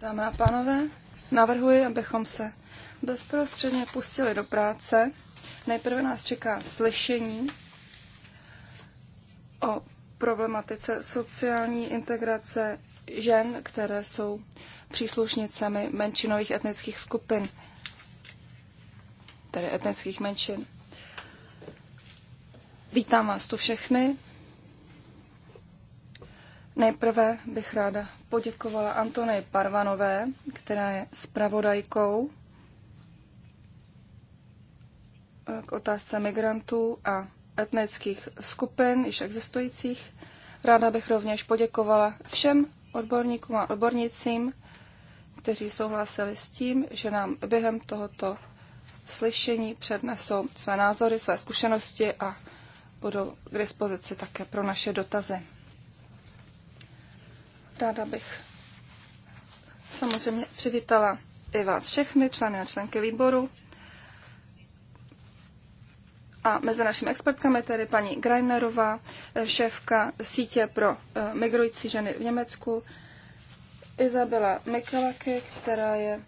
Dámy a pánové, navrhuji, abychom se bezprostředně pustili do práce. Nejprve nás čeká slyšení o problematice sociální integrace žen, které jsou příslušnicemi menšinových etnických skupin tedy etnických menšin. Vítám vás tu všechny. Nejprve bych ráda poděkovala Antony Parvanové, která je spravodajkou k otázce migrantů a etnických skupin již existujících. Ráda bych rovněž poděkovala všem odborníkům a odbornicím, kteří souhlasili s tím, že nám během tohoto slyšení přednesou své názory, své zkušenosti a budou k dispozici také pro naše dotazy. Ráda bych samozřejmě přivítala i vás všechny, členy a členky výboru. A mezi našimi expertkami tedy paní Greinerová, šéfka sítě pro eh, migrující ženy v Německu, Izabela Mikalaky, která je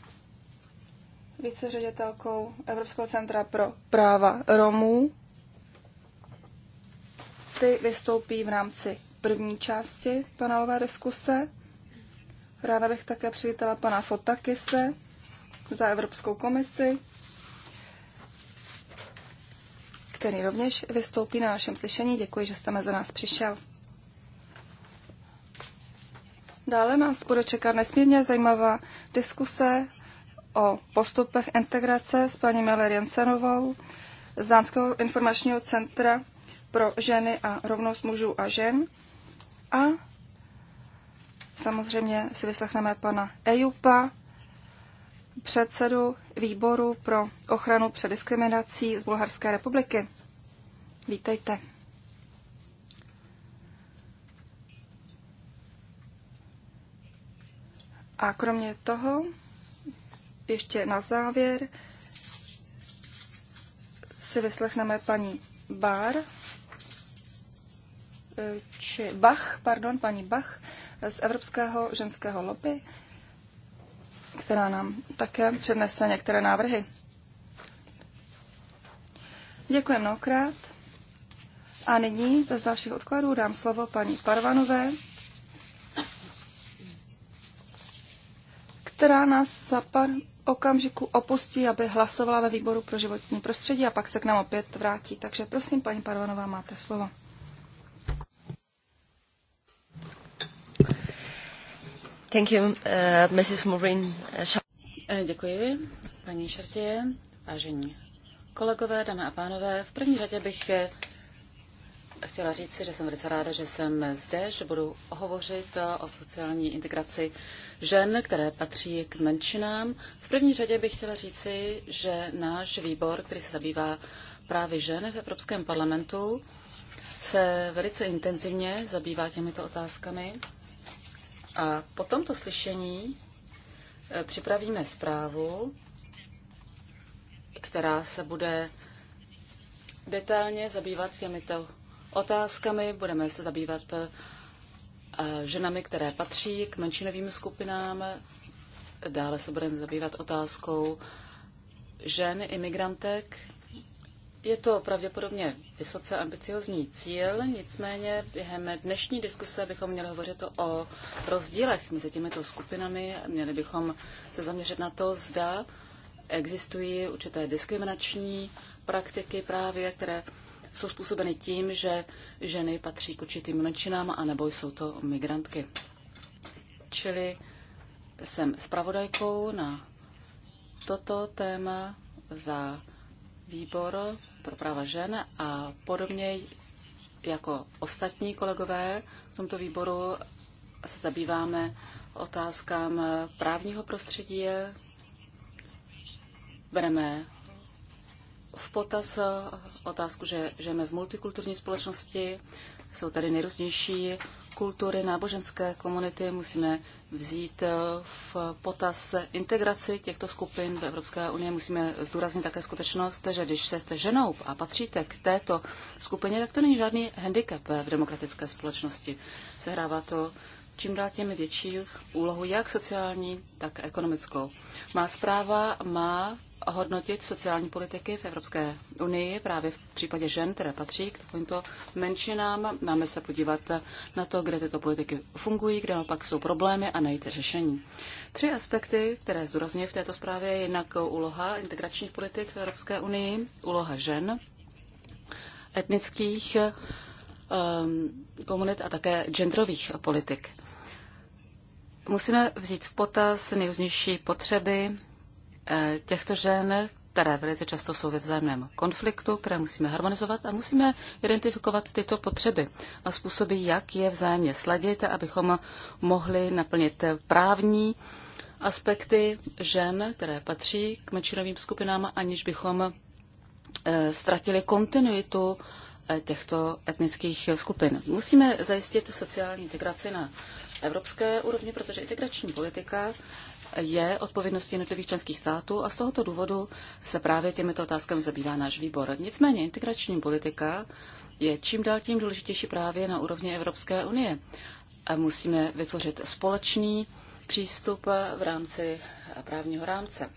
viceředitelkou Evropského centra pro práva Romů. Ty vystoupí v rámci první části panelové diskuse. Ráda bych také přivítala pana Fotakise za Evropskou komisi, který rovněž vystoupí na našem slyšení. Děkuji, že jste mezi nás přišel. Dále nás bude čekat nesmírně zajímavá diskuse o postupech integrace s paní Mele Jensenovou z Dánského informačního centra pro ženy a rovnost mužů a žen. A samozřejmě si vyslechneme pana Ejupa, předsedu výboru pro ochranu před diskriminací z Bulharské republiky. Vítejte. A kromě toho ještě na závěr si vyslechneme paní Bar, eh, či Bach, pardon, paní Bach z Evropského ženského lobby, která nám také přednese některé návrhy. Děkuji mnohokrát. A nyní bez dalších odkladů dám slovo paní Parvanové, která nás zapar- okamžiku opustí, aby hlasovala ve výboru pro životní prostředí a pak se k nám opět vrátí. Takže prosím, paní Parvanová, máte slovo. Thank you, uh, Mrs. Maureen. Uh, eh, děkuji, paní Šertě, vážení kolegové, dámy a pánové. V první řadě bych eh, chtěla říct, že jsem velice ráda, že jsem zde, že budu hovořit eh, o sociální integraci žen, které patří k menšinám. V první řadě bych chtěla říci, že náš výbor, který se zabývá právě žen v Evropském parlamentu, se velice intenzivně zabývá těmito otázkami. A po tomto slyšení eh, připravíme zprávu, která se bude detailně zabývat těmito otázkami, budeme se zabývat eh, ženami, které patří k menšinovým skupinám. Dále se budeme zabývat otázkou žen, imigrantek. Je to pravděpodobně vysoce ambiciozní cíl, nicméně během dnešní diskuse bychom měli hovořit o rozdílech mezi těmito skupinami. Měli bychom se zaměřit na to, zda existují určité diskriminační praktiky právě, které jsou způsobeny tím, že ženy patří k určitým menšinám nebo jsou to migrantky. Čili jsem spravodajkou na toto téma za výbor pro práva žen a podobně jako ostatní kolegové v tomto výboru se zabýváme otázkám právního prostředí. Bereme v potaz eh, otázku, že žijeme v multikulturní společnosti, jsou tady nejrůznější kultury, náboženské komunity, musíme vzít eh, v potaz integraci těchto skupin do Evropské unie. Musíme zdůraznit také skutečnost, že když jste ženou a patříte k této skupině, tak to není žádný handicap v demokratické společnosti. Sehrává to čím dál tím větší úlohu, jak sociální, tak ekonomickou. Má zpráva má hodnotit sociální politiky v Evropské unii právě v případě žen, které patří k takovýmto menšinám. Máme se podívat na to, kde tyto politiky fungují, kde naopak jsou problémy a najít řešení. Tři aspekty, které zdůrazňuji v této zprávě, je jednak úloha integračních politik v Evropské unii, úloha žen, etnických um, komunit a také genderových politik. Musíme vzít v potaz nejrůznější potřeby Eh, těchto žen, které velice často jsou ve vzájemném konfliktu, které musíme harmonizovat a musíme identifikovat tyto potřeby a způsoby, jak je vzájemně sladit, abychom mohli naplnit právní aspekty žen, které patří k menšinovým skupinám, aniž bychom eh, ztratili kontinuitu eh, těchto etnických skupin. Musíme zajistit sociální integraci na evropské úrovni, protože integrační politika je odpovědností jednotlivých členských států a z tohoto důvodu se právě těmito otázkami zabývá náš výbor. Nicméně integrační politika je čím dál tím důležitější právě na úrovni Evropské unie. A musíme vytvořit společný přístup v rámci právního rámce.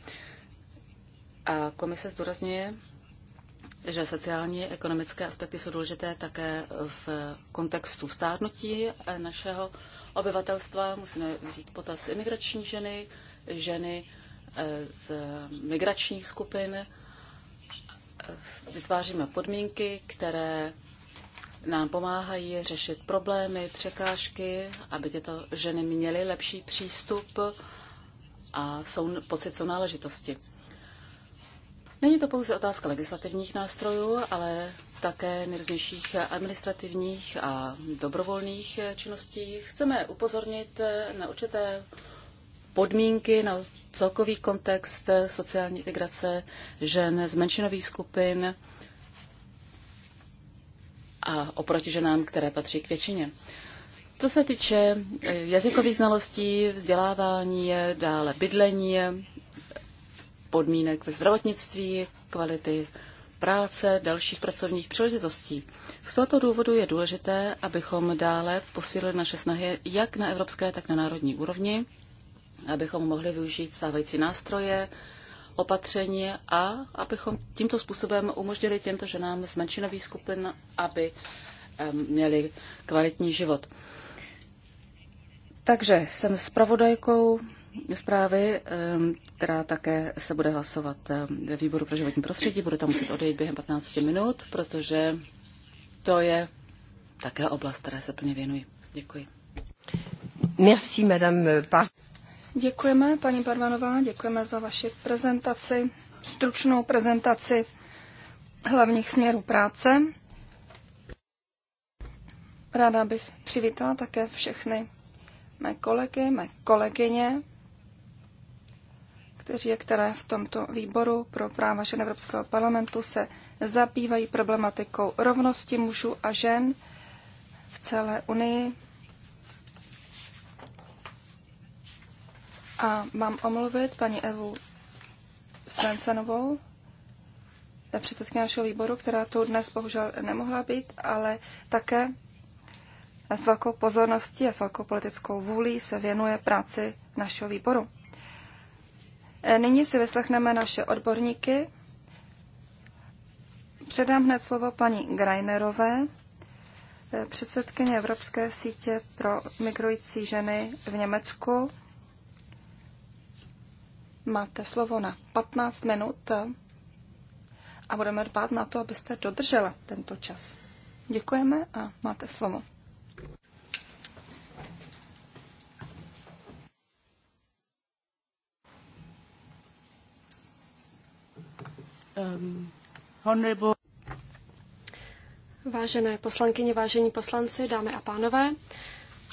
A komise zdůrazňuje, že sociální a ekonomické aspekty jsou důležité také v kontextu stárnutí našeho obyvatelstva. Musíme vzít potaz imigrační ženy, ženy eh, z migračních skupin. Vytváříme podmínky, které nám pomáhají řešit problémy, překážky, aby tyto ženy měly lepší přístup a jsou pocit sounáležitosti. Není to pouze otázka legislativních nástrojů, ale také nejrůznějších administrativních a dobrovolných činností. Chceme upozornit na určité podmínky, na celkový kontext sociální integrace žen z menšinových skupin a oproti ženám, které patří k většině. Co se týče eh, jazykových znalostí, vzdělávání, dále bydlení, podmínek ve zdravotnictví, kvality práce, dalších pracovních příležitostí. Z tohoto důvodu je důležité, abychom dále posílili naše snahy jak na evropské, tak na národní úrovni abychom mohli využít stávající nástroje, opatření a abychom tímto způsobem umožnili těmto ženám z menšinových skupin, aby měli kvalitní život. Takže jsem s pravodajkou zprávy, která také se bude hlasovat ve výboru pro životní prostředí. Bude tam muset odejít během 15 minut, protože to je také oblast, které se plně věnuji. Děkuji. Merci, madame Děkujeme, paní Barvanová, děkujeme za vaši prezentaci, stručnou prezentaci hlavních směrů práce. Ráda bych přivítala také všechny mé kolegy, mé kolegyně, kteří je které v tomto výboru pro práva žen Evropského parlamentu se zabývají problematikou rovnosti mužů a žen v celé Unii A mám omluvit paní Evu Svensenovou, předsedkyně našeho výboru, která tu dnes bohužel nemohla být, ale také s velkou pozorností a s velkou politickou vůlí se věnuje práci našeho výboru. E, nyní si vyslechneme naše odborníky. Předám hned slovo paní Greinerové, e, předsedkyně Evropské sítě pro migrující ženy v Německu. Máte slovo na 15 minut a budeme dbát na to, abyste dodržela tento čas. Děkujeme a máte slovo. Vážené poslankyně, vážení poslanci, dámy a pánové,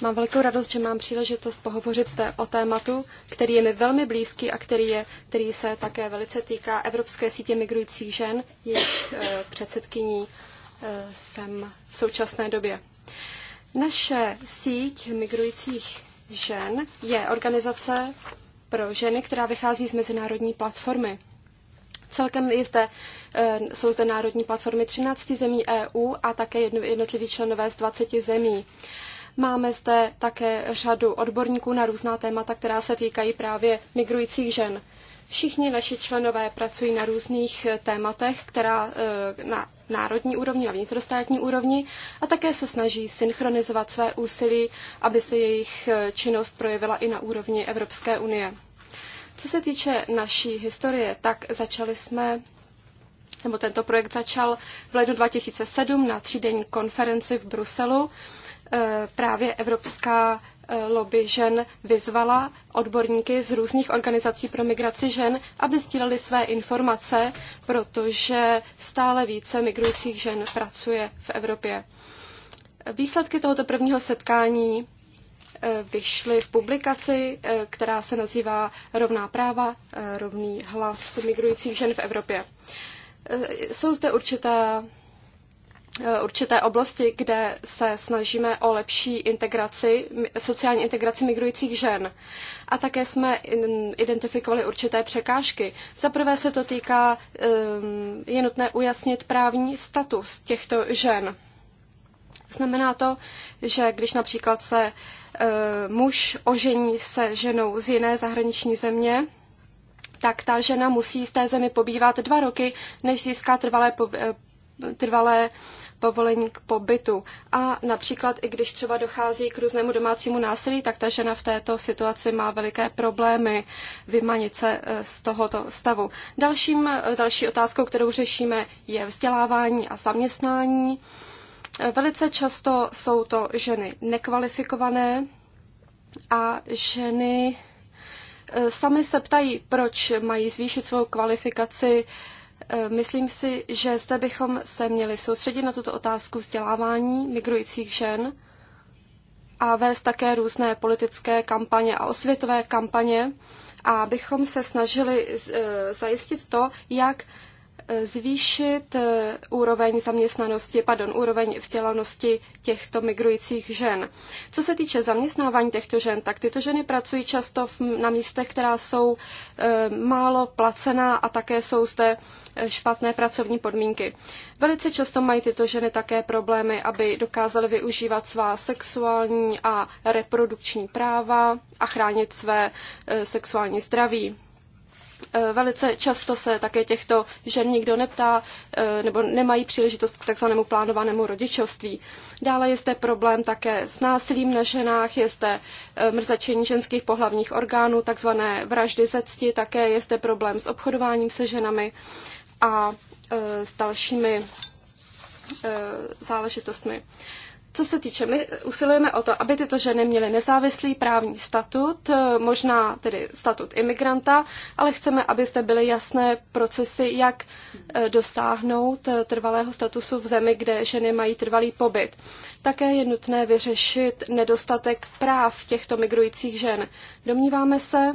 Mám velkou radost, že mám příležitost pohovořit zde o tématu, který je mi velmi blízký a který, je, který se také velice týká Evropské sítě migrujících žen, jejich eh, předsedkyní eh, jsem v současné době. Naše síť migrujících žen je organizace pro ženy, která vychází z mezinárodní platformy. Celkem je zde, eh, jsou zde národní platformy 13 zemí EU a také jednotliví členové z 20 zemí. Máme zde také řadu odborníků na různá témata, která se týkají právě migrujících žen. Všichni naši členové pracují na různých eh, tématech, která eh, na národní úrovni, na vnitrostátní úrovni a také se snaží synchronizovat své úsilí, aby se jejich eh, činnost projevila i na úrovni Evropské unie. Co se týče naší historie, tak začali jsme nebo tento projekt začal v lednu 2007 na třídenní konferenci v Bruselu. Eh, právě Evropská eh, lobby žen vyzvala odborníky z různých organizací pro migraci žen, aby sdíleli své informace, protože stále více migrujících žen pracuje v Evropě. Výsledky tohoto prvního setkání eh, vyšly v publikaci, která se nazývá Rovná práva, rovný hlas migrujících žen v Evropě. Jsou zde určitá Eh, určité oblasti, kde se snažíme o lepší integraci, sociální integraci migrujících žen. A také jsme identifikovali určité překážky. Za prvé se to týká, ehm, je nutné ujasnit právní status těchto žen. Znamená to, že když například se eh, muž ožení se ženou z jiné zahraniční země, tak ta žena musí v té zemi pobývat dva roky, než získá trvalé, eh, trvalé povolení k pobytu. A například i když třeba dochází k různému domácímu násilí, tak ta žena v této situaci má veliké problémy vymanit se eh, z tohoto stavu. Dalším, eh, další otázkou, kterou řešíme, je vzdělávání a zaměstnání. Eh, velice často jsou to ženy nekvalifikované a ženy sami se ptají, proč mají zvýšit svou kvalifikaci E, myslím si, že zde bychom se měli soustředit na tuto otázku vzdělávání migrujících žen a vést také různé politické kampaně a osvětové kampaně, a abychom se snažili e, zajistit to, jak zvýšit eh, úroveň zaměstnanosti, pardon, úroveň vzdělanosti těchto migrujících žen. Co se týče zaměstnávání těchto žen, tak tyto ženy pracují často na místech, která jsou eh, málo placená a také jsou zde eh, špatné pracovní podmínky. Velice často mají tyto ženy také problémy, aby dokázaly využívat svá sexuální a reprodukční práva a chránit své sexuální zdraví. Eh, velice často se také těchto žen nikdo neptá eh, nebo nemají příležitost k takzvanému plánovanému rodičovství. Dále je zde problém také s násilím na ženách, je zde eh, mrzačení ženských pohlavních orgánů, takzvané vraždy ze cti, také je zde problém s obchodováním se ženami a s dalšími záležitostmi. Co se týče, my usilujeme o to, aby tyto ženy měly nezávislý právní statut, eh, možná tedy statut imigranta, ale chceme, aby zde byly jasné procesy, jak eh, dosáhnout eh, trvalého statusu v zemi, kde ženy mají trvalý pobyt. Také je nutné vyřešit nedostatek práv těchto migrujících žen. Domníváme se,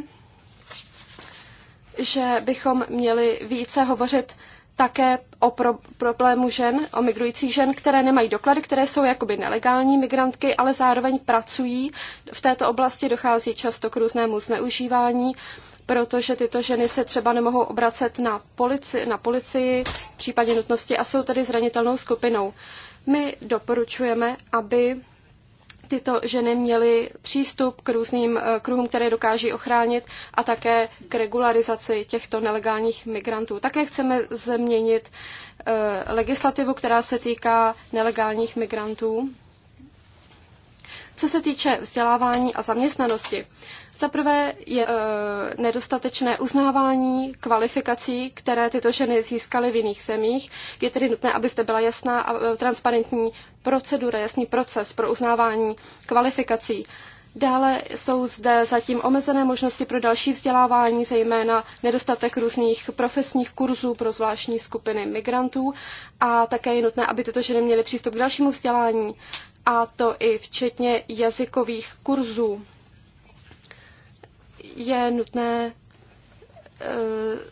že bychom měli více hovořit také o pro, problému žen, o migrujících žen, které nemají doklady, které jsou jakoby nelegální migrantky, ale zároveň pracují. V této oblasti dochází často k různému zneužívání, protože tyto ženy se třeba nemohou obracet na, polici, na policii v případě nutnosti a jsou tedy zranitelnou skupinou. My doporučujeme, aby tyto ženy měly přístup k různým eh, kruhům, které dokáží ochránit a také k regularizaci těchto nelegálních migrantů. Také chceme změnit eh, legislativu, která se týká nelegálních migrantů. Co se týče vzdělávání a zaměstnanosti, za prvé je e, nedostatečné uznávání kvalifikací, které tyto ženy získaly v jiných zemích. Je tedy nutné, aby byla jasná a e, transparentní procedura, jasný proces pro uznávání kvalifikací. Dále jsou zde zatím omezené možnosti pro další vzdělávání, zejména nedostatek různých profesních kurzů pro zvláštní skupiny migrantů a také je nutné, aby tyto ženy měly přístup k dalšímu vzdělání a to i včetně jazykových kurzů. Je nutné e,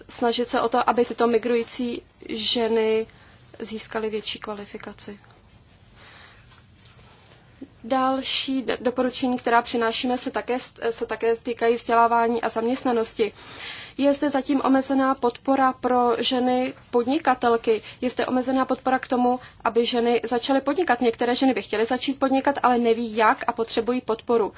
snažit se o to, aby tyto migrující ženy získaly větší kvalifikaci. Další doporučení, která přinášíme, se také, se také týkají vzdělávání a zaměstnanosti. Je zde zatím omezená podpora pro ženy podnikatelky. Je zde omezená podpora k tomu, aby ženy začaly podnikat. Některé ženy by chtěly začít podnikat, ale neví jak a potřebují podporu.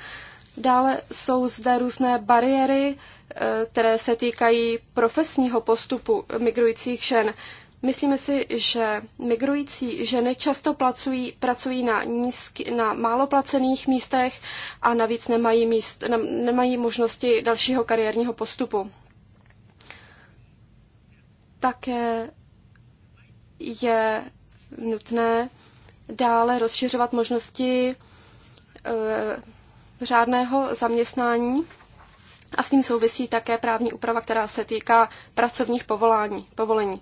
Dále jsou zde různé bariéry, eh, které se týkají profesního postupu migrujících žen. Myslíme si, že migrující ženy často placují, pracují na, nízky, na málo placených místech a navíc nemají, míst, nemají možnosti dalšího kariérního postupu. Také je nutné dále rozšiřovat možnosti eh, řádného zaměstnání a s tím souvisí také právní úprava, která se týká pracovních povolání, povolení.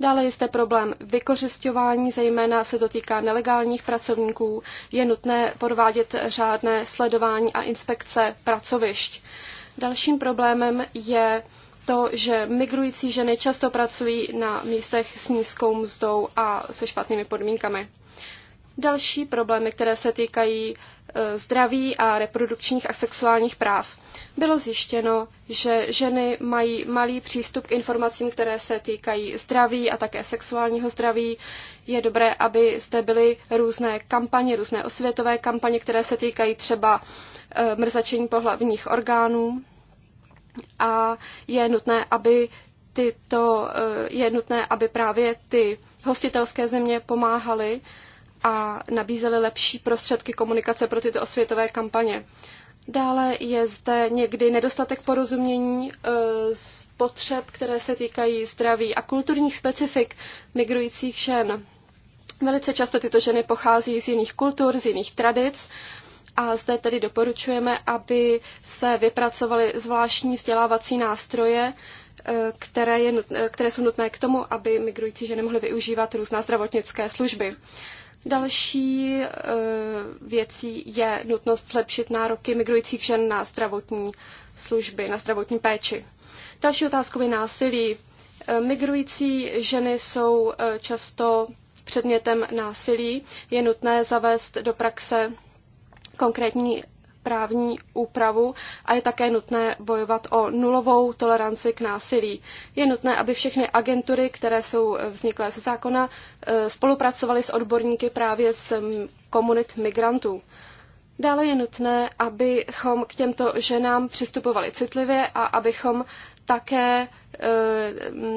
Dále je zde problém vykořišťování, zejména se to týká nelegálních pracovníků. Je nutné podvádět řádné sledování a inspekce pracovišť. Dalším problémem je to, že migrující ženy často pracují na místech s nízkou mzdou a se špatnými podmínkami. Další problémy, které se týkají e, zdraví a reprodukčních a sexuálních práv. Bylo zjištěno, že ženy mají malý přístup k informacím, které se týkají zdraví a také sexuálního zdraví. Je dobré, aby zde byly různé kampaně, různé osvětové kampaně, které se týkají třeba e, mrzačení pohlavních orgánů a je nutné, aby tyto, eh, je nutné, aby právě ty hostitelské země pomáhaly a nabízely lepší prostředky komunikace pro tyto osvětové kampaně. Dále je zde někdy nedostatek porozumění eh, z potřeb, které se týkají zdraví a kulturních specifik migrujících žen. Velice často tyto ženy pochází z jiných kultur, z jiných tradic a zde tedy doporučujeme, aby se vypracovaly zvláštní vzdělávací nástroje, e, které, je, e, které jsou nutné k tomu, aby migrující ženy mohly využívat různá zdravotnické služby. Další e, věcí je nutnost zlepšit nároky migrujících žen na zdravotní služby, na zdravotní péči. Další otázkou je násilí. Migrující ženy jsou často předmětem násilí. Je nutné zavést do praxe konkrétní právní úpravu a je také nutné bojovat o nulovou toleranci k násilí. Je nutné, aby všechny agentury, které jsou vzniklé ze zákona, e, spolupracovaly s odborníky právě z komunit migrantů. Dále je nutné, abychom k těmto ženám přistupovali citlivě a abychom také Eh,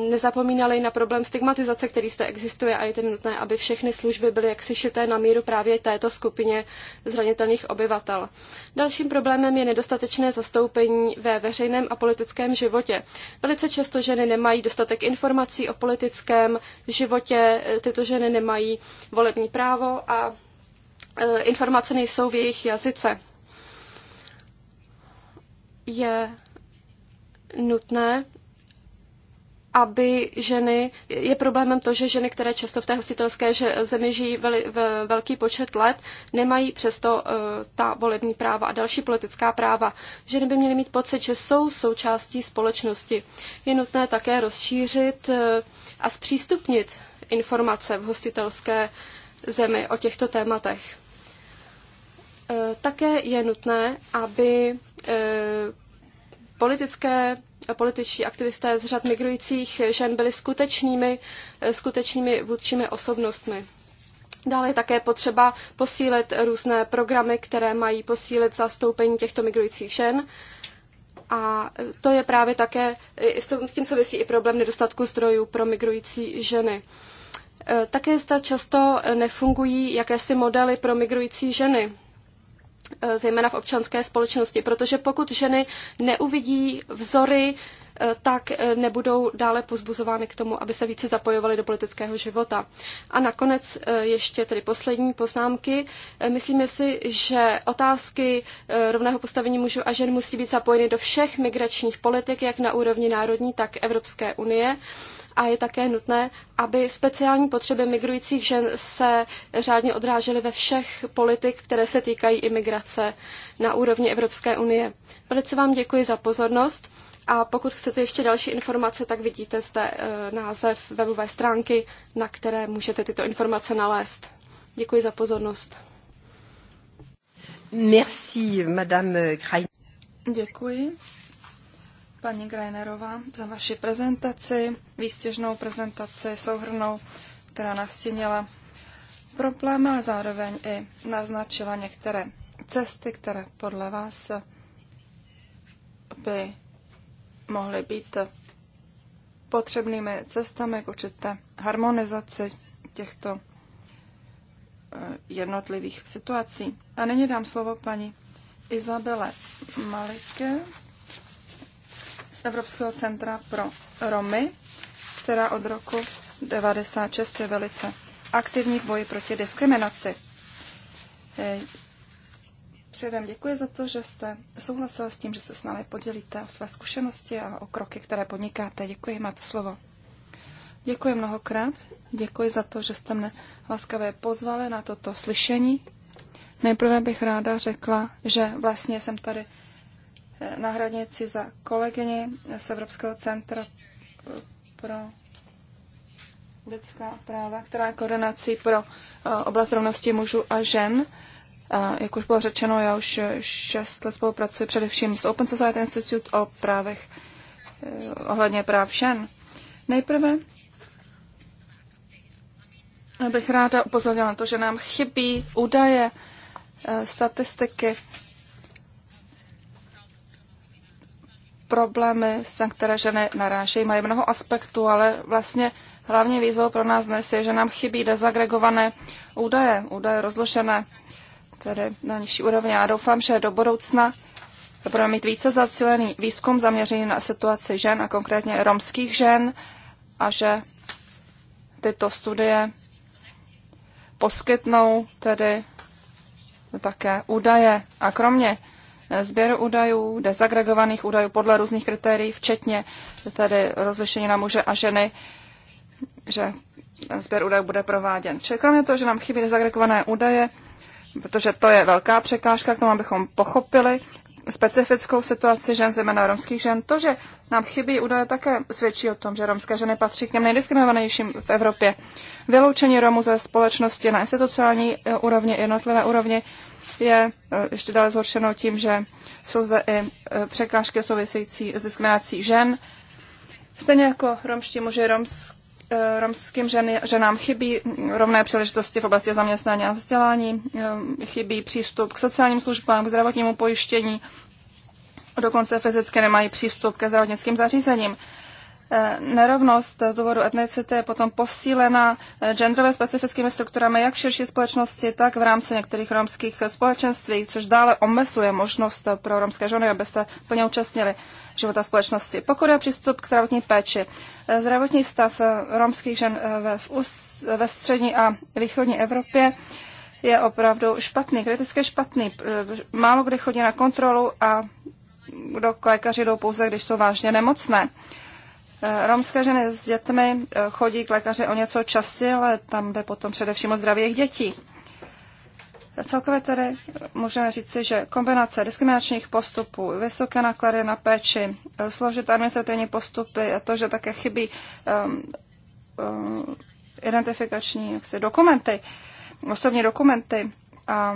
nezapomínali na problém stigmatizace, který zde existuje a je tedy nutné, aby všechny služby byly jaksi šité na míru právě této skupině zranitelných obyvatel. Dalším problémem je nedostatečné zastoupení ve veřejném a politickém životě. Velice často ženy nemají dostatek informací o politickém životě, eh, tyto ženy nemají volební právo a eh, informace nejsou v jejich jazyce. Je nutné, aby ženy, je problémem to, že ženy, které často v té hostitelské zemi žijí veli, v velký počet let, nemají přesto uh, ta volební práva a další politická práva. Ženy by měly mít pocit, že jsou součástí společnosti. Je nutné také rozšířit uh, a zpřístupnit informace v hostitelské zemi o těchto tématech. Eh, také je nutné, aby politické političtí aktivisté z řad migrujících žen byli skutečnými, eh, skutečnými vůdčími osobnostmi. Dále je také potřeba posílit různé programy, které mají posílit zastoupení těchto migrujících žen. A to je právě také, eh, s tím souvisí i problém nedostatku zdrojů pro migrující ženy. Eh, také zde často nefungují jakési modely pro migrující ženy. Eh, zejména v občanské společnosti, protože pokud ženy neuvidí vzory, eh, tak eh, nebudou dále pozbuzovány k tomu, aby se více zapojovaly do politického života. A nakonec ještě tedy poslední poznámky. Myslíme si, že otázky rovného postavení mužů a žen musí být zapojeny do všech migračních politik, jak na úrovni národní, tak Evropské unie a je také nutné, aby speciální potřeby migrujících žen se řádně odrážely ve všech politik, které se týkají imigrace na úrovni Evropské unie. Velice vám děkuji za pozornost a pokud chcete ještě další informace, tak vidíte zde eh, název webové stránky, na které můžete tyto informace nalézt. Děkuji za pozornost. Merci, Madame Krajn. Děkuji paní Greinerová za vaši prezentaci, výstěžnou prezentaci, souhrnou, která nastínila problém, ale zároveň i naznačila některé cesty, které podle vás by mohly být potřebnými cestami k určité harmonizaci těchto eh, jednotlivých situací. A nyní dám slovo paní Izabele Malike z Evropského centra pro Romy, která od roku 96 je velice aktivní v boji proti diskriminaci. Předem děkuji za to, že jste souhlasili s tím, že se s námi podělíte o své zkušenosti a o kroky, které podnikáte. Děkuji, máte slovo. Děkuji mnohokrát. Děkuji za to, že jste mne laskavě pozvali na toto slyšení. Nejprve bych ráda řekla, že vlastně jsem tady na hranici za kolegyni z Evropského centra pro lidská práva, která je koordinací pro eh, oblast rovnosti mužů a žen. A jak už bylo řečeno, já už šest let spolupracuji především s Open Society Institute o právech eh, ohledně práv žen. Nejprve bych ráda upozornila na to, že nám chybí údaje, eh, statistiky problémy, na které ženy narážejí, mají mnoho aspektů, ale vlastně hlavně výzvou pro nás dnes je, že nám chybí dezagregované údaje, údaje rozložené tedy na nižší úrovni. Já doufám, že do budoucna budeme mít více zacílený výzkum zaměřený na situaci žen a konkrétně romských žen a že tyto studie poskytnou tedy také údaje. A kromě sběr údajů, dezagregovaných údajů podle různých kritérií, včetně tedy rozlišení na muže a ženy, že sběr údajů bude prováděn. Čili kromě toho, že nám chybí dezagregované údaje, protože to je velká překážka k tomu, abychom pochopili specifickou situaci žen, zejména romských žen. To, že nám chybí údaje, také svědčí o tom, že romské ženy patří k těm nejdiskriminovanějším v Evropě. Vyloučení Romů ze společnosti na institucionální eh, úrovni, jednotlivé úrovni, je eh, ještě dále zhoršeno tím, že jsou zde i eh, překážky související s diskriminací žen. Stejně jako romští muži, romsk, eh, romským ženy, ženám chybí rovné příležitosti v oblasti zaměstnání a vzdělání, chybí přístup k sociálním službám, k zdravotnímu pojištění, dokonce fyzicky nemají přístup ke zdravotnickým zařízením. Eh, nerovnost z důvodu etnicity je potom posílena eh, genderově specifickými strukturami jak v širší společnosti, tak v rámci některých romských společenství, což dále omezuje možnost pro romské ženy, aby se plně účastnili života společnosti. Pokud je přístup k zdravotní péči, eh, zdravotní stav romských žen ve, ve střední a východní Evropě je opravdu špatný, kriticky špatný. Málo kdy chodí na kontrolu a do lékaři jdou pouze, když jsou vážně nemocné. Eh, romské ženy s dětmi eh, chodí k lékaři o něco častěji, ale tam jde potom především o zdraví jejich dětí. Eh, celkově tedy můžeme říci, že kombinace diskriminačních postupů, vysoké náklady na péči, složité administrativní postupy a to, že také chybí um, um, identifikační jaksi, dokumenty, osobní dokumenty a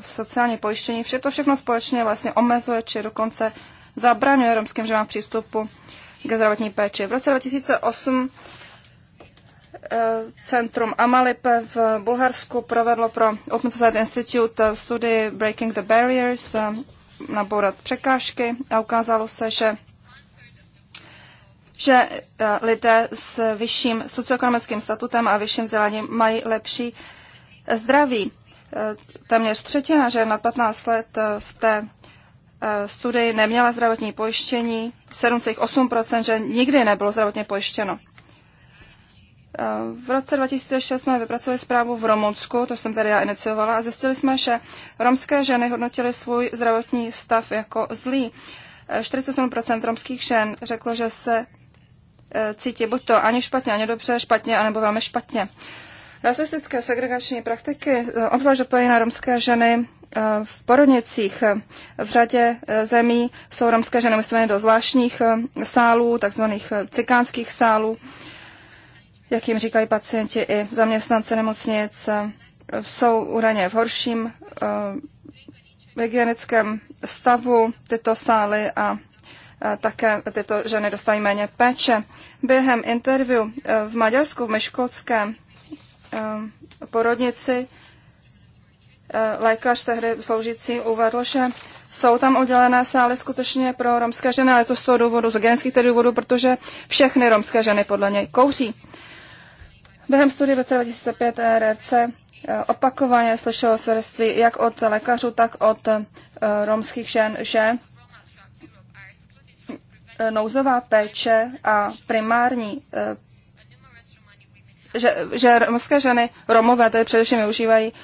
sociální pojištění, vše to všechno společně vlastně omezuje či dokonce zabraňuje romským ženám přístupu ke zdravotní péči. V roce 2008 eh, centrum Amalip v Bulharsku provedlo pro Open Society Institute studii Breaking the Barriers, eh, nabourat překážky a ukázalo se, že že eh, lidé s vyšším socioekonomickým statutem a vyšším vzděláním mají lepší zdraví. Téměř třetina že nad 15 let v té Eh, studii neměla zdravotní pojištění, 7,8%, že nikdy nebylo zdravotně pojištěno. Eh, v roce 2006 jsme vypracovali zprávu v Romunsku, to jsem tady já iniciovala, a zjistili jsme, že romské ženy hodnotily svůj zdravotní stav jako zlý. 47% eh, romských žen řeklo, že se cítí buď to ani špatně, ani dobře, špatně, anebo velmi špatně. Rasistické segregační praktiky, obzvlášť dopojené na romské ženy, Eh, v porodnicích eh, v řadě eh, zemí jsou romské ženy umístěny do zvláštních sálů, takzvaných cikánských sálů, jak jim říkají pacienti i zaměstnance nemocnic. Jsou údajně v horším hygienickém stavu tyto sály a také tyto ženy dostají méně péče. Během interview v Maďarsku, v Meškotské porodnici, Eh, lékař tehdy sloužící uvedl, že jsou tam oddělené sály skutečně pro romské ženy, ale to z toho důvodu, z genetických důvodů, protože všechny romské ženy podle něj kouří. Během studie v roce 2005 RRC eh, opakovaně slyšelo svědectví jak od lékařů, tak od eh, romských žen, že nouzová péče a primární že, že romské ženy, romové tedy především využívají uh,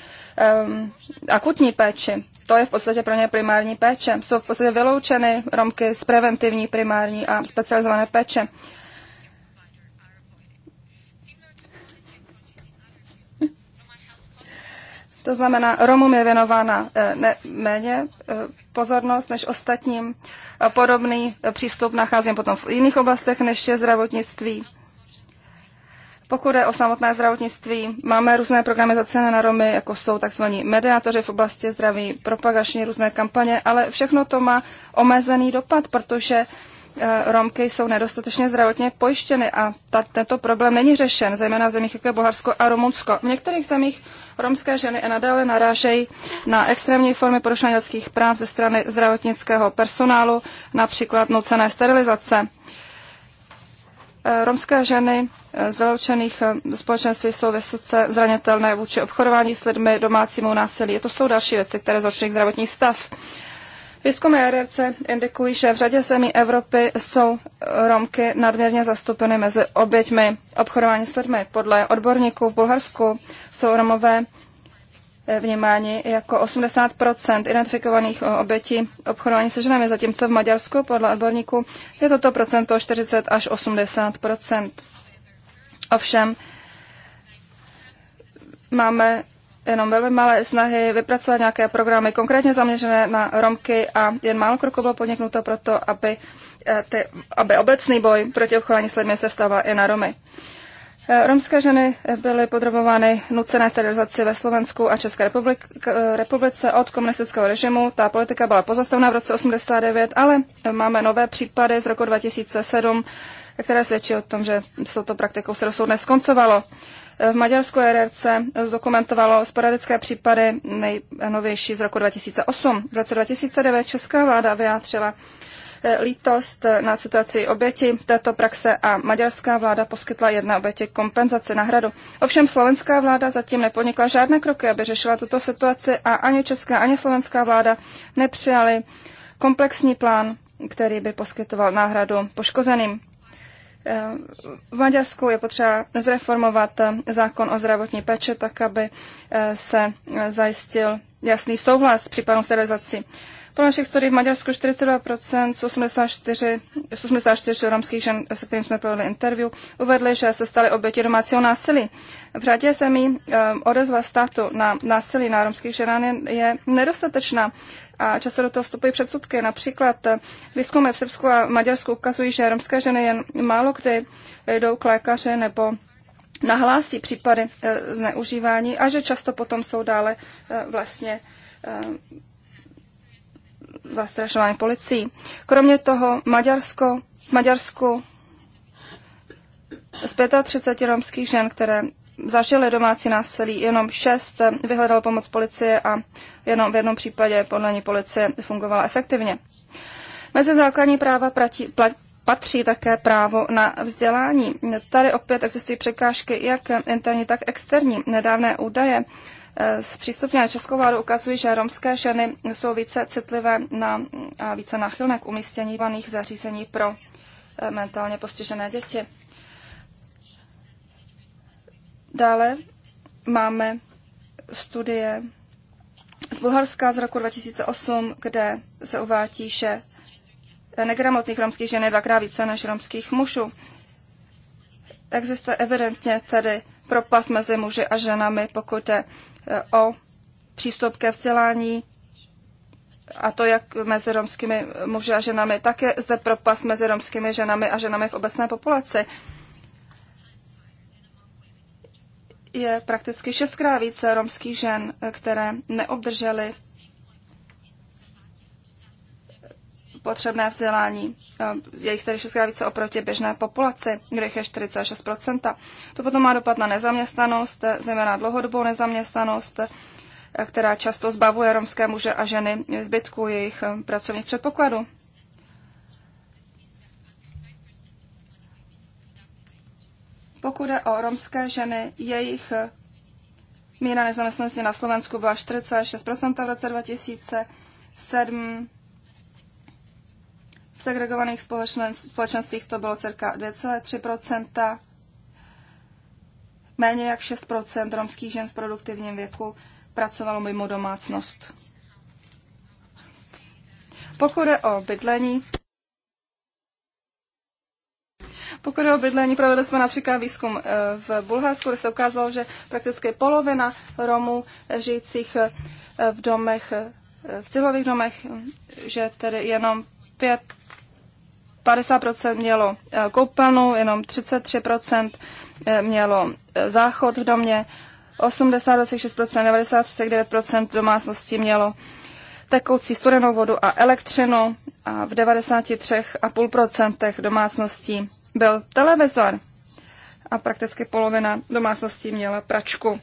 um, akutní péči. To je v podstatě pro ně primární péče. Jsou v podstatě vyloučeny Romky z preventivní, primární a specializované péče. To znamená, Romům je věnována eh, ne, méně eh, pozornost než ostatním. Podobný eh, přístup nacházím potom v jiných oblastech, než je zdravotnictví. Pokud je o samotné zdravotnictví, máme různé programy za na Romy, jako jsou tzv. mediátoři v oblasti zdraví, propagační různé kampaně, ale všechno to má omezený dopad, protože eh, Romky jsou nedostatečně zdravotně pojištěny a ta, tento problém není řešen, zejména v zemích jako je Bulharsko a Rumunsko. V některých zemích romské ženy i nadále narážejí na extrémní formy porušení lidských práv ze strany zdravotnického personálu, například nucené sterilizace. Eh, romské ženy z vyloučených eh, společenství jsou vysoce zranitelné vůči obchodování s lidmi, domácímu násilí. To jsou další věci, které zhoršují zdravotní stav. Výzkumy RRC indikují, že v řadě zemí Evropy jsou eh, Romky nadměrně zastoupeny mezi oběťmi obchodování s lidmi. Podle odborníků v Bulharsku jsou Romové eh, vnímání jako 80 identifikovaných obětí obchodování se ženami, zatímco v Maďarsku podle odborníků je toto procento 40 až 80 Ovšem, máme jenom velmi malé snahy vypracovat nějaké programy konkrétně zaměřené na Romky a jen málo kroků bylo podniknuto proto, aby, eh, ty, aby obecný boj proti obchování s lidmi se vstával i na Romy. Eh, romské ženy byly podrobovány nucené sterilizaci ve Slovensku a České republik, eh, republice od komunistického režimu. Ta politika byla pozastavena v roce 1989, ale máme nové případy z roku 2007 které svědčí o tom, že s touto praktikou se dosud neskoncovalo. V Maďarsku RRC zdokumentovalo sporadické případy nejnovější z roku 2008. V roce 2009 česká vláda vyjádřila eh, lítost eh, na situaci oběti této praxe a maďarská vláda poskytla jedné oběti kompenzaci náhradu. Ovšem slovenská vláda zatím nepodnikla žádné kroky, aby řešila tuto situaci a ani česká, ani slovenská vláda nepřijali komplexní plán, který by poskytoval náhradu poškozeným. V Maďarsku je potřeba zreformovat eh, zákon o zdravotní péči tak, aby eh, se eh, zajistil jasný souhlas s případnou sterilizací. Podle našich studií v Maďarsku 42% z 84, 84 romských žen, se kterým jsme provedli interview, uvedli, že se staly oběti domácího násilí. V řadě zemí odezva státu na násilí na romských ženách je nedostatečná a často do toho vstupují předsudky. Například výzkumy v Srbsku a Maďarsku ukazují, že romské ženy jen málo kdy jdou k lékaři nebo nahlásí případy eh, zneužívání a že často potom jsou dále eh, vlastně eh, zastrašování policií. Kromě toho Maďarsko, Maďarsku z 35 romských žen, které zažili domácí násilí. Jenom šest vyhledal pomoc policie a jenom v jednom případě podle ní policie fungovala efektivně. Mezi základní práva platí, platí patří také právo na vzdělání. Tady opět existují překážky jak interní, tak externí. Nedávné údaje eh, zpřístupněné českou vládu ukazují, že romské ženy jsou více citlivé na, a více náchylné k umístění vaných zařízení pro eh, mentálně postižené děti. Dále máme studie z Bulharska z roku 2008, kde se uvádí, že negramotných romských žen je dvakrát více než romských mužů. Existuje evidentně tedy propast mezi muži a ženami, pokud jde eh, o přístup ke vzdělání, a to jak mezi romskými muži a ženami, tak je zde propast mezi romskými ženami a ženami v obecné populaci. je prakticky šestkrát více romských žen, které neobdržely potřebné vzdělání. Eh, je jich tedy šestkrát více oproti běžné populaci, kde jich je 46%. To potom má dopad na nezaměstnanost, eh, zejména dlouhodobou nezaměstnanost, eh, která často zbavuje romské muže a ženy zbytku jejich pracovních předpokladů. Pokud je o romské ženy, jejich míra nezaměstnanosti na Slovensku byla 4,6% v roce 2007. V segregovaných společenstvích to bylo cirka 2,3%, méně jak 6% romských žen v produktivním věku pracovalo mimo domácnost. Pokud je o bydlení, pokud o bydlení, provedli jsme například výzkum eh, v Bulharsku, kde se ukázalo, že prakticky polovina Romů žijících eh, v domech, eh, v cílových domech, že tedy jenom 5, 50% mělo koupelnu, jenom 33% mělo záchod v domě, 86 26%, domácností mělo tekoucí studenou vodu a elektřinu a v 93,5% domácností byl televizor a prakticky polovina domácností měla pračku.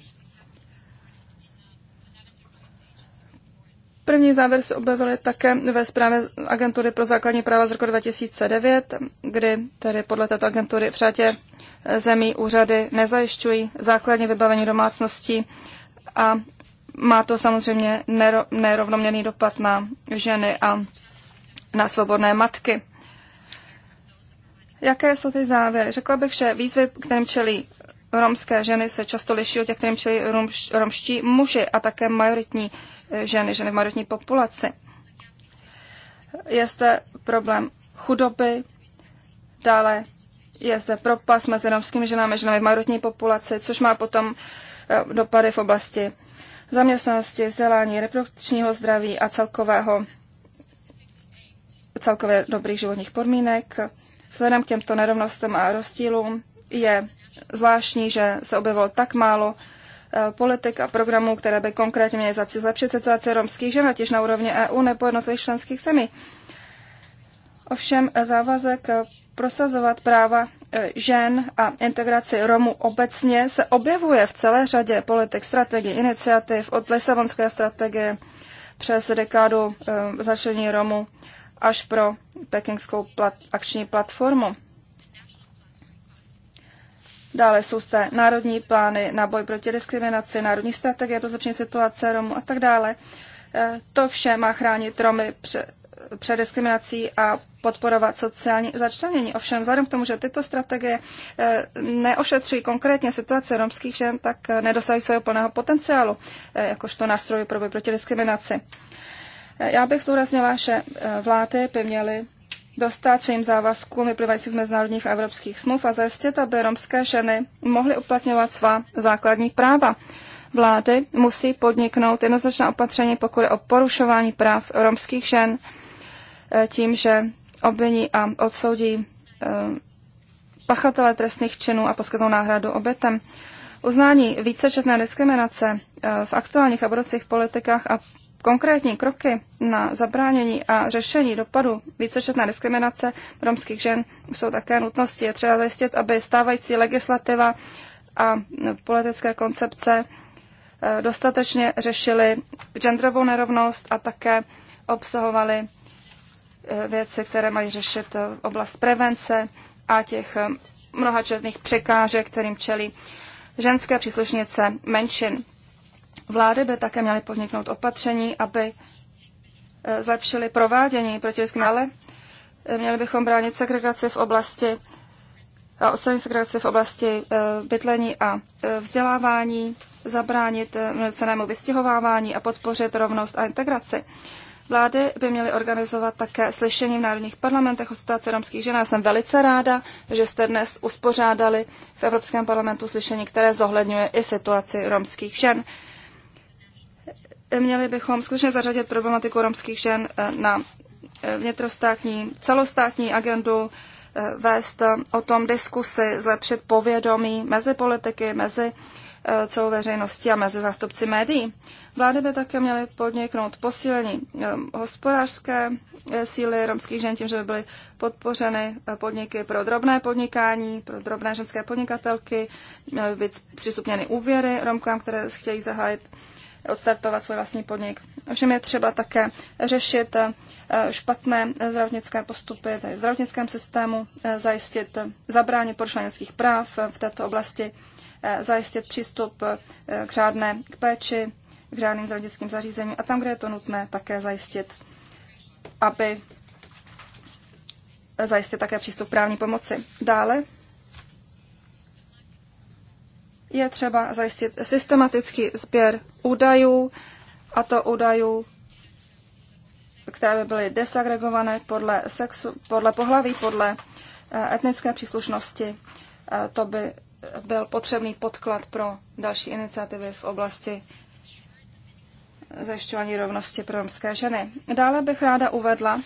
První závěr se objevily také ve zprávě agentury pro základní práva z roku 2009, kdy tedy podle této agentury v řadě zemí úřady nezajišťují základní vybavení domácností a má to samozřejmě nerovnoměrný dopad na ženy a na svobodné matky. Jaké jsou ty závěry? Řekla bych, že výzvy, kterým čelí romské ženy, se často liší od těch, kterým čelí romš, romští muži a také majoritní eh, ženy, ženy v majoritní populaci. Je zde problém chudoby, dále je zde propast mezi romskými ženami ženami v majoritní populaci, což má potom eh, dopady v oblasti zaměstnanosti, vzdělání, reprodukčního zdraví a celkového celkově dobrých životních podmínek. Vzhledem k těmto nerovnostem a rozdílům je zvláštní, že se objevilo tak málo eh, politik a programů, které by konkrétně měly za cíl zlepšit situaci romských žen, těž na úrovni EU nebo jednotlivých členských zemí. Ovšem závazek eh, prosazovat práva eh, žen a integraci Romů obecně se objevuje v celé řadě politik, strategií, iniciativ od Lisabonské strategie přes dekádu začlení Romů až pro pekingskou plat, akční platformu. Dále jsou zde národní plány na boj proti diskriminaci, národní strategie pro zlepšení situace Romů a tak dále. Eh, to vše má chránit Romy před, před diskriminací a podporovat sociální začlenění. Ovšem, vzhledem k tomu, že tyto strategie eh, neošetřují konkrétně situace romských žen, tak eh, nedosahují svého plného potenciálu jakožto nástroje pro boj proti diskriminaci. Já bych zdůraznila, že eh, vlády by měly dostat svým závazkům vyplývajících z mezinárodních a evropských smluv a zajistit, aby romské ženy mohly uplatňovat svá základní práva. Vlády musí podniknout jednoznačná opatření, pokud je o porušování práv romských žen, eh, tím, že obviní a odsoudí eh, pachatele trestných činů a poskytnou náhradu obětem. Uznání vícečetné diskriminace v aktuálních a budoucích politikách a konkrétní kroky na zabránění a řešení dopadu vícečetné diskriminace romských žen jsou také nutnosti. Je třeba zajistit, aby stávající legislativa a politické koncepce eh, dostatečně řešily genderovou nerovnost a také obsahovaly eh, věci, které mají řešit eh, oblast prevence a těch mnohačetných překážek, kterým čelí ženské příslušnice menšin. Vlády by také měly podniknout opatření, aby e, zlepšili provádění proti ale e, měli bychom bránit segregaci v oblasti a odstranit segregaci v oblasti e, bydlení a vzdělávání, zabránit nucenému vystěhovávání a podpořit rovnost a integraci. Vlády by měly organizovat také slyšení v národních parlamentech o situaci romských žen. Já jsem velice ráda, že jste dnes uspořádali v Evropském parlamentu slyšení, které zohledňuje i situaci romských žen měli bychom skutečně zařadit problematiku romských žen eh, na eh, vnitrostátní, celostátní agendu, eh, vést o tom diskusy, zlepšit povědomí mezi politiky, mezi celou veřejností a mezi zástupci médií. Vlády by také měly podniknout posílení hospodářské síly romských žen tím, že by byly podpořeny podniky pro drobné podnikání, pro drobné ženské podnikatelky, měly by být přistupněny úvěry Romkám, které chtějí zahájit odstartovat svůj vlastní podnik. Ovšem je třeba také řešit eh, špatné zdravotnické postupy tady v zdravotnickém systému, eh, zajistit, eh, zabránit porušování práv v této oblasti, zajistit přístup k řádné k péči, k řádným zdravotnickým zařízením a tam, kde je to nutné, také zajistit, aby zajistit také přístup právní pomoci. Dále je třeba zajistit systematický sběr údajů, a to údajů, které by byly desagregované podle, sexu, podle pohlaví, podle eh, etnické příslušnosti. Eh, to by byl potřebný podklad pro další iniciativy v oblasti zajišťování rovnosti pro romské ženy. Dále bych ráda uvedla,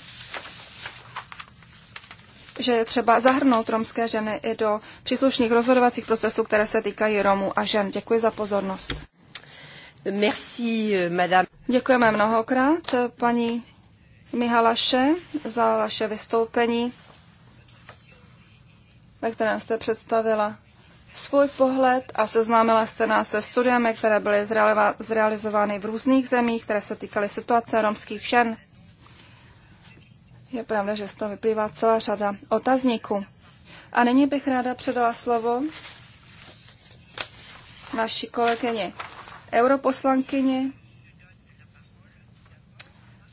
že je třeba zahrnout romské ženy i do příslušných rozhodovacích procesů, které se týkají Romů a žen. Děkuji za pozornost. Merci, madame. Děkujeme mnohokrát, paní Mihalaše, za vaše vystoupení, ve kterém jste představila svůj pohled a seznámila jste nás se studiemi, které byly zrealizovány v různých zemích, které se týkaly situace romských žen. Je pravda, že z toho vyplývá celá řada otazníků. A nyní bych ráda předala slovo naší kolegyně europoslankyně,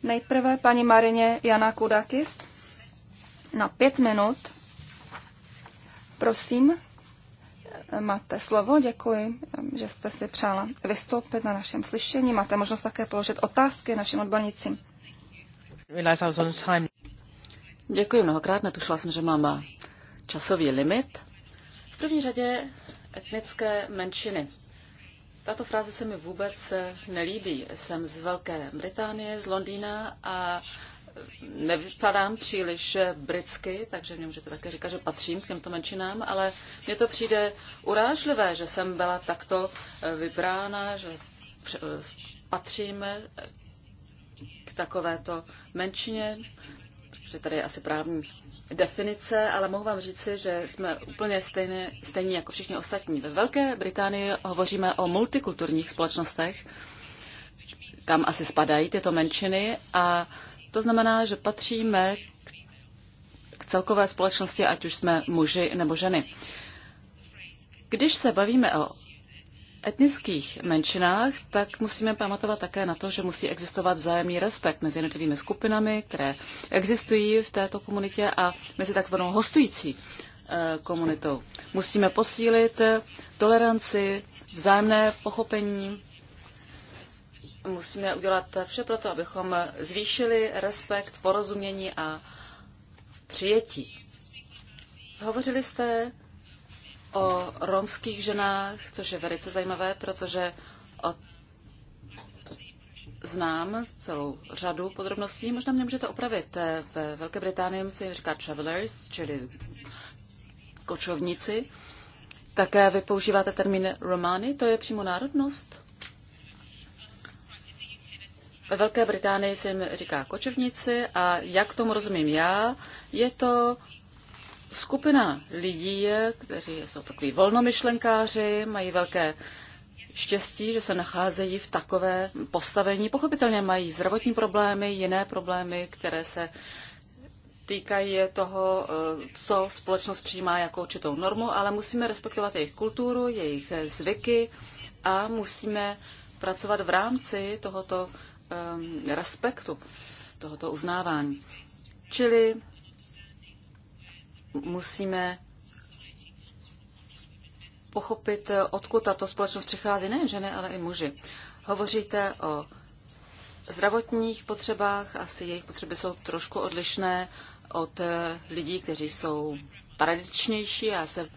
nejprve paní Marině Jana Kudakis na pět minut. Prosím, máte slovo, děkuji, že jste si přála vystoupit na našem slyšení. Máte možnost také položit otázky našim odbornicím. Děkuji mnohokrát, netušila jsem, že mám časový limit. V první řadě etnické menšiny. Tato fráze se mi vůbec nelíbí. Jsem z Velké Británie, z Londýna a nevypadám příliš britsky, takže mě můžete také říkat, že patřím k těmto menšinám, ale mně to přijde urážlivé, že jsem byla takto vybrána, že patřím k takovéto menšině že tady je asi právní definice, ale mohu vám říci, že jsme úplně stejné, stejní jako všichni ostatní. Ve Velké Británii hovoříme o multikulturních společnostech, kam asi spadají tyto menšiny a to znamená, že patříme k celkové společnosti, ať už jsme muži nebo ženy. Když se bavíme o etnických menšinách, tak musíme pamatovat také na to, že musí existovat vzájemný respekt mezi jednotlivými skupinami, které existují v této komunitě a mezi takzvanou hostující eh, komunitou. Musíme posílit eh, toleranci, vzájemné pochopení, musíme udělat vše proto, abychom zvýšili respekt, porozumění a přijetí. Hovořili jste o romských ženách, což je velice zajímavé, protože o znám celou řadu podrobností. Možná mě můžete opravit. V Velké Británii se říká travelers, čili kočovníci. Také vy používáte termín romány, to je přímo národnost? Ve Velké Británii se jim říká kočovníci a jak tomu rozumím já, je to skupina lidí, kteří jsou takový volnomyšlenkáři, mají velké štěstí, že se nacházejí v takové postavení. Pochopitelně mají zdravotní problémy, jiné problémy, které se týkají toho, eh, co společnost přijímá jako určitou normu, ale musíme respektovat jejich kulturu, jejich zvyky a musíme pracovat v rámci tohoto eh, respektu, tohoto uznávání. Čili musíme pochopit, odkud tato společnost přichází, nejen ženy, ale i muži. Hovoříte o zdravotních potřebách, asi jejich potřeby jsou trošku odlišné od eh, lidí, kteří jsou tradičnější. Já se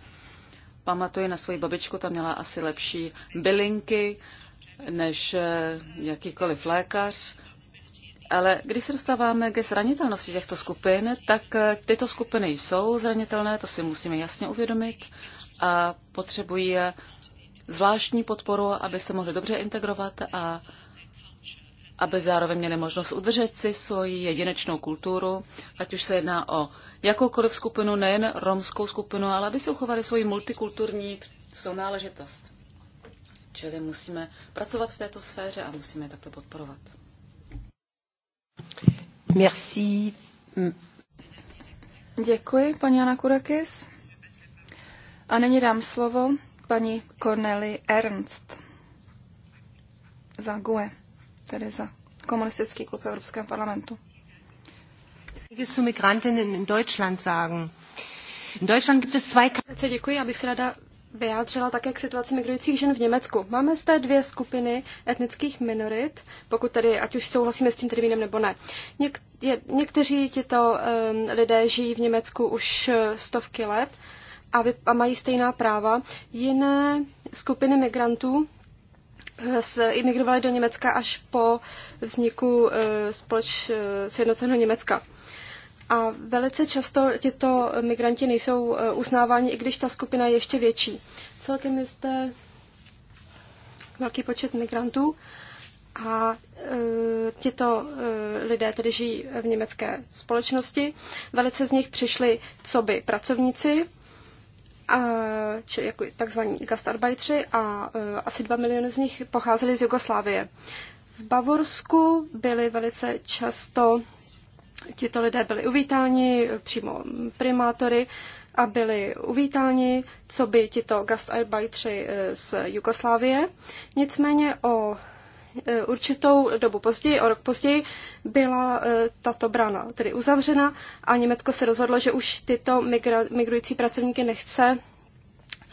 pamatuju na svoji babičku, ta měla asi lepší bylinky než eh, jakýkoliv lékař. Ale když se dostáváme ke zranitelnosti těchto skupin, tak eh, tyto skupiny jsou zranitelné, to si musíme jasně uvědomit a potřebují eh, zvláštní podporu, aby se mohli dobře integrovat a aby zároveň měli možnost udržet si svoji jedinečnou kulturu, ať už se jedná o jakoukoliv skupinu, nejen romskou skupinu, ale aby si uchovali svoji multikulturní sounáležitost. Čili musíme pracovat v této sféře a musíme takto podporovat. Merci. Děkuji, paní Jana A nyní dám slovo paní Corneli Ernst za GUE, tedy za Komunistický klub Evropského parlamentu. zu Migrantinnen in Deutschland sagen. In Deutschland Děkuji, abych se vyjádřila také k situaci migrujících žen v Německu. Máme zde dvě skupiny etnických minorit, pokud tedy, ať už souhlasíme s tím termínem nebo ne. Něk, je, někteří tito um, lidé žijí v Německu už stovky let a, vy, a mají stejná práva. Jiné skupiny migrantů eh, se imigrovali do Německa až po vzniku uh, společ, uh, sjednoceného Německa. A velice často tito migranti nejsou eh, uznáváni, i když ta skupina je ještě větší. Celkem je zde velký počet migrantů a e, eh, tito e, eh, lidé tedy žijí v německé společnosti. Velice z nich přišli coby pracovníci, a, či jako takzvaní gastarbeitři a e, asi dva miliony z nich pocházeli z Jugoslávie. V Bavorsku byli velice často Tito lidé byli uvítáni přímo primátory a byli uvítáni, co by tito gastarbeitři eh, z Jugoslávie. Nicméně o eh, určitou dobu později, o rok později, byla eh, tato brána tedy uzavřena a Německo se rozhodlo, že už tyto migrující pracovníky nechce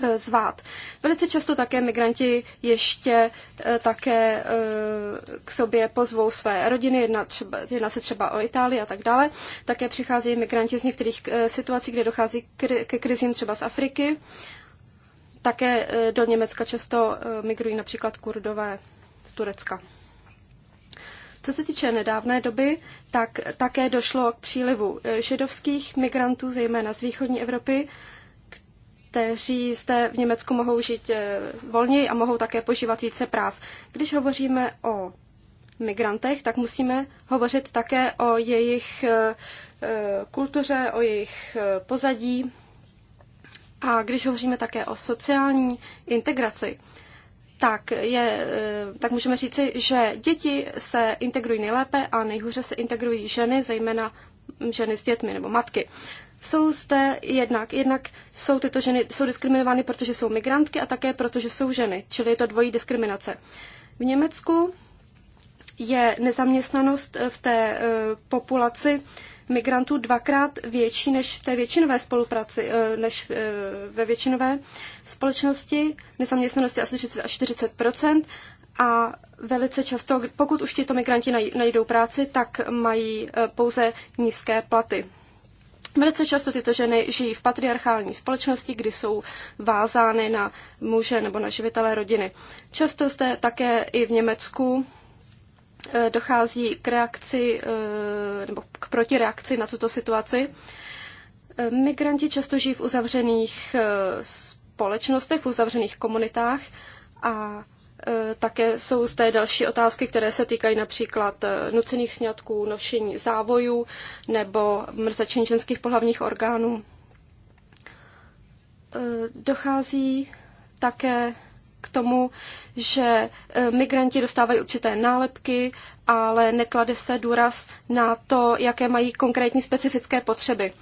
Eh, zvát. Velice často také migranti ještě eh, také eh, k sobě pozvou své rodiny, jedna, třeba, jedna se třeba o Itálii a tak dále. Také přicházejí migranti z některých situací, kde dochází ke krizím třeba z Afriky. Také do Německa často migrují například kurdové z Turecka. Co se týče nedávné doby, tak také došlo k přílivu židovských migrantů, zejména z východní Evropy, kteří zde v Německu mohou žít eh, volněji a mohou také požívat více práv. Když hovoříme o migrantech, tak musíme hovořit také o jejich eh, eh, kultuře, o jejich pozadí a když hovoříme také o sociální integraci, tak, je, tak můžeme říci, že děti se integrují nejlépe a nejhůře se integrují ženy, zejména ženy s dětmi nebo matky. Jsou zde jednak, jednak jsou tyto ženy jsou diskriminovány, protože jsou migrantky a také protože jsou ženy, čili je to dvojí diskriminace. V Německu je nezaměstnanost eh, v té eh, populaci migrantů dvakrát větší než v té většinové spolupráci, eh, než ve většinové společnosti. Nezaměstnanost je asi 30 až 40 a velice často, pokud už tito migranti najdou práci, tak mají pouze nízké platy. Velice často tyto ženy žijí v patriarchální společnosti, kdy jsou vázány na muže nebo na živitelé rodiny. Často zde také i v Německu eh, dochází k reakci eh, nebo k protireakci na tuto situaci. Eh, migranti často žijí v uzavřených společnostech, v uzavřených komunitách a E, také jsou zde další otázky, které se týkají například e, nucených sňatků, nošení závojů nebo mrzačení ženských pohlavních orgánů. E, dochází také k tomu, že migranti dostávají určité nálepky, ale neklade se důraz na to, jaké mají konkrétní specifické potřeby.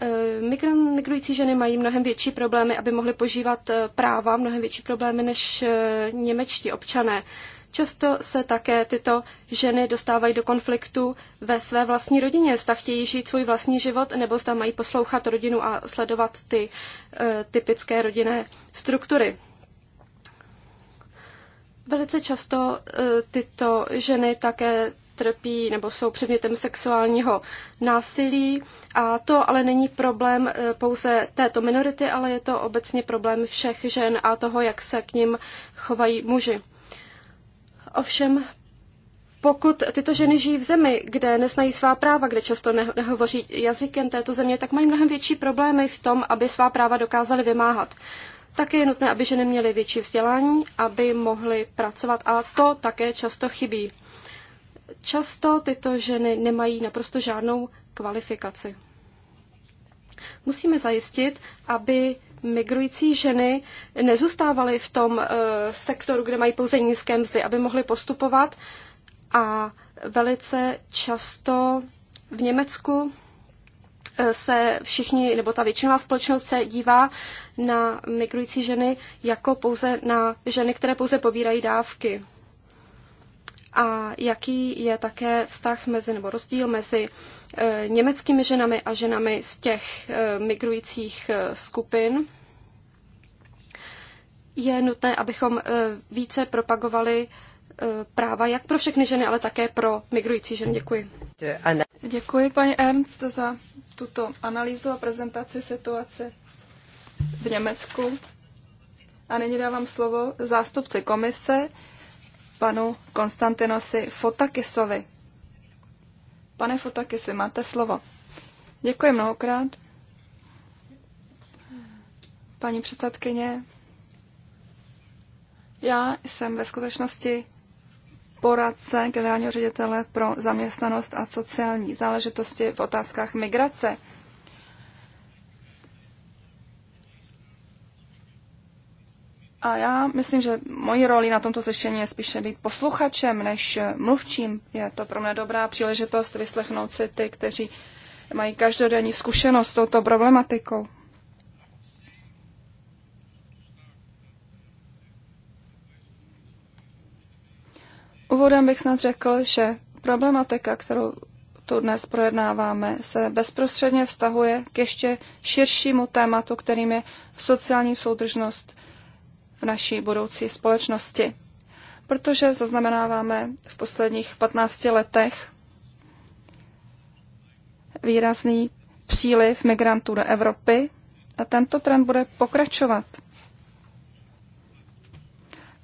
Eh, migrující ženy mají mnohem větší problémy, aby mohly požívat eh, práva, mnohem větší problémy než eh, němečtí občané. Často se také tyto ženy dostávají do konfliktu ve své vlastní rodině, zda chtějí žít svůj vlastní život, nebo zda mají poslouchat rodinu a sledovat ty e, typické rodinné struktury. Velice často e, tyto ženy také trpí nebo jsou předmětem sexuálního násilí. A to ale není problém eh, pouze této minority, ale je to obecně problém všech žen a toho, jak se k ním chovají muži. Ovšem pokud tyto ženy žijí v zemi, kde neznají svá práva, kde často nehovoří jazykem této země, tak mají mnohem větší problémy v tom, aby svá práva dokázaly vymáhat. Také je nutné, aby ženy měly větší vzdělání, aby mohly pracovat a to také často chybí. Často tyto ženy nemají naprosto žádnou kvalifikaci. Musíme zajistit, aby migrující ženy nezůstávaly v tom uh, sektoru, kde mají pouze nízké mzdy, aby mohly postupovat a velice často v Německu eh, se všichni, nebo ta většinová společnost se dívá na migrující ženy jako pouze na ženy, které pouze pobírají dávky a jaký je také vztah mezi, nebo rozdíl mezi eh, německými ženami a ženami z těch eh, migrujících eh, skupin. Je nutné, abychom více propagovali práva jak pro všechny ženy, ale také pro migrující ženy. Děkuji. Děkuji, paní Ernst, za tuto analýzu a prezentaci situace v Německu. A nyní dávám slovo zástupci komise, panu Konstantinosi Fotakisovi. Pane Fotakisi, máte slovo. Děkuji mnohokrát. Paní předsedkyně, já jsem ve skutečnosti poradce generálního ředitele pro zaměstnanost a sociální záležitosti v otázkách migrace. A já myslím, že moji roli na tomto slyšení je spíše být posluchačem než mluvčím. Je to pro mě dobrá příležitost vyslechnout si ty, kteří mají každodenní zkušenost s touto problematikou. Úvodem bych snad řekl, že problematika, kterou tu dnes projednáváme, se bezprostředně vztahuje k ještě širšímu tématu, kterým je sociální soudržnost v naší budoucí společnosti. Protože zaznamenáváme v posledních 15 letech výrazný příliv migrantů do Evropy a tento trend bude pokračovat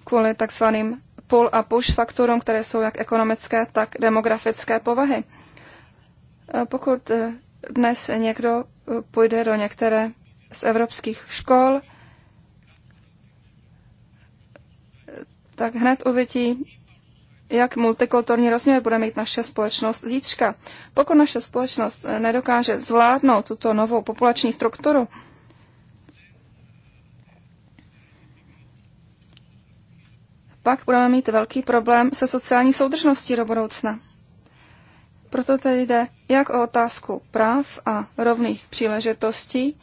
kvůli takzvaným pull a push faktorům, které jsou jak ekonomické, tak demografické povahy. E, pokud e, dnes někdo e, půjde do některé z evropských škol, tak hned uvidí, jak multikulturní rozměr bude mít naše společnost zítřka. Pokud naše společnost nedokáže zvládnout tuto novou populační strukturu, pak budeme mít velký problém se sociální soudržností do budoucna. Proto tedy jde jak o otázku práv a rovných příležitostí,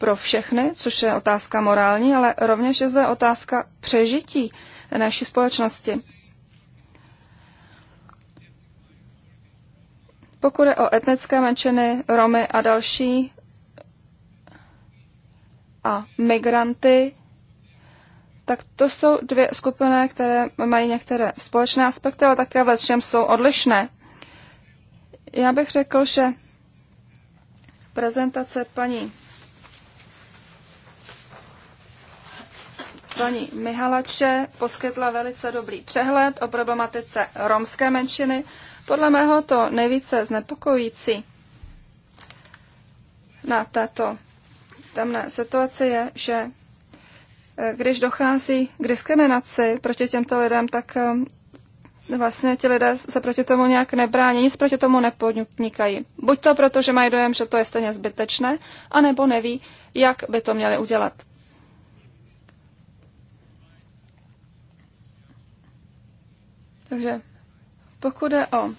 pro všechny, což je otázka morální, ale rovněž je zde otázka přežití naší společnosti. Pokud je o etnické menšiny, Romy a další a migranty, tak to jsou dvě skupiny, které mají některé společné aspekty, ale také v čem jsou odlišné. Já bych řekl, že prezentace paní paní Mihalače poskytla velice dobrý přehled o problematice romské menšiny. Podle mého to nejvíce znepokojící na této temné situaci je, že eh, když dochází k diskriminaci proti těmto lidem, tak eh, vlastně ti lidé se proti tomu nějak nebrání, nic proti tomu nepodnikají. Buď to proto, že mají dojem, že to je stejně zbytečné, anebo neví, jak by to měli udělat. Takže pokud je o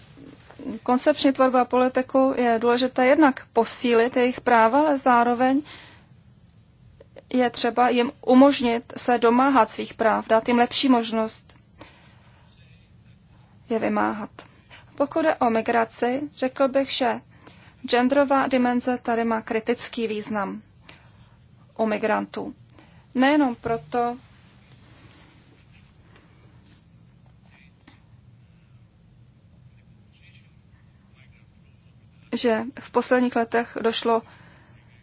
koncepční tvorbu a politiku, je důležité jednak posílit jejich práva, ale zároveň je třeba jim umožnit se domáhat svých práv, dát jim lepší možnost je vymáhat. Pokud je o migraci, řekl bych, že genderová dimenze tady má kritický význam u migrantů. Nejenom proto, že v posledních letech došlo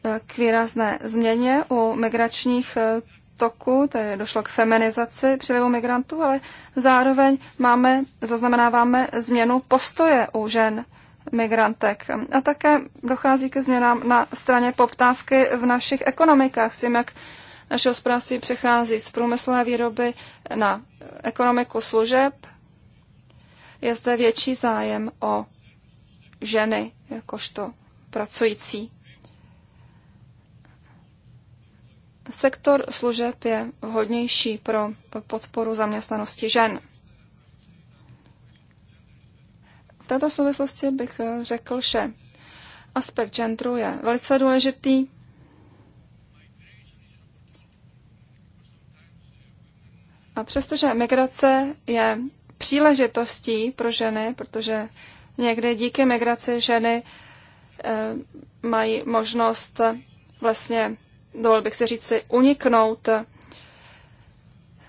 eh, k výrazné změně u migračních eh, toků, tedy došlo k feminizaci přílivu migrantů, ale zároveň máme, zaznamenáváme změnu postoje u žen migrantek. A také dochází ke změnám na straně poptávky v našich ekonomikách, s tím, jak naše hospodářství přechází z průmyslové výroby na ekonomiku služeb. Je zde větší zájem o ženy jakožto pracující. Sektor služeb je vhodnější pro podporu zaměstnanosti žen. V této souvislosti bych eh, řekl, že aspekt genderu je velice důležitý. A přestože migrace je příležitostí pro ženy, protože někdy díky migraci ženy eh, mají možnost eh, vlastně, dovol bych si říct, uniknout, eh,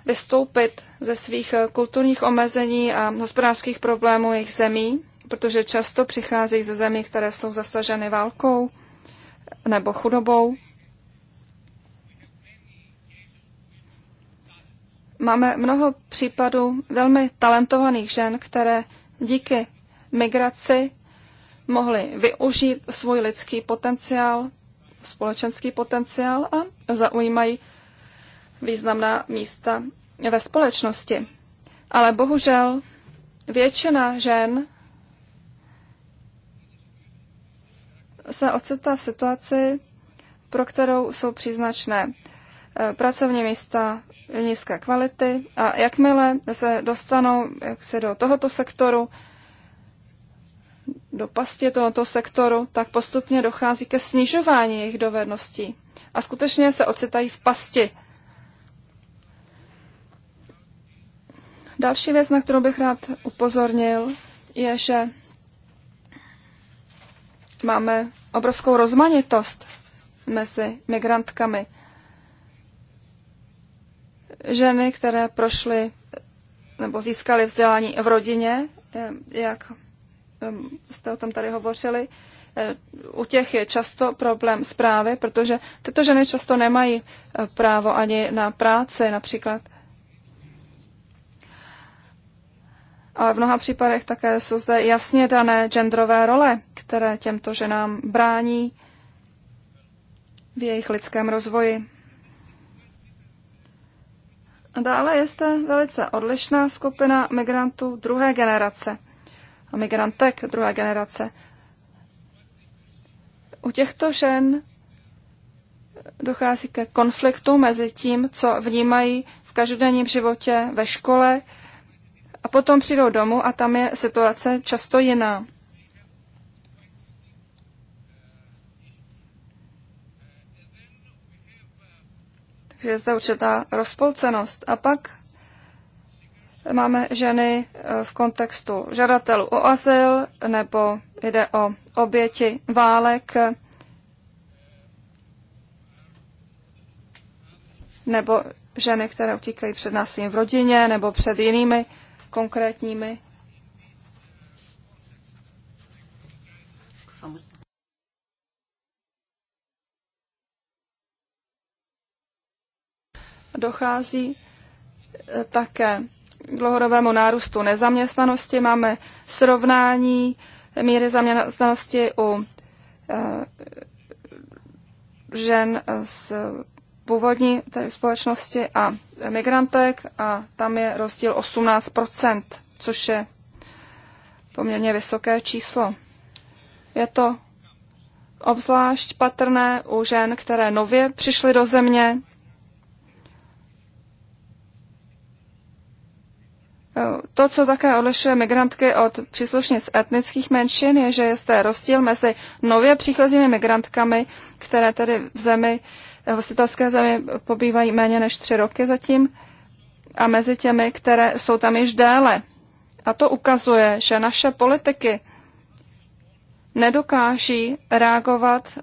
vystoupit ze svých kulturních omezení a hospodářských problémů jejich zemí, protože často přicházejí ze zemí, které jsou zasaženy válkou nebo chudobou. Máme mnoho případů velmi talentovaných žen, které díky migraci, mohli využít svůj lidský potenciál, společenský potenciál a zaujímají významná místa ve společnosti. Ale bohužel většina žen se ocitá v situaci, pro kterou jsou příznačné eh, pracovní místa nízké kvality a jakmile se dostanou jak se do tohoto sektoru, do pasti tohoto sektoru, tak postupně dochází ke snižování jejich dovedností a skutečně se ocitají v pasti. Další věc, na kterou bych rád upozornil, je, že máme obrovskou rozmanitost mezi migrantkami. Ženy, které prošly nebo získaly vzdělání v rodině, eh, jak Ehm, jste o tom tady hovořili, eh, u těch je často problém zprávy, protože tyto ženy často nemají eh, právo ani na práci například. A v mnoha případech také jsou zde jasně dané genderové role, které těmto ženám brání v jejich lidském rozvoji. A dále je zde velice odlišná skupina migrantů druhé generace – migrantek druhé generace. U těchto žen dochází ke konfliktu mezi tím, co vnímají v každodenním životě ve škole a potom přijdou domů a tam je situace často jiná. Takže je zde určitá rozpolcenost. A pak máme ženy eh, v kontextu žadatelů o azyl nebo jde o oběti válek nebo ženy, které utíkají před násilím v rodině nebo před jinými konkrétními dochází eh, také dlouhodobému nárůstu nezaměstnanosti. Máme srovnání míry zaměstnanosti u eh, žen z původní tedy společnosti a migrantek a tam je rozdíl 18 což je poměrně vysoké číslo. Je to obzvlášť patrné u žen, které nově přišly do země To, co také odlišuje migrantky od příslušnic etnických menšin, je, že je zde rozdíl mezi nově příchozími migrantkami, které tedy v zemi, v eh, hostitelské zemi pobývají méně než tři roky zatím, a mezi těmi, které jsou tam již déle. A to ukazuje, že naše politiky nedokáží reagovat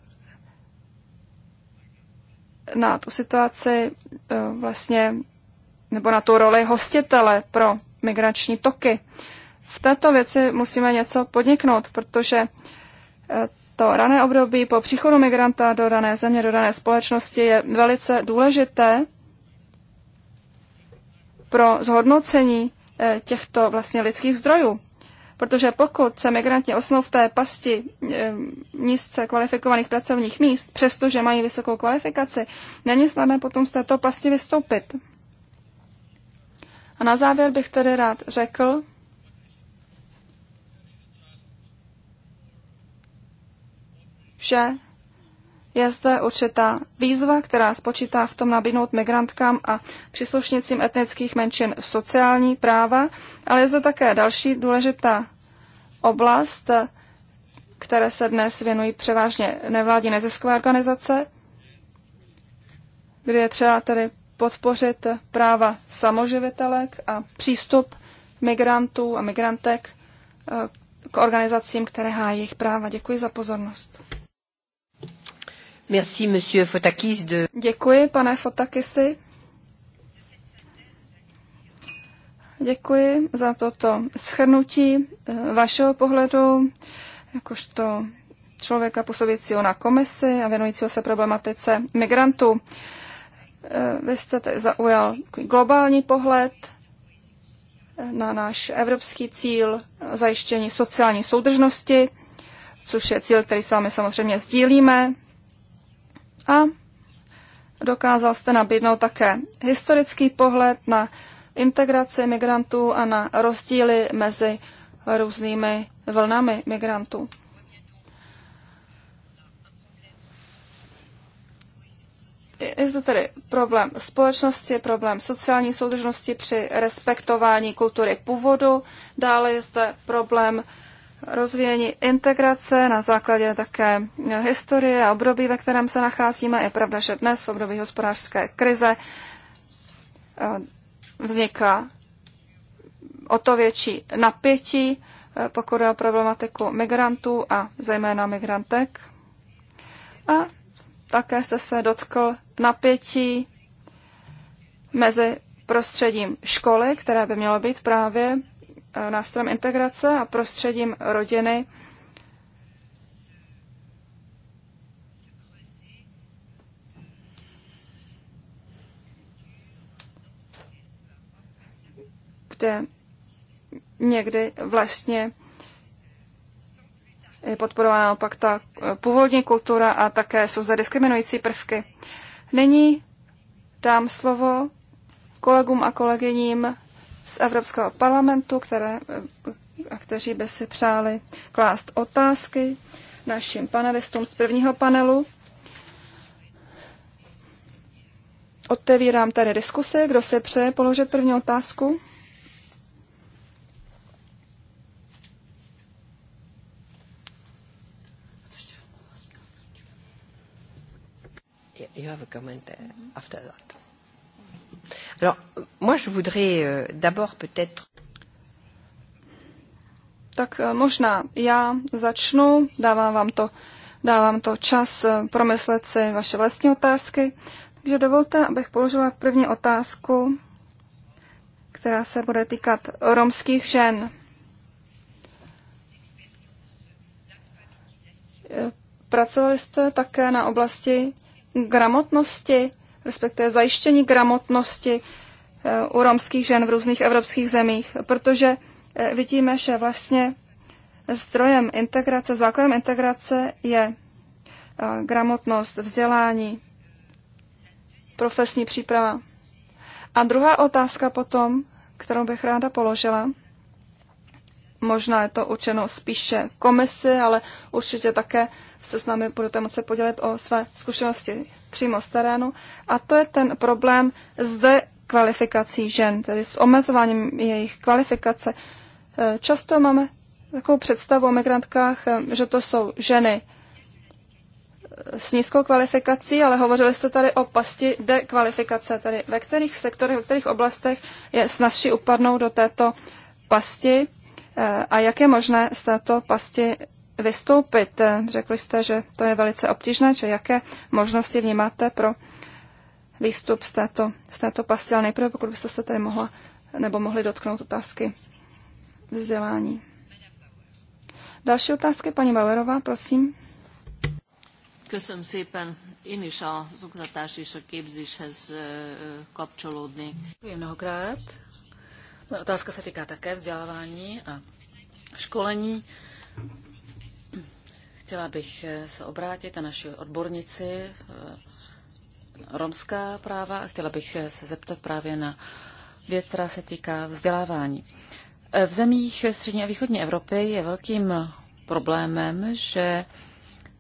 na tu situaci eh, vlastně, nebo na tu roli hostitele pro migrační toky. V této věci musíme něco podniknout, protože eh, to rané období po příchodu migranta do dané země, do dané společnosti je velice důležité pro zhodnocení eh, těchto vlastně lidských zdrojů. Protože pokud se migranti osnou v té pasti eh, nízce kvalifikovaných pracovních míst, přestože mají vysokou kvalifikaci, není snadné potom z této pasti vystoupit. A na závěr bych tedy rád řekl, že je zde určitá výzva, která spočítá v tom nabídnout migrantkám a příslušnicím etnických menšin sociální práva, ale je zde také další důležitá oblast, které se dnes věnují převážně nevládní neziskové organizace, kde je třeba tedy podpořit práva samoživitelek a přístup migrantů a migrantek eh, k organizacím, které hájí jejich práva. Děkuji za pozornost. Merci, monsieur Fotakis de... Děkuji, pane Fotakisi. Děkuji za toto schrnutí eh, vašeho pohledu, jakožto člověka působícího na komisi a věnujícího se problematice migrantů. Vy jste tady zaujal globální pohled na náš evropský cíl zajištění sociální soudržnosti, což je cíl, který s vámi samozřejmě sdílíme. A dokázal jste nabídnout také historický pohled na integraci migrantů a na rozdíly mezi různými vlnami migrantů. je zde tedy problém společnosti, problém sociální soudržnosti při respektování kultury původu, dále je zde problém rozvíjení integrace na základě také historie a období, ve kterém se nacházíme. Je pravda, že dnes v období hospodářské krize eh, vzniká o to větší napětí, eh, pokud je o problematiku migrantů a zejména migrantek. A také jste se dotkl napětí mezi prostředím školy, které by mělo být právě e, nástrojem integrace, a prostředím rodiny, kde někdy vlastně je podporována opak ta e, původní kultura a také jsou zde diskriminující prvky. Nyní dám slovo kolegům a kolegyním z Evropského parlamentu, které, eh, a kteří by si přáli klást otázky našim panelistům z prvního panelu. Otevírám tady diskusi. Kdo se přeje položit první otázku? You have a comment after that. Alors, moi, je voudrais euh, d'abord peut-être. Tak eh, možná já začnu, dávám vám to, dávám to čas eh, promyslet si vaše vlastní otázky. Takže dovolte, abych položila první otázku, která se bude týkat romských žen. Eh, pracovali jste také na oblasti gramotnosti, respektive zajištění gramotnosti eh, u romských žen v různých evropských zemích, protože eh, vidíme, že vlastně zdrojem integrace, základem integrace je eh, gramotnost, vzdělání, profesní příprava. A druhá otázka potom, kterou bych ráda položila, možná je to učeno spíše komisi, ale určitě také se s námi budete moci podělit o své zkušenosti přímo z terénu. A to je ten problém zde kvalifikací žen, tedy s omezováním jejich kvalifikace. E, často máme takovou představu o migrantkách, e, že to jsou ženy e, s nízkou kvalifikací, ale hovořili jste tady o pasti dekvalifikace, tedy ve kterých sektorech, ve kterých oblastech je snažší upadnout do této pasti a jak je možné z této pasti vystoupit. Řekli jste, že to je velice obtížné, že jaké možnosti vnímáte pro výstup z této, z této pasti, ale nejprve pokud byste se tady mohla nebo mohli dotknout otázky vzdělání. Další otázky, paní Bauerová, prosím. Köszönöm szépen. Én is az oktatás és a képzéshez kapcsolódnék. Děkuji mnohokrát. otázka se týká také vzdělávání a školení. Chtěla bych eh, se obrátit na naši odbornici eh, romská práva a chtěla bych eh, se zeptat právě na věc, která se týká vzdělávání. V zemích střední a východní Evropy je velkým problémem, že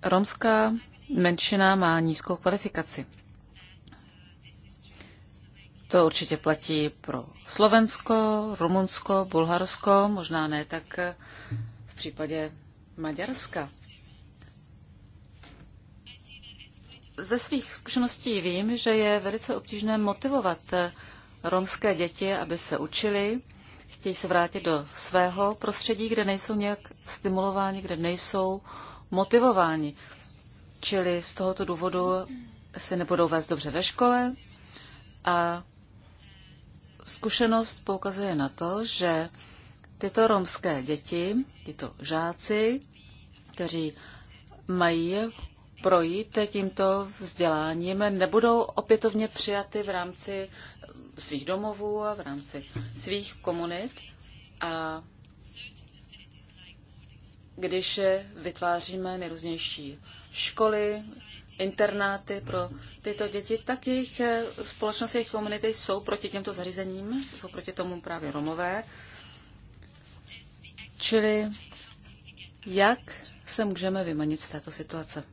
romská menšina má nízkou kvalifikaci. To určitě platí pro Slovensko, Rumunsko, Bulharsko, možná ne tak v případě Maďarska. ze svých zkušeností vím, že je velice obtížné motivovat eh, romské děti, aby se učili, chtějí se vrátit do svého prostředí, kde nejsou nějak stimulováni, kde nejsou motivováni. Čili z tohoto důvodu si nebudou vést dobře ve škole a zkušenost poukazuje na to, že tyto romské děti, tyto žáci, kteří mají projít tímto vzděláním, nebudou opětovně přijaty v rámci svých domovů a v rámci svých komunit. A když vytváříme nejrůznější školy, internáty pro tyto děti, tak jejich eh, společnost, jejich komunity jsou proti těmto zařízením, jsou proti tomu právě Romové. Čili jak se můžeme vymanit z této situace?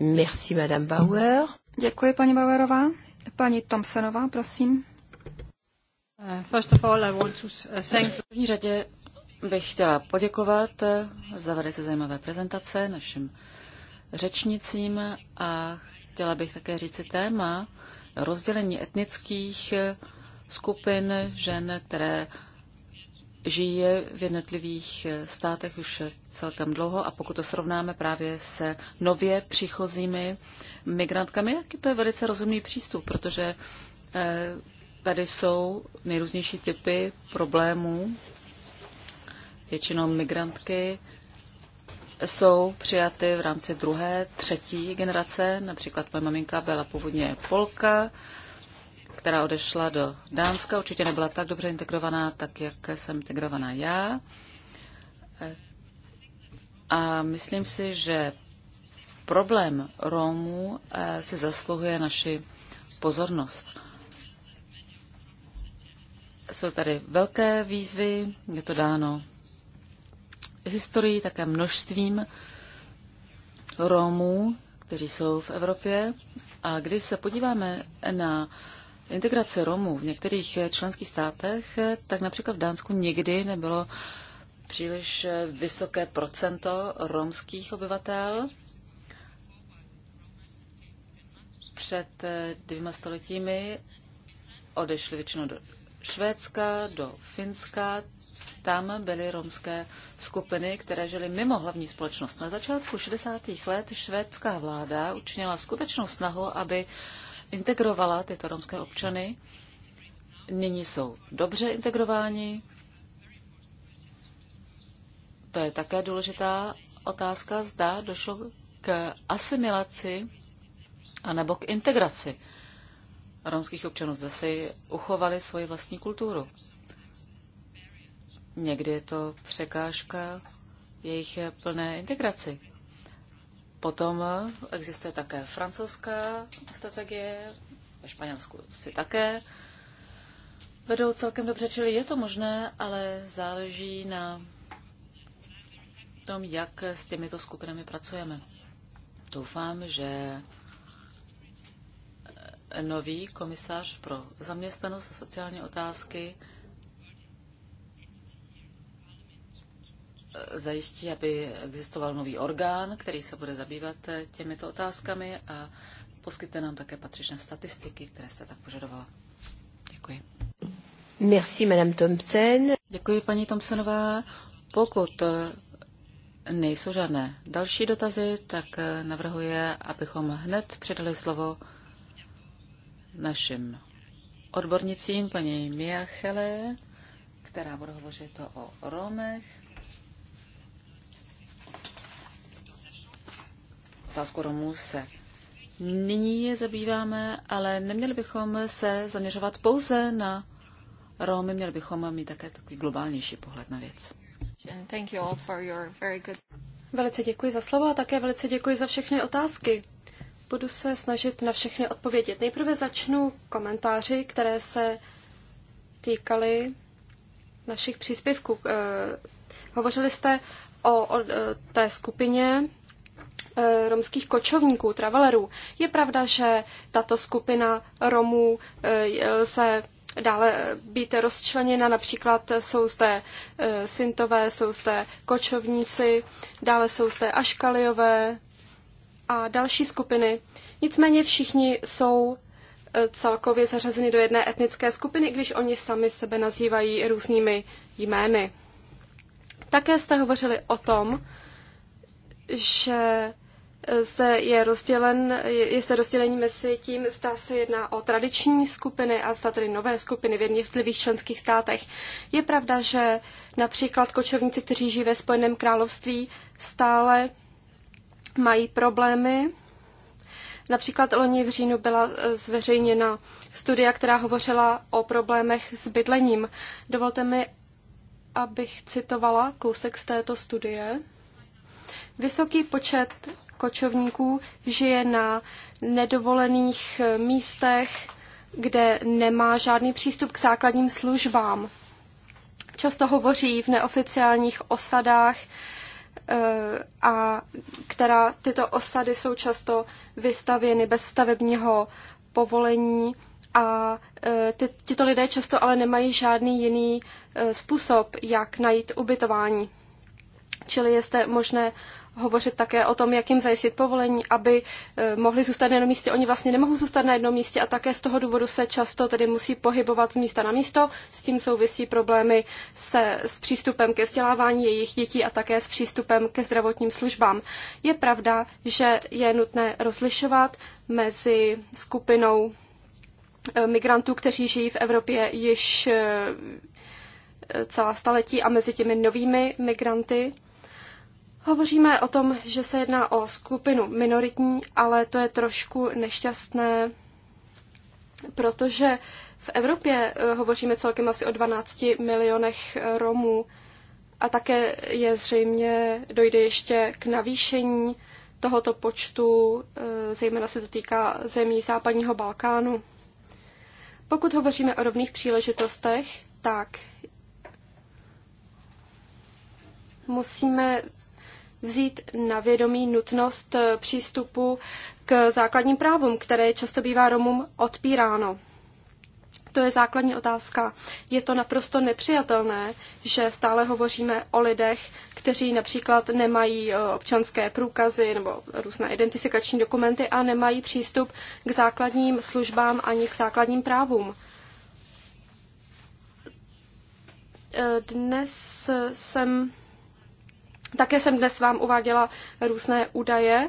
Merci, Madame Bauer. Děkuji, paní Bauerová. Paní Tomsenová, prosím. Eh, first of all, I want to eh, thank... V první řadě bych chtěla poděkovat eh, za velice zajímavé prezentace našim řečnicím a chtěla bych také říci téma rozdělení etnických skupin žen, které žije v jednotlivých eh, státech už celkem dlouho a pokud to srovnáme právě se nově přichozími migrantkami, tak to je velice rozumný přístup, protože eh, tady jsou nejrůznější typy problémů. Většinou migrantky jsou přijaty v rámci druhé, třetí generace. Například moje maminka byla původně Polka, která odešla do Dánska, určitě nebyla tak dobře integrovaná, tak jak jsem integrovaná já. A myslím si, že problém Romů eh, si zasluhuje naši pozornost. Jsou tady velké výzvy, je to dáno historií, také množstvím Romů, kteří jsou v Evropě. A když se podíváme na integrace Romů v některých členských státech, tak například v Dánsku nikdy nebylo příliš vysoké procento romských obyvatel. Před dvěma stoletími odešli většinou do Švédska, do Finska. Tam byly romské skupiny, které žily mimo hlavní společnost. Na začátku 60. let švédská vláda učinila skutečnou snahu, aby uh, integrovala tyto romské občany. Nyní jsou dobře integrováni. To je také důležitá otázka, zda došlo k asimilaci anebo k integraci romských občanů. Zda si uchovali svoji vlastní kulturu. Někdy je to překážka jejich plné integraci. Potom existuje také francouzská strategie, ve Španělsku si také vedou celkem dobře, čili je to možné, ale záleží na tom, jak s těmito skupinami pracujeme. Doufám, že nový komisař pro zaměstnanost a sociální otázky zajistí, aby existoval nový orgán, který se bude zabývat eh, těmito otázkami a poskytne nám také patřičné statistiky, které se tak požadovala. Děkuji. Merci, Madame Thompson. Děkuji, paní Thompsonová. Pokud eh, nejsou žádné další dotazy, tak eh, navrhuje, abychom hned předali slovo našim odbornicím, paní Chele, která bude hovořit o Romech. otázku Romů se nyní je zabýváme, ale neměli bychom se zaměřovat pouze na Romy, měli bychom mít také takový globálnější pohled na věc. Velice děkuji za slovo a také velice děkuji za všechny otázky. Budu se snažit na všechny odpovědět. Nejprve začnu komentáři, které se týkaly našich příspěvků. Eh, hovořili jste o, o eh, té skupině Eh, romských kočovníků, travelerů. Je pravda, že tato skupina Romů eh, se dále být rozčleněna, například jsou zde eh, Sintové, jsou zde Kočovníci, dále jsou zde Aškaliové a další skupiny. Nicméně všichni jsou celkově zařazeny do jedné etnické skupiny, když oni sami sebe nazývají různými jmény. Také jste hovořili o tom, že se je, rozdělen, je se rozdělení mezi tím, zda se jedná o tradiční skupiny a zda tedy nové skupiny v jednotlivých členských státech. Je pravda, že například kočovníci, kteří žijí ve Spojeném království, stále mají problémy. Například loni v říjnu byla zveřejněna studia, která hovořila o problémech s bydlením. Dovolte mi, abych citovala kousek z této studie. Vysoký počet kočovníků žije na nedovolených místech, kde nemá žádný přístup k základním službám. Často hovoří v neoficiálních osadách, eh, a která tyto osady jsou často vystavěny bez stavebního povolení a eh, ty, tyto lidé často ale nemají žádný jiný eh, způsob, jak najít ubytování. Čili je zde možné hovořit také o tom, jak jim zajistit povolení, aby eh, mohli zůstat na jednom místě. Oni vlastně nemohou zůstat na jednom místě a také z toho důvodu se často tedy musí pohybovat z místa na místo. S tím souvisí problémy se, s přístupem ke vzdělávání jejich dětí a také s přístupem ke zdravotním službám. Je pravda, že je nutné rozlišovat mezi skupinou eh, migrantů, kteří žijí v Evropě již eh, celá staletí a mezi těmi novými migranty, Hovoříme o tom, že se jedná o skupinu minoritní, ale to je trošku nešťastné, protože v Evropě eh, hovoříme celkem asi o 12 milionech eh, Romů a také je zřejmě, dojde ještě k navýšení tohoto počtu, eh, zejména se to týká zemí západního Balkánu. Pokud hovoříme o rovných příležitostech, tak musíme vzít na vědomí nutnost eh, přístupu k základním právům, které často bývá Romům odpíráno. To je základní otázka. Je to naprosto nepřijatelné, že stále hovoříme o lidech, kteří například nemají eh, občanské průkazy nebo různé identifikační dokumenty a nemají přístup k základním službám ani k základním právům. Eh, dnes jsem také jsem dnes vám uváděla různé údaje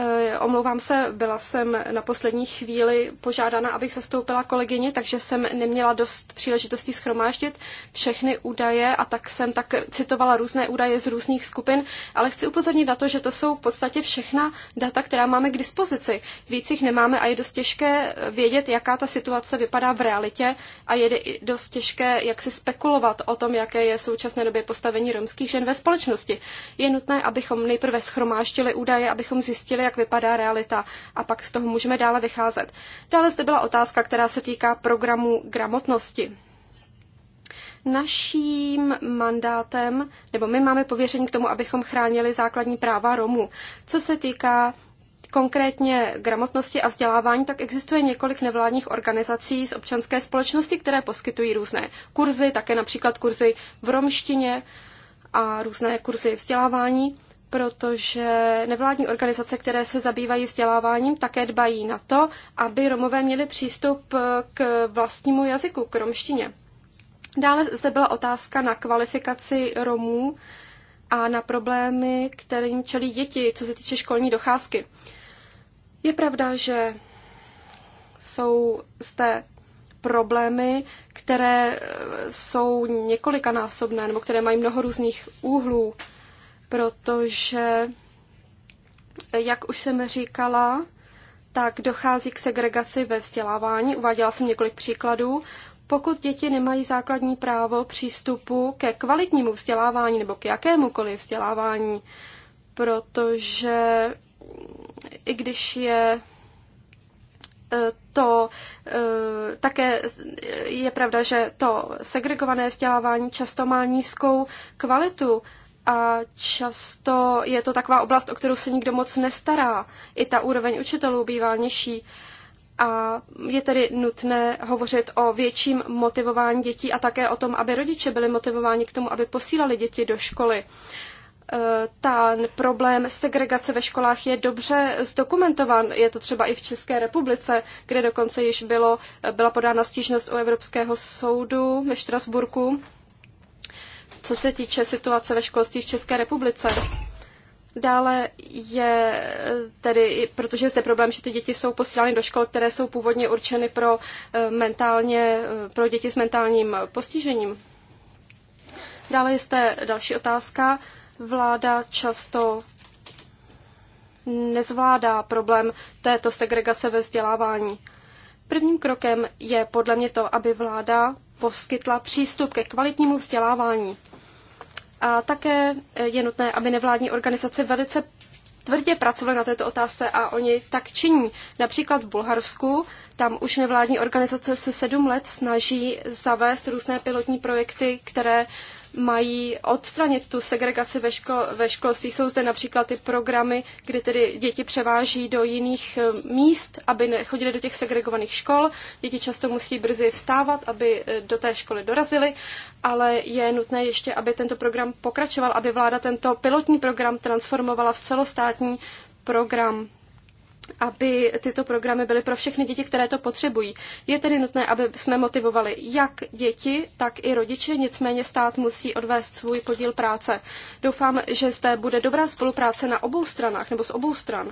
Eh, omlouvám se, byla jsem na poslední chvíli požádána, abych zastoupila kolegyni, takže jsem neměla dost příležitostí schromáždit všechny údaje a tak jsem tak citovala různé údaje z různých skupin, ale chci upozornit na to, že to jsou v podstatě všechna data, která máme k dispozici. Víc jich nemáme a je dost těžké vědět, jaká ta situace vypadá v realitě a je dost těžké, jak si spekulovat o tom, jaké je v současné době postavení romských žen ve společnosti. Je nutné, abychom nejprve schromáždili údaje, abychom zjistili, jak vypadá realita a pak z toho můžeme dále vycházet. Dále zde byla otázka, která se týká programu gramotnosti. Naším mandátem, nebo my máme pověření k tomu, abychom chránili základní práva Romů. Co se týká konkrétně gramotnosti a vzdělávání, tak existuje několik nevládních organizací z občanské společnosti, které poskytují různé kurzy, také například kurzy v romštině a různé kurzy vzdělávání protože nevládní organizace, které se zabývají vzděláváním, také dbají na to, aby Romové měli přístup eh, k vlastnímu jazyku, k romštině. Dále zde byla otázka na kvalifikaci Romů a na problémy, kterým čelí děti, co se týče školní docházky. Je pravda, že jsou zde problémy, které eh, jsou několikanásobné nebo které mají mnoho různých úhlů protože, jak už jsem říkala, tak dochází k segregaci ve vzdělávání. Uváděla jsem několik příkladů. Pokud děti nemají základní právo přístupu ke kvalitnímu vzdělávání nebo k jakémukoliv vzdělávání, protože i když je eh, to eh, také je pravda, že to segregované vzdělávání často má nízkou kvalitu, a často je to taková oblast, o kterou se nikdo moc nestará. I ta úroveň učitelů bývá nižší a je tedy nutné hovořit o větším motivování dětí a také o tom, aby rodiče byli motivováni k tomu, aby posílali děti do školy. E, ten problém segregace ve školách je dobře zdokumentovan. Je to třeba i v České republice, kde dokonce již bylo, byla podána stížnost u Evropského soudu ve Štrasburku co se týče situace ve školství v České republice. Dále je eh, tedy, protože je zde problém, že ty děti jsou posílány do škol, které jsou původně určeny pro, eh, mentálně, eh, pro děti s mentálním postižením. Dále je zde další otázka. Vláda často nezvládá problém této segregace ve vzdělávání. Prvním krokem je podle mě to, aby vláda poskytla přístup ke kvalitnímu vzdělávání. A také je nutné, aby nevládní organizace velice tvrdě pracovaly na této otázce a oni tak činí. Například v Bulharsku, tam už nevládní organizace se sedm let snaží zavést různé pilotní projekty, které mají odstranit tu segregaci ve, ško- ve školství. Jsou zde například ty programy, kde tedy děti převáží do jiných eh, míst, aby nechodili do těch segregovaných škol. Děti často musí brzy vstávat, aby eh, do té školy dorazili, ale je nutné ještě, aby tento program pokračoval, aby vláda tento pilotní program transformovala v celostátní program aby tyto programy byly pro všechny děti, které to potřebují. Je tedy nutné, aby jsme motivovali jak děti, tak i rodiče, nicméně stát musí odvést svůj podíl práce. Doufám, že zde bude dobrá spolupráce na obou stranách nebo z obou stran.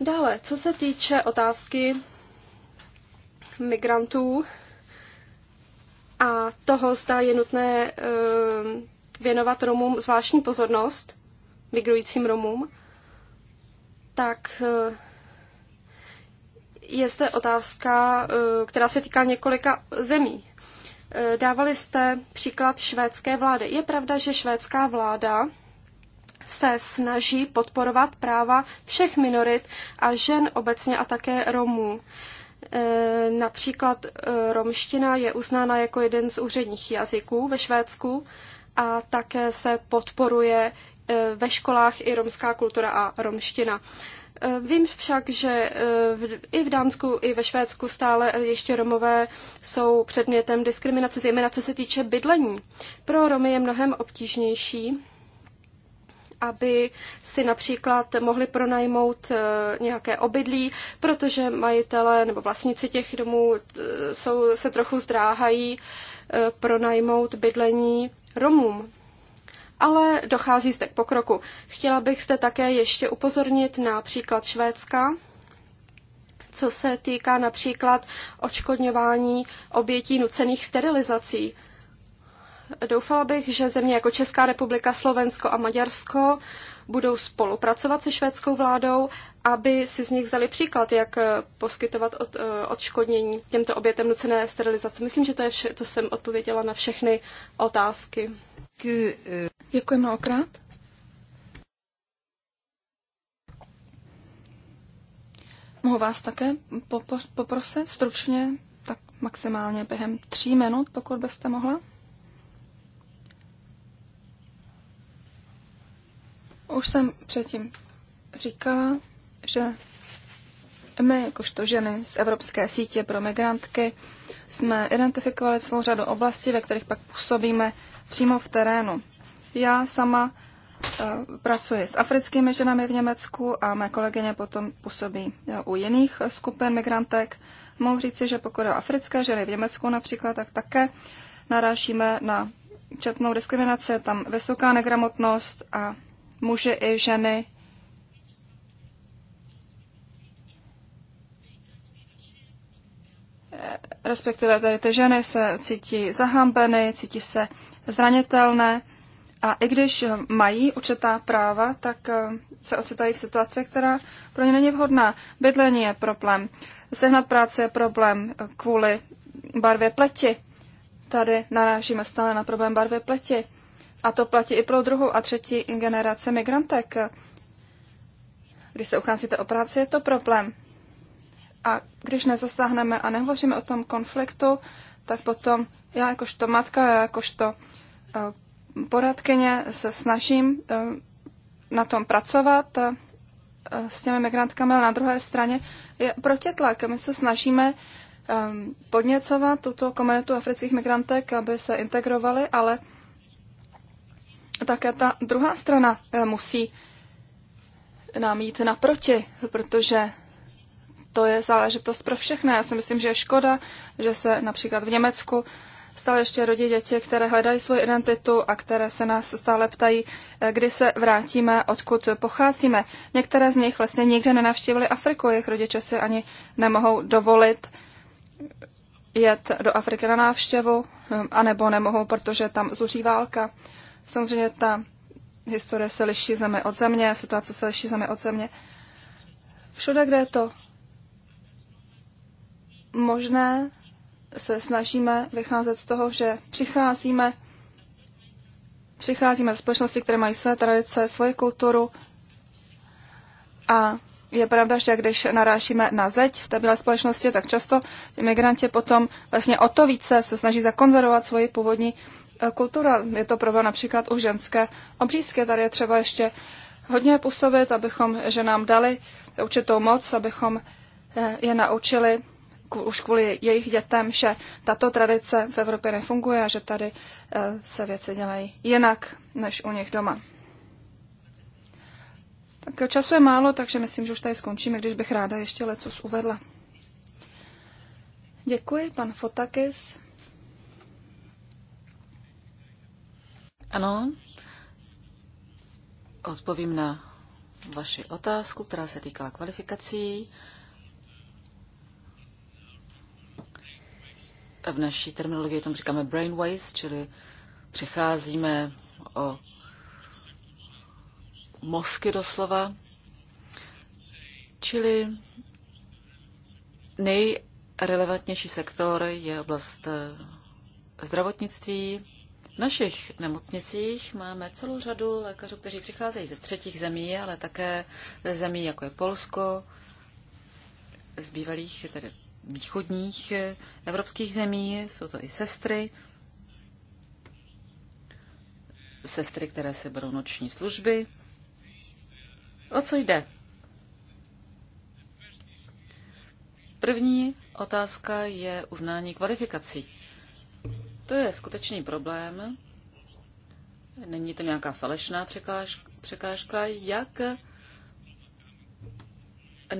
Dále, co se týče otázky migrantů a toho, zda je nutné eh, věnovat Romům zvláštní pozornost, migrujícím Romům, tak eh, je zde otázka, eh, která se týká několika zemí. Eh, dávali jste příklad švédské vlády. Je pravda, že švédská vláda se snaží podporovat práva všech minorit a žen obecně a také Romů. Například romština je uznána jako jeden z úředních jazyků ve Švédsku a také se podporuje E, ve školách i romská kultura a romština. E, vím však, že e, i v Dánsku, i ve Švédsku stále ještě Romové jsou předmětem diskriminace, zejména co se týče bydlení. Pro Romy je mnohem obtížnější aby si například mohli pronajmout nějaké obydlí, protože majitele nebo vlastníci těch domů jsou, se trochu zdráhají pronajmout bydlení Romům ale dochází zde k pokroku. Chtěla bych zde také ještě upozornit na příklad Švédska, co se týká například očkodňování obětí nucených sterilizací. Doufala bych, že země jako Česká republika, Slovensko a Maďarsko budou spolupracovat se švédskou vládou, aby si z nich vzali příklad, jak poskytovat od, eh, odškodnění těmto obětem nucené sterilizace. Myslím, že to, je vše, to jsem odpověděla na všechny otázky. Děkuji mnohokrát. Mohu vás také poprosit stručně, tak maximálně během tří minut, pokud byste mohla. Už jsem předtím říkala, že my, jakožto ženy z Evropské sítě pro migrantky, jsme identifikovali celou řadu oblastí, ve kterých pak působíme přímo v terénu. Já sama eh, pracuji s africkými ženami v Německu a mé kolegyně potom působí eh, u jiných eh, skupin migrantek. Mohu říci, že pokud o africké ženy v Německu například, tak také narážíme na četnou diskriminaci, tam vysoká negramotnost a muži i ženy respektive tady ty ženy se cítí zahambeny, cítí se zranitelné a i když mají určitá práva, tak eh, se ocitají v situaci, která pro ně není vhodná. Bydlení je problém, sehnat práce je problém kvůli barvě pleti. Tady narážíme stále na problém barvy pleti. A to platí i pro druhou a třetí generace migrantek. Když se ucházíte o práci, je to problém. A když nezasáhneme a nehovoříme o tom konfliktu, tak potom já jakožto matka, já jakožto Eh, poradkyně se snažím eh, na tom pracovat eh, s těmi migrantkami, ale na druhé straně je protitlak. My se snažíme podněcovat tuto komunitu afrických migrantek, aby se integrovali, ale také ta druhá strana musí nám jít naproti, protože to je záležitost pro všechny. Já si myslím, že je škoda, že se například v Německu stále ještě rodí děti, které hledají svou identitu a které se nás stále ptají, eh, kdy se vrátíme, odkud pocházíme. Některé z nich vlastně nikdy nenavštívili Afriku, jejich rodiče si ani nemohou dovolit jet do Afriky na návštěvu, hm, anebo nemohou, protože tam zuří válka. Samozřejmě ta historie se liší zemi od země, situace se liší zemi od země. Všude, kde je to možné, se snažíme vycházet z toho, že přicházíme, přicházíme z společnosti, které mají své tradice, svoji kulturu a je pravda, že když narážíme na zeď v této společnosti, tak často ti migranti potom vlastně o to více se snaží zakonzervovat svoji původní eh, kulturu. Je to problém například u ženské obřízky. Tady je třeba ještě hodně působit, abychom ženám dali určitou moc, abychom eh, je naučili už kvůli jejich dětem, že tato tradice v Evropě nefunguje a že tady eh, se věci dělají jinak než u nich doma. Tak času je málo, takže myslím, že už tady skončíme, když bych ráda ještě lecos uvedla. Děkuji, pan Fotakis. Ano, odpovím na vaši otázku, která se týkala kvalifikací. v naší terminologii tomu říkáme brainwaves, čili přicházíme o mozky doslova, čili nejrelevantnější sektor je oblast eh, zdravotnictví. V našich nemocnicích máme celou řadu lékařů, kteří přicházejí ze třetích zemí, ale také ze zemí, jako je Polsko, z bývalých tedy východních eh, evropských zemí, jsou to i sestry, sestry, které se berou noční služby. O co jde? První otázka je uznání kvalifikací. To je skutečný problém. Není to nějaká falešná překážka, jak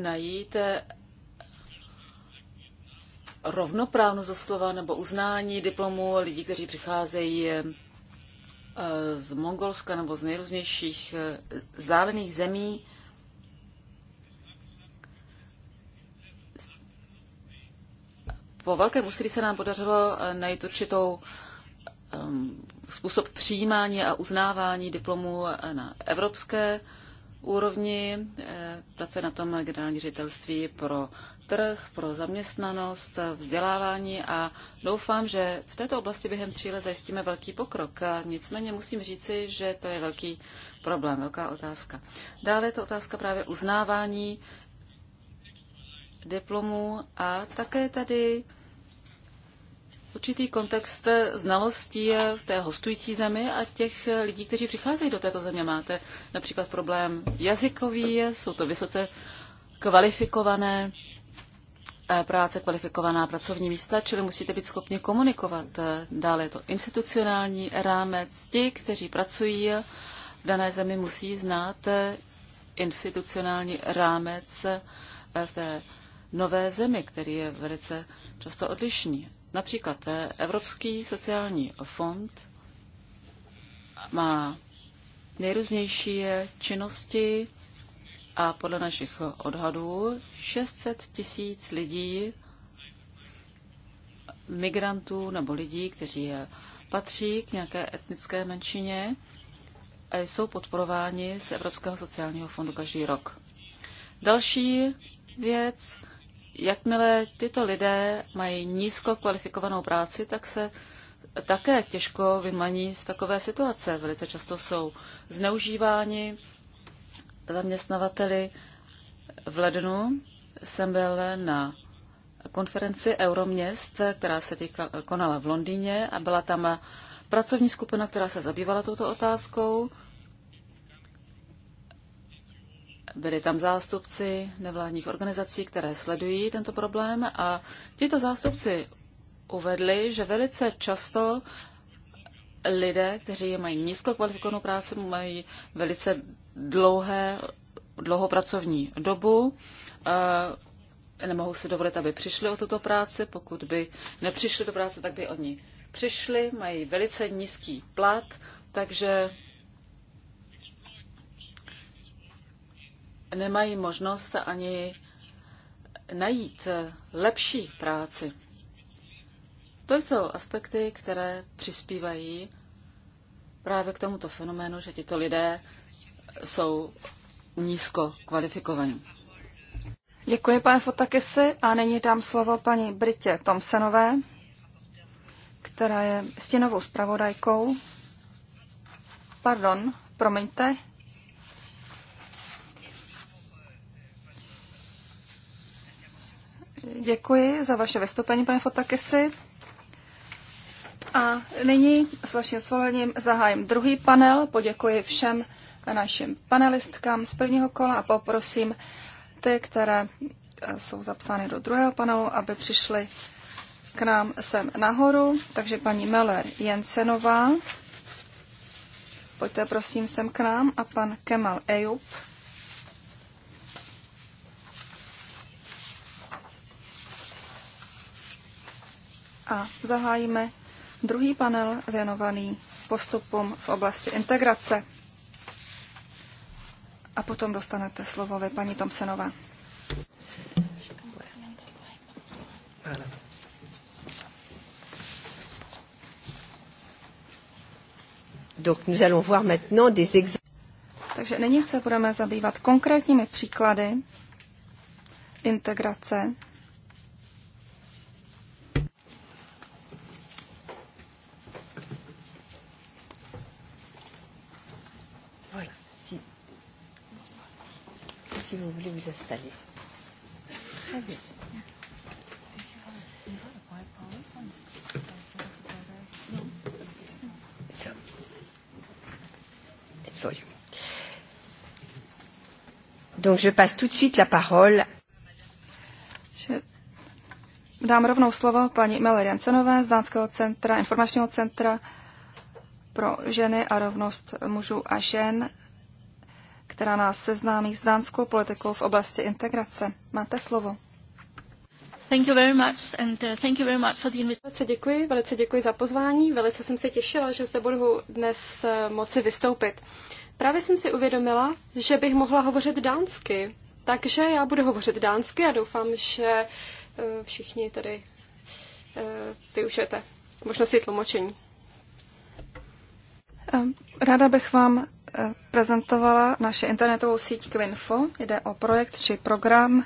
najít eh, rovnoprávnost doslova nebo uznání diplomu lidí, kteří přicházejí eh, z Mongolska nebo z nejrůznějších eh, vzdálených zemí. Po velkém úsilí se nám podařilo eh, najít určitou ehm, způsob přijímání a uznávání diplomů na evropské úrovni. Eh, pracuje na tom generální ředitelství pro trh, pro zaměstnanost, vzdělávání a doufám, že v této oblasti během tří let zajistíme velký pokrok. A nicméně musím říci, že to je velký problém, velká otázka. Dále je to otázka právě uznávání diplomů a také tady určitý kontext znalostí v té hostující zemi a těch lidí, kteří přicházejí do této země. Máte například problém jazykový, jsou to vysoce kvalifikované eh, práce, kvalifikovaná pracovní místa, čili musíte být schopni komunikovat. Dále je to institucionální rámec. Ti, kteří pracují v dané zemi, musí znát eh, institucionální rámec eh, v té nové zemi, který je velice často odlišný. Například eh, Evropský sociální fond má nejrůznější eh, činnosti a podle našich eh, odhadů 600 tisíc lidí, migrantů nebo lidí, kteří patří k nějaké etnické menšině, a jsou podporováni z Evropského sociálního fondu každý rok. Další věc, jakmile tyto lidé mají nízko kvalifikovanou práci, tak se také těžko vymaní z takové situace. Velice často jsou zneužíváni zaměstnavateli. V lednu jsem byl na konferenci Euroměst, která se týka, konala v Londýně a byla tam pracovní skupina, která se zabývala touto otázkou. Byli tam zástupci nevládních organizací, které sledují tento problém a tito zástupci uvedli, že velice často lidé, kteří mají nízkou kvalifikovanou práci, mají velice dlouhé, dlouhou pracovní dobu, nemohou si dovolit, aby přišli o tuto práci. Pokud by nepřišli do práce, tak by oni přišli, mají velice nízký plat, takže nemají možnost ani najít lepší práci. To jsou aspekty, které přispívají právě k tomuto fenoménu, že tito lidé jsou nízko kvalifikovaní. Děkuji, pane Fotakisi, a nyní dám slovo paní Britě Tomsenové, která je stěnovou zpravodajkou. Pardon, promiňte, Děkuji za vaše vystoupení, pane Fotakesi. A nyní s vaším svolením zahájím druhý panel. Poděkuji všem našim panelistkám z prvního kola a poprosím ty, které eh, jsou zapsány do druhého panelu, aby přišly k nám sem nahoru. Takže paní Meller Jensenová, pojďte prosím sem k nám, a pan Kemal Ejup. a zahájíme druhý panel věnovaný postupům v oblasti integrace. A potom dostanete slovo vy, paní Tomsenová. Donc nous allons voir maintenant des Takže nyní se budeme zabývat konkrétními příklady integrace si vous voulez vous installer. Très bien. Donc je passe tout de suite la parole. Dám rovnou slovo paní Mele Jansenové z Dánského centra, informačního centra pro ženy a rovnost mužů a žen která nás seznámí s dánskou politikou v oblasti integrace. Máte slovo. Thank you very much and uh, thank you very much for the Velice děkuji, velice děkuji za pozvání. Velice jsem se těšila, že zde budu dnes uh, moci vystoupit. Právě jsem si uvědomila, že bych mohla hovořit dánsky, takže já budu hovořit dánsky a doufám, že uh, všichni tady využijete možnosti tlumočení. Ráda bych vám Eh, prezentovala naše internetovou síť Quinfo. Jde o projekt či program,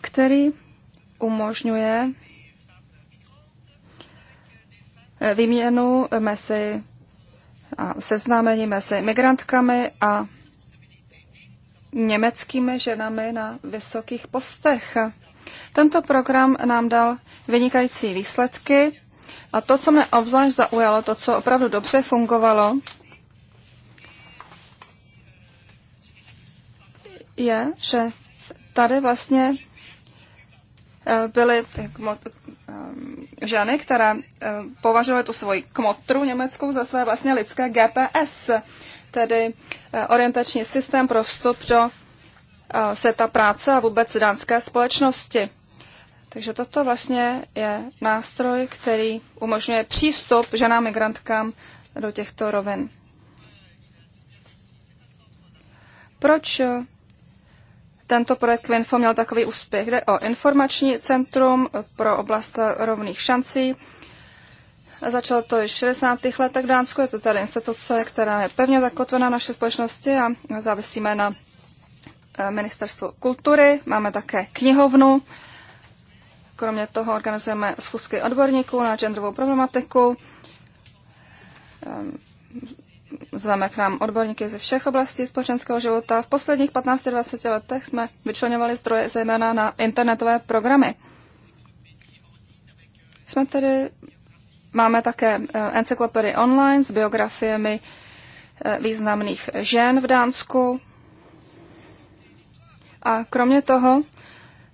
který umožňuje eh, výměnu mezi a seznámení mezi migrantkami a německými ženami na vysokých postech. Tento program nám dal vynikající výsledky a to, co mě obzvlášť zaujalo, to, co opravdu dobře fungovalo, je, že tady vlastně eh, byly eh, eh, ženy, které považovaly tu svoji kmotru německou za své vlastně lidské GPS, tedy orientační systém pro vstup do světa práce a vůbec dánské společnosti. Takže toto vlastně je nástroj, který umožňuje přístup ženám migrantkám do těchto rovin. Proč tento projekt Kvinfo měl takový úspěch. Jde o informační centrum pro oblast rovných šancí. Začalo to již v 60. letech v Dánsku. Je to tady instituce, která je pevně zakotvena v naší společnosti a závisíme na eh, ministerstvu kultury. Máme také knihovnu. Kromě toho organizujeme schůzky odborníků na genderovou problematiku ehm, Zveme k nám odborníky ze všech oblastí společenského života. V posledních 15-20 letech jsme vyčlenovali zdroje zejména na internetové programy. Jsme tedy, máme také eh, encyklopedii online s biografiemi eh, významných žen v Dánsku. A kromě toho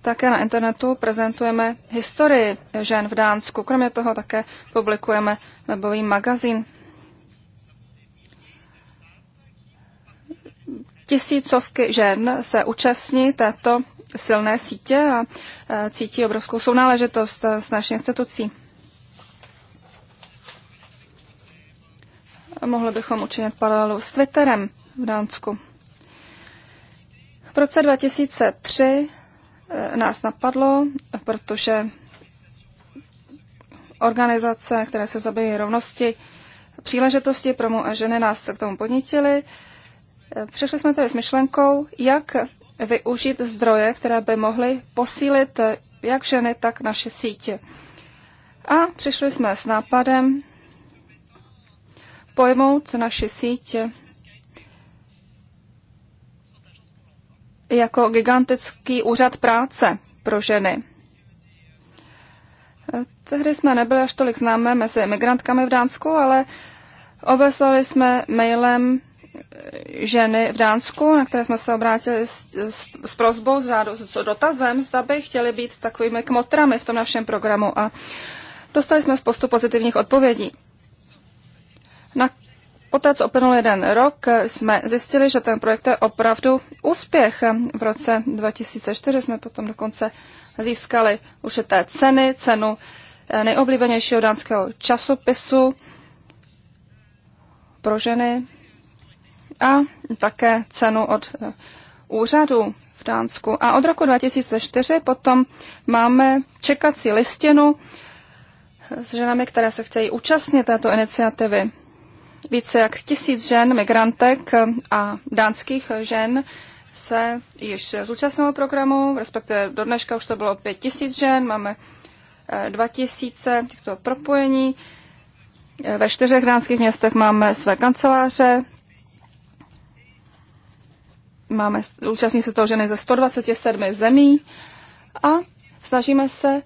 také na internetu prezentujeme historii žen v Dánsku. Kromě toho také publikujeme webový magazín tisícovky žen se účastní této silné sítě a e, cítí obrovskou sounáležitost s naší institucí. Mohli bychom učinit paralelu s Twitterem v Dánsku. V roce 2003 e, nás napadlo, protože organizace, které se zabývají rovnosti, příležitosti pro mu a ženy nás k tomu podnítily Přišli jsme tady s myšlenkou, jak využít zdroje, které by mohly posílit jak ženy, tak naše sítě. A přišli jsme s nápadem pojmout naši síť jako gigantický úřad práce pro ženy. Tehdy jsme nebyli až tolik známé mezi migrantkami v Dánsku, ale obeslali jsme mailem ženy v Dánsku, na které jsme se obrátili s, s, s prozbou, s, s dotazem, zda by chtěli být takovými kmotrami v tom našem programu a dostali jsme spoustu pozitivních odpovědí. Na, poté, co uplynul jeden rok, jsme zjistili, že ten projekt je opravdu úspěch. V roce 2004 jsme potom dokonce získali určité ceny, cenu eh, nejoblíbenějšího dánského časopisu pro ženy a také cenu od eh, úřadu v Dánsku. A od roku 2004 potom máme čekací listinu s ženami, které se chtějí účastnit této iniciativy. Více jak tisíc žen, migrantek a dánských žen se již zúčastnilo programu, respektive do dneška už to bylo pět tisíc žen, máme eh, dva tisíce těchto propojení. Eh, ve čtyřech dánských městech máme své kanceláře, máme, účastní se toho ženy ze 127 zemí a snažíme se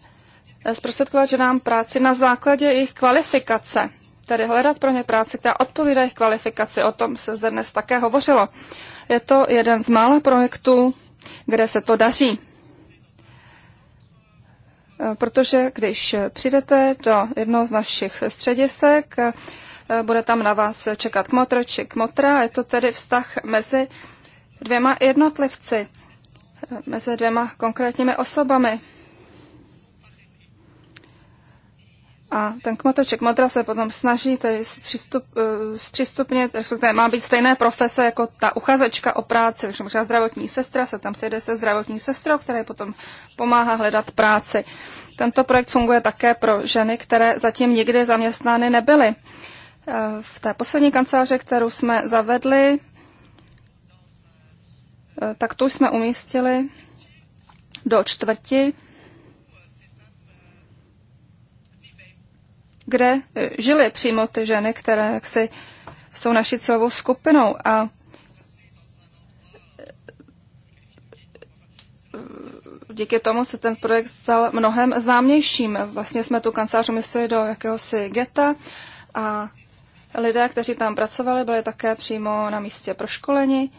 eh, zprostředkovat ženám práci na základě jejich kvalifikace, tedy hledat pro ně práci, která odpovídá jejich kvalifikaci. O tom se zde dnes také hovořilo. Je to jeden z mála projektů, kde se to daří. Eh, protože když přijdete do jednoho z našich středisek, eh, bude tam na vás čekat kmotr či kmotra. Je to tedy vztah mezi dvěma jednotlivci, mezi dvěma konkrétními osobami. A ten kmotoček modra se potom snaží tedy zpřístup, eh, zpřístupnit, respektive má být stejné profese jako ta uchazečka o práci, takže možná zdravotní sestra se tam sejde se zdravotní sestrou, která potom pomáhá hledat práci. Tento projekt funguje také pro ženy, které zatím nikdy zaměstnány nebyly. Eh, v té poslední kanceláři, kterou jsme zavedli, Eh, tak tu jsme umístili do čtvrti, kde eh, žily přímo ty ženy, které jaksi jsou naší cílovou skupinou a eh, díky tomu se ten projekt stal mnohem známějším. Vlastně jsme tu kancelář umysleli do jakéhosi geta a lidé, kteří tam pracovali, byli také přímo na místě proškoleni.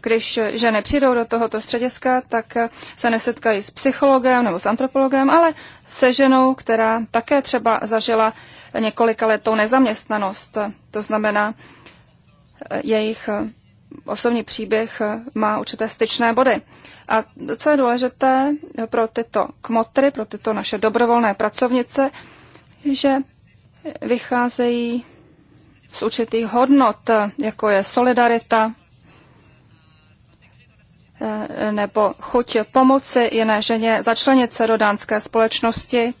když ženy přijdou do tohoto střediska, tak se nesetkají s psychologem nebo s antropologem, ale se ženou, která také třeba zažila několika letou nezaměstnanost. To znamená, jejich osobní příběh má určité styčné body. A co je důležité pro tyto kmotry, pro tyto naše dobrovolné pracovnice, že vycházejí z určitých hodnot, jako je solidarita eh, nebo chuť pomoci jiné ženě začlenit se do dánské společnosti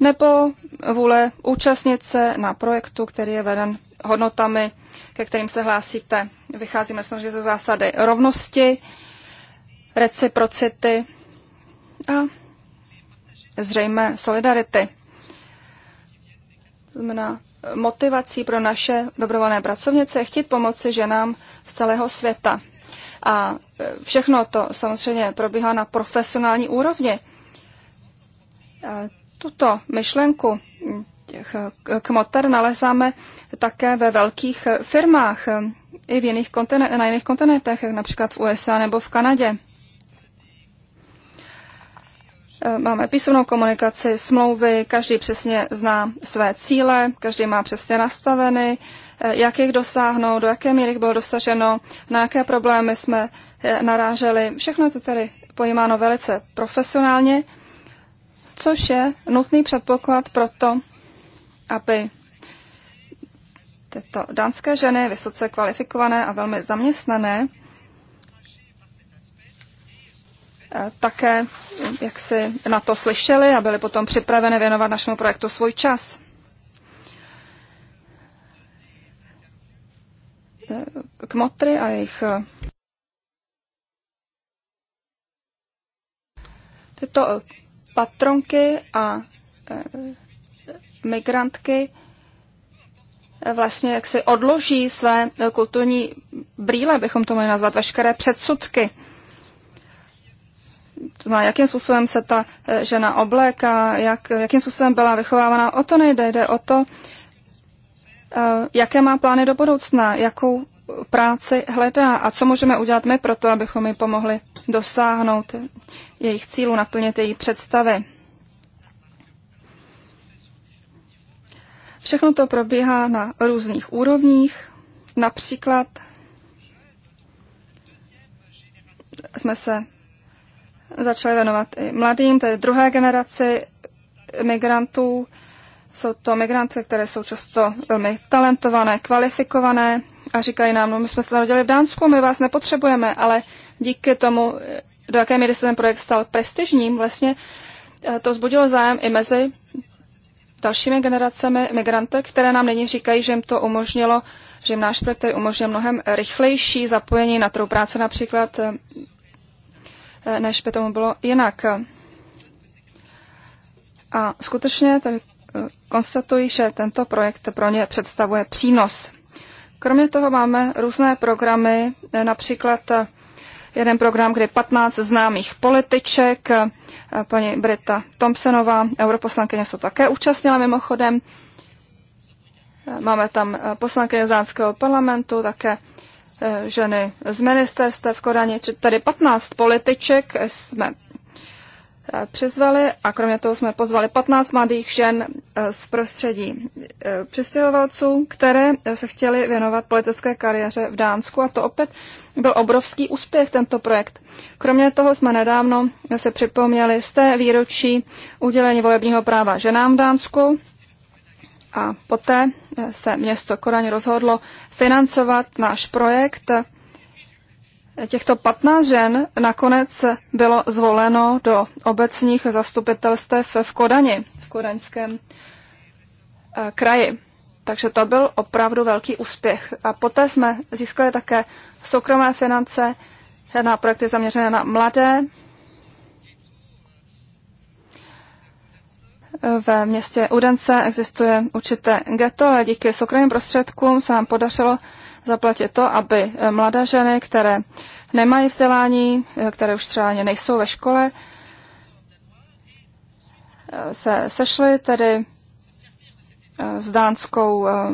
nebo vůle účastnit se na projektu, který je veden hodnotami, ke kterým se hlásíte. Vycházíme samozřejmě ze zásady rovnosti, reciprocity a zřejmé solidarity. To znamená, motivací pro naše dobrovolné pracovnice je chtít pomoci ženám z celého světa. A e, všechno to samozřejmě probíhá na profesionální úrovni. E, tuto myšlenku kmoter nalezáme také ve velkých firmách e, i v jiných kontinen- na jiných kontinentech, jak například v USA nebo v Kanadě. Eh, máme písemnou komunikaci, smlouvy, každý přesně zná své cíle, každý má přesně nastaveny, eh, jak jich dosáhnout, do jaké míry bylo dosaženo, na jaké problémy jsme eh, naráželi. Všechno je to tedy pojímáno velice profesionálně, což je nutný předpoklad pro to, aby tyto dánské ženy, vysoce kvalifikované a velmi zaměstnané, Eh, také jak si na to slyšeli a byli potom připraveni věnovat našemu projektu svůj čas. Eh, Kmotry a jejich eh, tyto patronky a migrantky vlastně jak si odloží své kulturní brýle, bychom to mohli nazvat, veškeré předsudky má, jakým způsobem se ta eh, žena obléká, jak, jakým způsobem byla vychovávána, o to nejde, jde o to, eh, jaké má plány do budoucna, jakou práci hledá a co můžeme udělat my pro to, abychom ji pomohli dosáhnout jejich cílů, naplnit její představy. Všechno to probíhá na různých úrovních. Například jsme se začali věnovat i mladým, tedy druhé generaci migrantů. Jsou to migranty, které jsou často velmi talentované, kvalifikované a říkají nám, no my jsme se narodili v Dánsku, my vás nepotřebujeme, ale díky tomu, do jaké míry se ten projekt stal prestižním, vlastně eh, to zbudilo zájem i mezi dalšími generacemi migrantů, které nám nyní říkají, že jim to umožnilo, že jim náš projekt umožnil mnohem rychlejší zapojení na trhu práce například eh, Eh, než by tomu bylo jinak. A skutečně tady eh, konstatují, že tento projekt pro ně představuje přínos. Kromě toho máme různé programy, eh, například jeden program, kde 15 známých političek, paní Brita Thompsonová, europoslankyně se také účastnila mimochodem. Máme tam poslankyně dánského parlamentu, také Eh, ženy z ministerstva v Koraně. tady 15 političek jsme eh, přizvali a kromě toho jsme pozvali 15 mladých žen eh, z prostředí přistěhovalců, které se chtěly věnovat politické kariéře v Dánsku a to opět byl obrovský úspěch tento projekt. Kromě toho jsme nedávno se připomněli z té výročí udělení volebního práva ženám v Dánsku a poté eh, se město Koraň rozhodlo financovat náš projekt. Těchto 15 žen nakonec bylo zvoleno do obecních zastupitelstev v Kodani, v kodaňském eh, kraji. Takže to byl opravdu velký úspěch. A poté jsme získali také soukromé finance na projekty zaměřené na mladé v městě Udence existuje určité ghetto, ale díky soukromým prostředkům se nám podařilo zaplatit to, aby mladé ženy, které nemají vzdělání, které už třeba ani nejsou ve škole, se sešly tedy eh, s dánskou eh,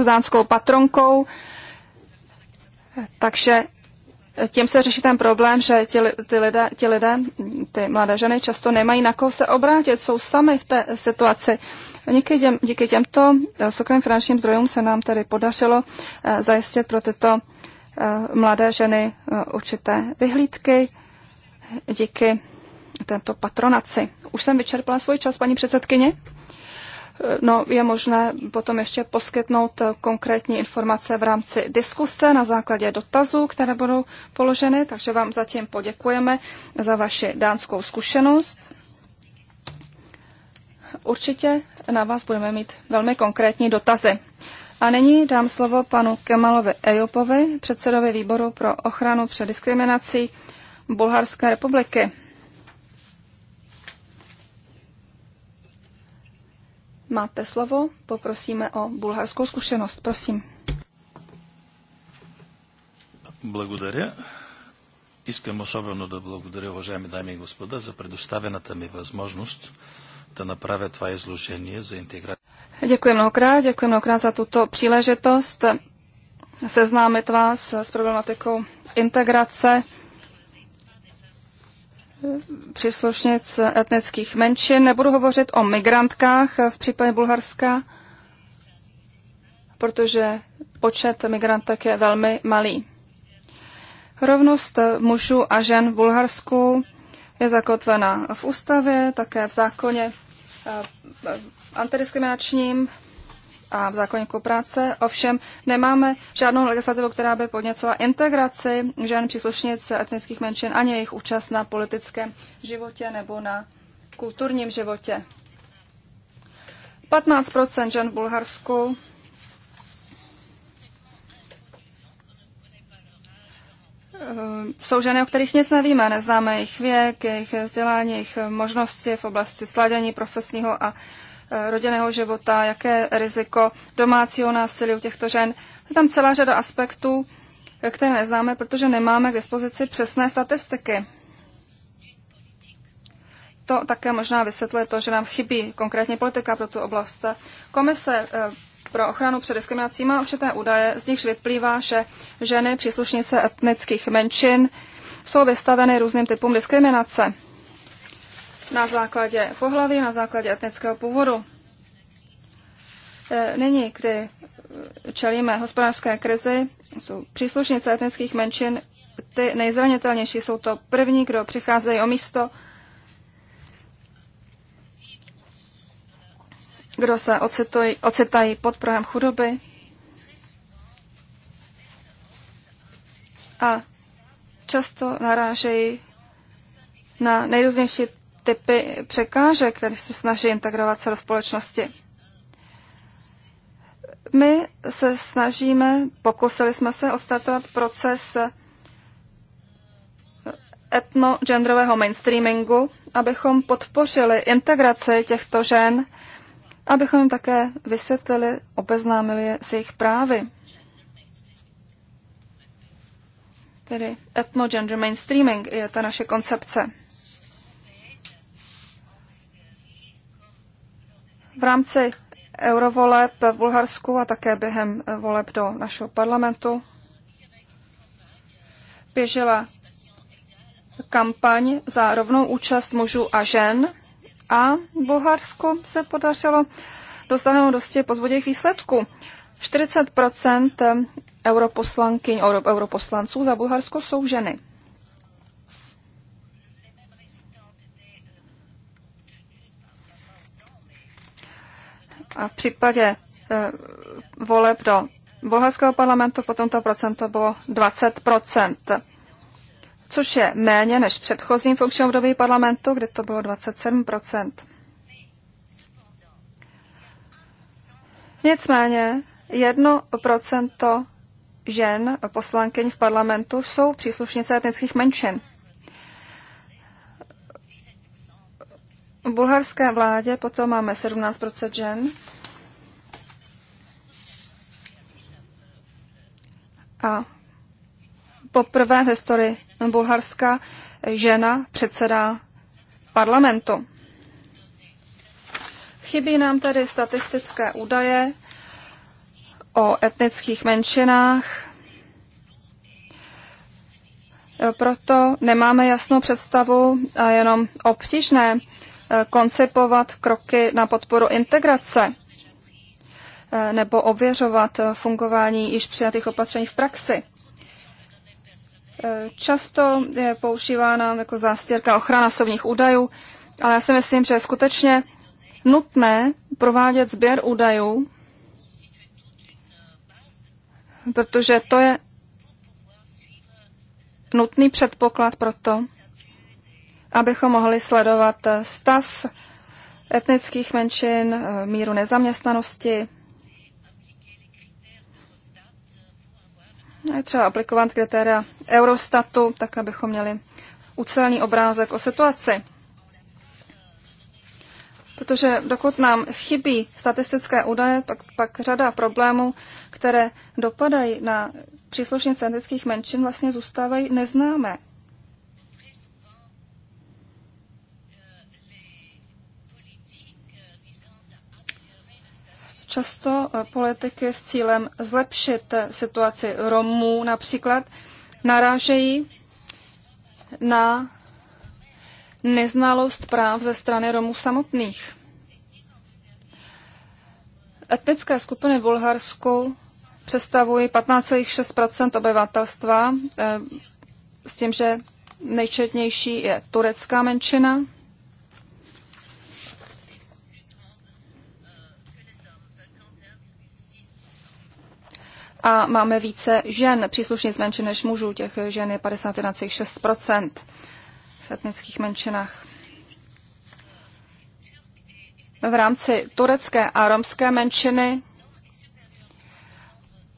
s dánskou patronkou, takže tím se řeší ten problém, že ti, ty lidé, ti lidé, ty mladé ženy často nemají na koho se obrátit, jsou sami v té situaci. Díky, těm, díky těmto eh, soukromým finančním zdrojům se nám tedy podařilo eh, zajistit pro tyto eh, mladé ženy určité vyhlídky díky tento patronaci. Už jsem vyčerpala svůj čas, paní předsedkyně? No, je možné potom ještě poskytnout konkrétní informace v rámci diskuse na základě dotazů, které budou položeny, takže vám zatím poděkujeme za vaši dánskou zkušenost. Určitě na vás budeme mít velmi konkrétní dotazy. A nyní dám slovo panu Kemalovi Ejopovi, předsedovi výboru pro ochranu před diskriminací Bulharské republiky. Máte slovo, poprosíme o bulharskou zkušenost. Prosím. Благодаря. Искам особено да благодаря, уважаеми дами и господа, за предоставената ми възможност да направя това изложение за интеграция. Děkuji mnohokrát, děkuji mnohokrát za tuto příležitost seznámit vás s problematikou integrace příslušnic etnických menšin. Nebudu hovořit o migrantkách v případě Bulharska, protože počet migrantek je velmi malý. Rovnost mužů a žen v Bulharsku je zakotvena v ústavě, také v zákoně eh, eh, antidiskriminačním a v zákonníku práce. Ovšem nemáme žádnou legislativu, která by podněcovala integraci žen příslušnic etnických menšin ani jejich účast na politickém životě nebo na kulturním životě. 15 žen v Bulharsku ehm, jsou ženy, o kterých nic nevíme. Neznáme jejich věk, jejich vzdělání, jejich možnosti v oblasti sladění profesního a Eh, rodinného života, jaké riziko domácího násilí u těchto žen. Je tam celá řada aspektů, eh, které neznáme, protože nemáme k dispozici přesné statistiky. To také možná vysvětluje to, že nám chybí konkrétně politika pro tu oblast. Komise eh, pro ochranu před diskriminací má určité údaje, z nichž vyplývá, že ženy, příslušnice etnických menšin, jsou vystaveny různým typům diskriminace na základě pohlaví, na základě etnického původu. E, nyní, kdy čelíme hospodářské krizi, jsou příslušnice etnických menšin ty nejzranitelnější. Jsou to první, kdo přicházejí o místo, kdo se ocitují, ocitají pod prahem chudoby. A často narážejí na nejrůznější typy překážek, které se snaží integrovat se do společnosti. My se snažíme, pokusili jsme se odstartovat proces etnogenderového mainstreamingu, abychom podpořili integraci těchto žen, abychom jim také vysvětlili, obeznámili je s jejich právy. Tedy etnogender mainstreaming je ta naše koncepce. V rámci eurovoleb v Bulharsku a také během eh, voleb do našeho parlamentu běžela kampaň za rovnou účast mužů a žen a v Bulharsku se podařilo dosáhnout dosti pozvodějích výsledků. 40 europoslankyň, europoslanců za Bulharsko jsou ženy. A v případě eh, voleb do bulharského parlamentu potom to procento bylo 20 což je méně než v předchozím funkčním období parlamentu, kde to bylo 27 Nicméně jedno procento žen poslankyň v parlamentu jsou příslušnice etnických menšin. V bulharské vládě potom máme 17 žen. A poprvé v historii Bulharska žena předsedá parlamentu. Chybí nám tedy statistické údaje o etnických menšinách, proto nemáme jasnou představu a jenom obtížné koncipovat kroky na podporu integrace eh, nebo ověřovat fungování již přijatých opatření v praxi. Eh, často je používána jako zástěrka ochrana osobních údajů, ale já si myslím, že je skutečně nutné provádět sběr údajů, protože to je nutný předpoklad pro to, abychom mohli sledovat stav etnických menšin, míru nezaměstnanosti. Je třeba aplikovat kritéria Eurostatu, tak abychom měli ucelený obrázek o situaci. Protože dokud nám chybí statistické údaje, pak, pak řada problémů, které dopadají na příslušnice etnických menšin, vlastně zůstávají neznámé. často eh, politiky s cílem zlepšit eh, situaci Romů například narážejí na neznalost práv ze strany Romů samotných. Etnické skupiny v Bulharsku představují 15,6 obyvatelstva, eh, s tím, že nejčetnější je turecká menšina, a máme více žen, příslušně menšin než mužů, těch žen je 51,6% v etnických menšinách. V rámci turecké a romské menšiny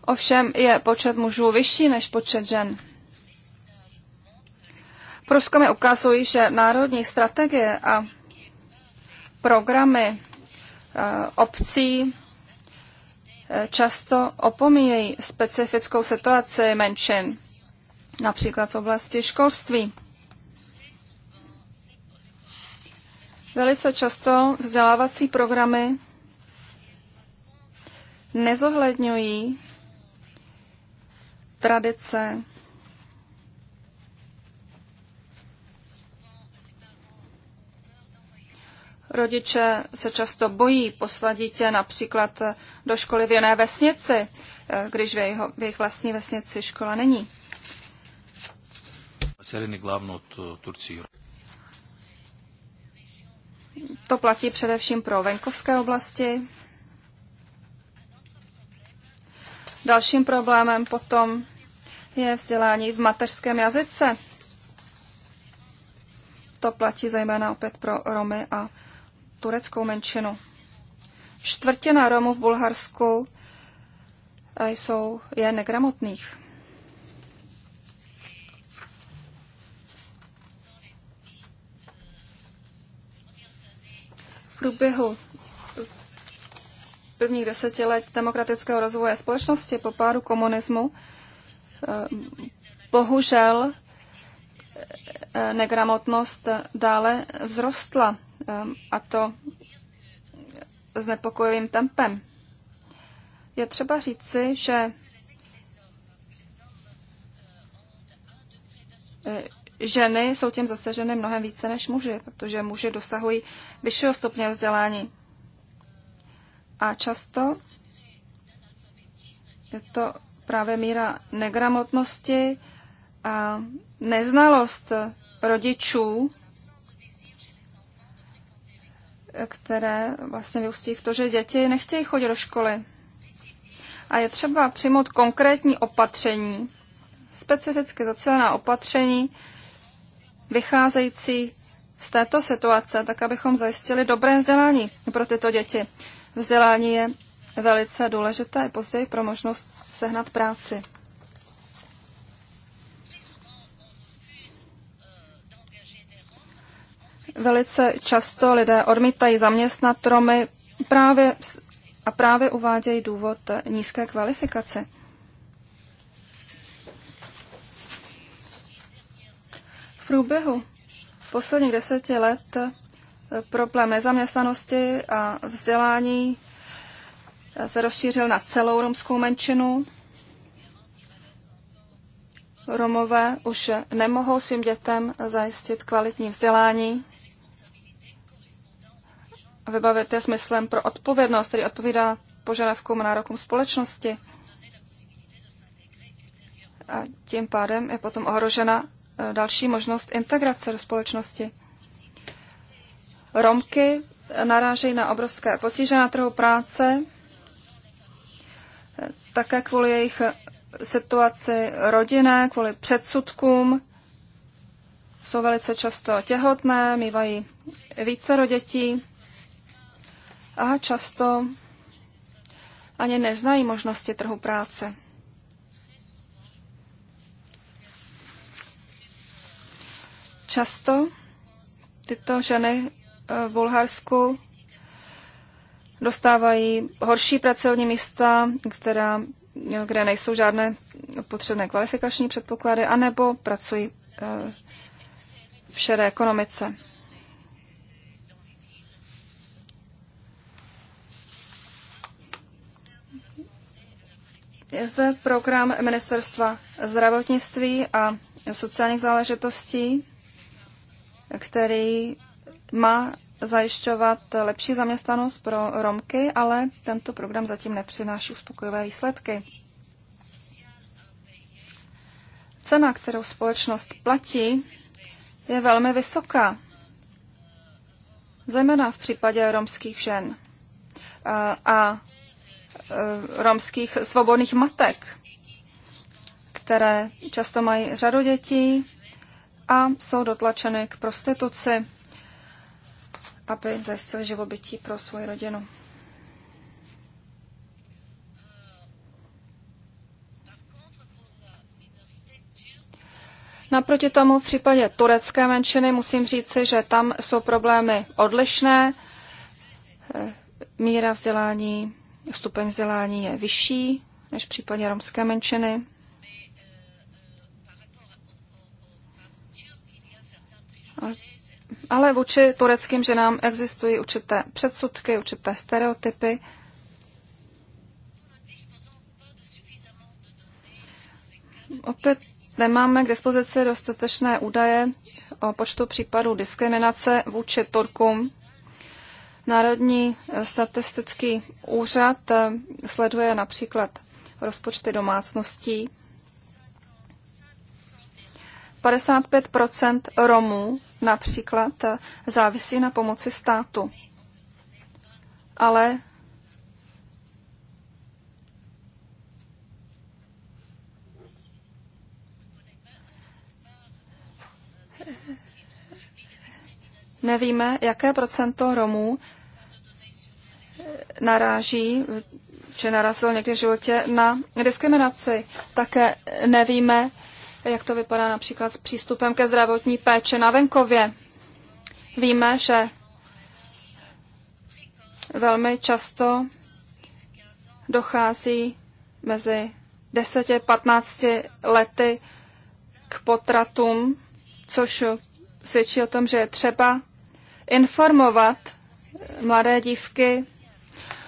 ovšem je počet mužů vyšší než počet žen. Průzkumy ukazují, že národní strategie a programy eh, obcí Eh, často opomíjejí specifickou situaci menšin, například v oblasti školství. Velice často vzdělávací programy nezohledňují tradice, Rodiče se často bojí poslat dítě například do školy v jiné vesnici, eh, když v, jeho, v jejich vlastní vesnici škola není. Eh, to platí především pro venkovské oblasti. Dalším problémem potom je vzdělání v mateřském jazyce. To platí zejména opět pro Romy a tureckou menšinu. Čtvrtina Romů v Bulharsku eh, jsou, je negramotných. V průběhu prvních deseti let demokratického rozvoje společnosti po pádu komunismu eh, bohužel eh, negramotnost dále vzrostla a to znepokojivým tempem. Je třeba říci, že eh, ženy jsou tím zasaženy mnohem více než muži, protože muži dosahují vyššího stupně vzdělání. A často je to právě míra negramotnosti a neznalost rodičů které vlastně vyústí v to, že děti nechtějí chodit do školy. A je třeba přijmout konkrétní opatření, specificky zacílená opatření, vycházející z této situace, tak abychom zajistili dobré vzdělání pro tyto děti. Vzdělání je velice důležité i později pro možnost sehnat práci. Velice často lidé odmítají zaměstnat Romy právě a právě uvádějí důvod nízké kvalifikace. V průběhu posledních deseti let eh, problém nezaměstnanosti a vzdělání eh, se rozšířil na celou romskou menšinu. Romové už nemohou svým dětem zajistit kvalitní vzdělání vybavit je smyslem pro odpovědnost, který odpovídá požadavkům a nárokům společnosti. A tím pádem je potom ohrožena e, další možnost integrace do společnosti. Romky narážejí na obrovské potíže na trhu práce, e, také kvůli jejich situaci rodinné, kvůli předsudkům. Jsou velice často těhotné, mývají více dětí a často ani neznají možnosti trhu práce. Často tyto ženy eh, v Bulharsku dostávají horší pracovní místa, která, eh, kde nejsou žádné potřebné kvalifikační předpoklady, anebo pracují eh, v šedé ekonomice. Je zde program Ministerstva zdravotnictví a sociálních záležitostí, který má zajišťovat lepší zaměstnanost pro Romky, ale tento program zatím nepřináší uspokojivé výsledky. Cena, kterou společnost platí, je velmi vysoká, zejména v případě romských žen. A Eh, romských svobodných matek, které často mají řadu dětí a jsou dotlačeny k prostituci, aby zajistili živobytí pro svoji rodinu. Naproti tomu v případě turecké menšiny musím říci, že tam jsou problémy odlišné. Eh, míra vzdělání, stupeň vzdělání je vyšší než v případě romské menšiny. Ale vůči tureckým ženám existují určité předsudky, určité stereotypy. Opět nemáme k dispozici dostatečné údaje o počtu případů diskriminace vůči Turkům Národní eh, statistický úřad eh, sleduje například rozpočty domácností. 55 Romů například eh, závisí na pomoci státu, ale nevíme, jaké procento Romů eh, naráží či narazil někdy v životě na diskriminaci. Také nevíme, jak to vypadá například s přístupem ke zdravotní péči na venkově. Víme, že velmi často dochází mezi 10-15 lety k potratům, což svědčí o tom, že je třeba informovat mladé dívky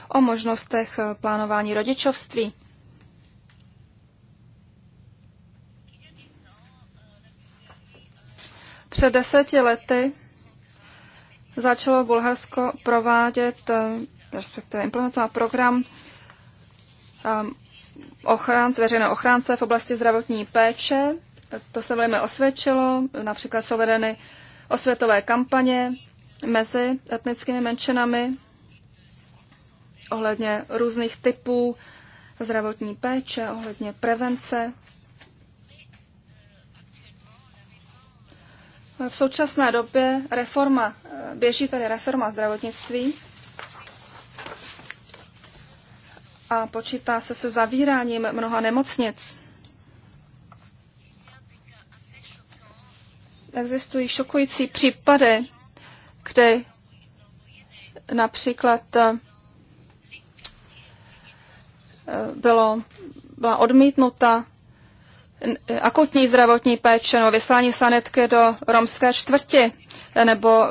o možnostech eh, plánování rodičovství. Před deseti lety začalo Bulharsko provádět, eh, respektive implementovat program eh, ochránce, veřejné ochránce v oblasti zdravotní péče. To se velmi osvědčilo, například jsou vedeny osvětové kampaně, mezi etnickými menšinami ohledně různých typů zdravotní péče, ohledně prevence. V současné době reforma, běží tady reforma zdravotnictví a počítá se se zavíráním mnoha nemocnic. Existují šokující případy kde například eh, bylo, byla odmítnuta eh, akutní zdravotní péče nebo vyslání sanitky do romské čtvrti, eh, nebo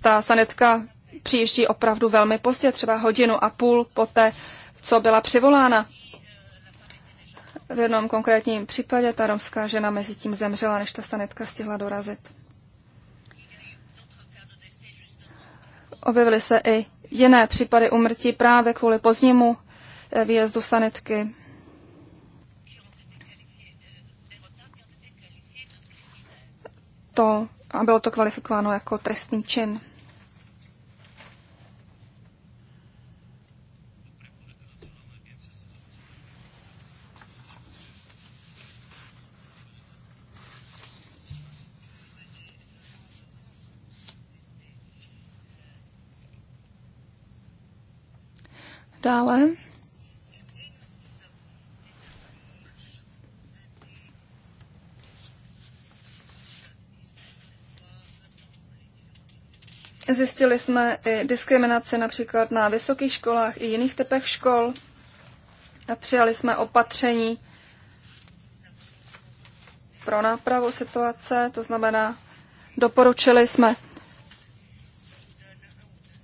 ta sanitka přijíždí opravdu velmi pozdě, třeba hodinu a půl poté, co byla přivolána. V jednom konkrétním případě ta romská žena mezi tím zemřela, než ta sanitka stihla dorazit. Objevily se i jiné případy umrtí právě kvůli pozdnímu eh, výjezdu sanitky. To, a bylo to kvalifikováno jako trestný čin. Dále Zjistili jsme i diskriminaci například na vysokých školách i jiných typech škol a přijali jsme opatření pro nápravu situace, to znamená, doporučili jsme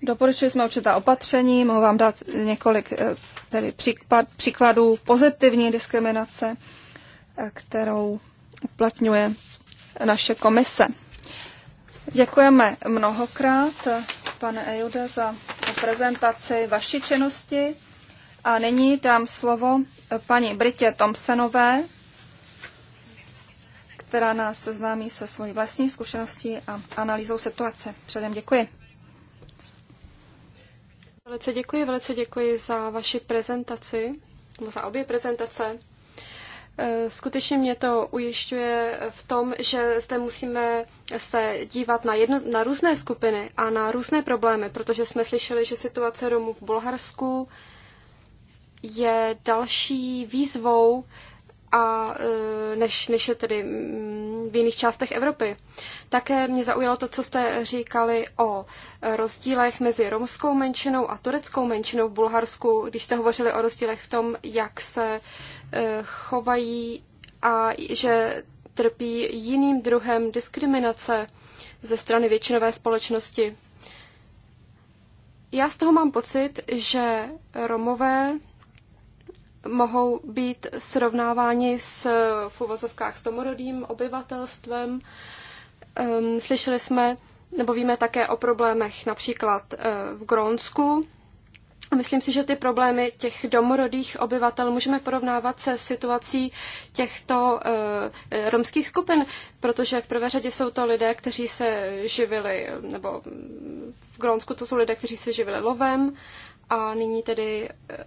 Doporučili jsme určitá opatření, mohu vám dát několik eh, tedy příklad, příkladů pozitivní diskriminace, eh, kterou uplatňuje naše komise. Děkujeme mnohokrát, eh, pane Ejude, za prezentaci vaší činnosti. A nyní dám slovo paní Britě Tomsenové, která nás seznámí se svojí vlastní zkušeností a analýzou situace. Předem děkuji. Velice děkuji, velice děkuji za vaši prezentaci, nebo za obě prezentace. E, skutečně mě to ujišťuje v tom, že zde musíme se dívat na, jedno, na různé skupiny a na různé problémy, protože jsme slyšeli, že situace Romů v Bulharsku je další výzvou, a e, než, než je tedy mm, v jiných částech Evropy. Také mě zaujalo to, co jste říkali o rozdílech mezi romskou menšinou a tureckou menšinou v Bulharsku, když jste hovořili o rozdílech v tom, jak se e, chovají a že trpí jiným druhem diskriminace ze strany většinové společnosti. Já z toho mám pocit, že Romové mohou být srovnáváni s, v uvozovkách s domorodým obyvatelstvem. Ehm, slyšeli jsme, nebo víme také o problémech například eh, v Grónsku. Myslím si, že ty problémy těch domorodých obyvatel můžeme porovnávat se situací těchto eh, romských skupin, protože v prvé řadě jsou to lidé, kteří se živili, nebo v Grónsku to jsou lidé, kteří se živili lovem, a nyní tedy eh,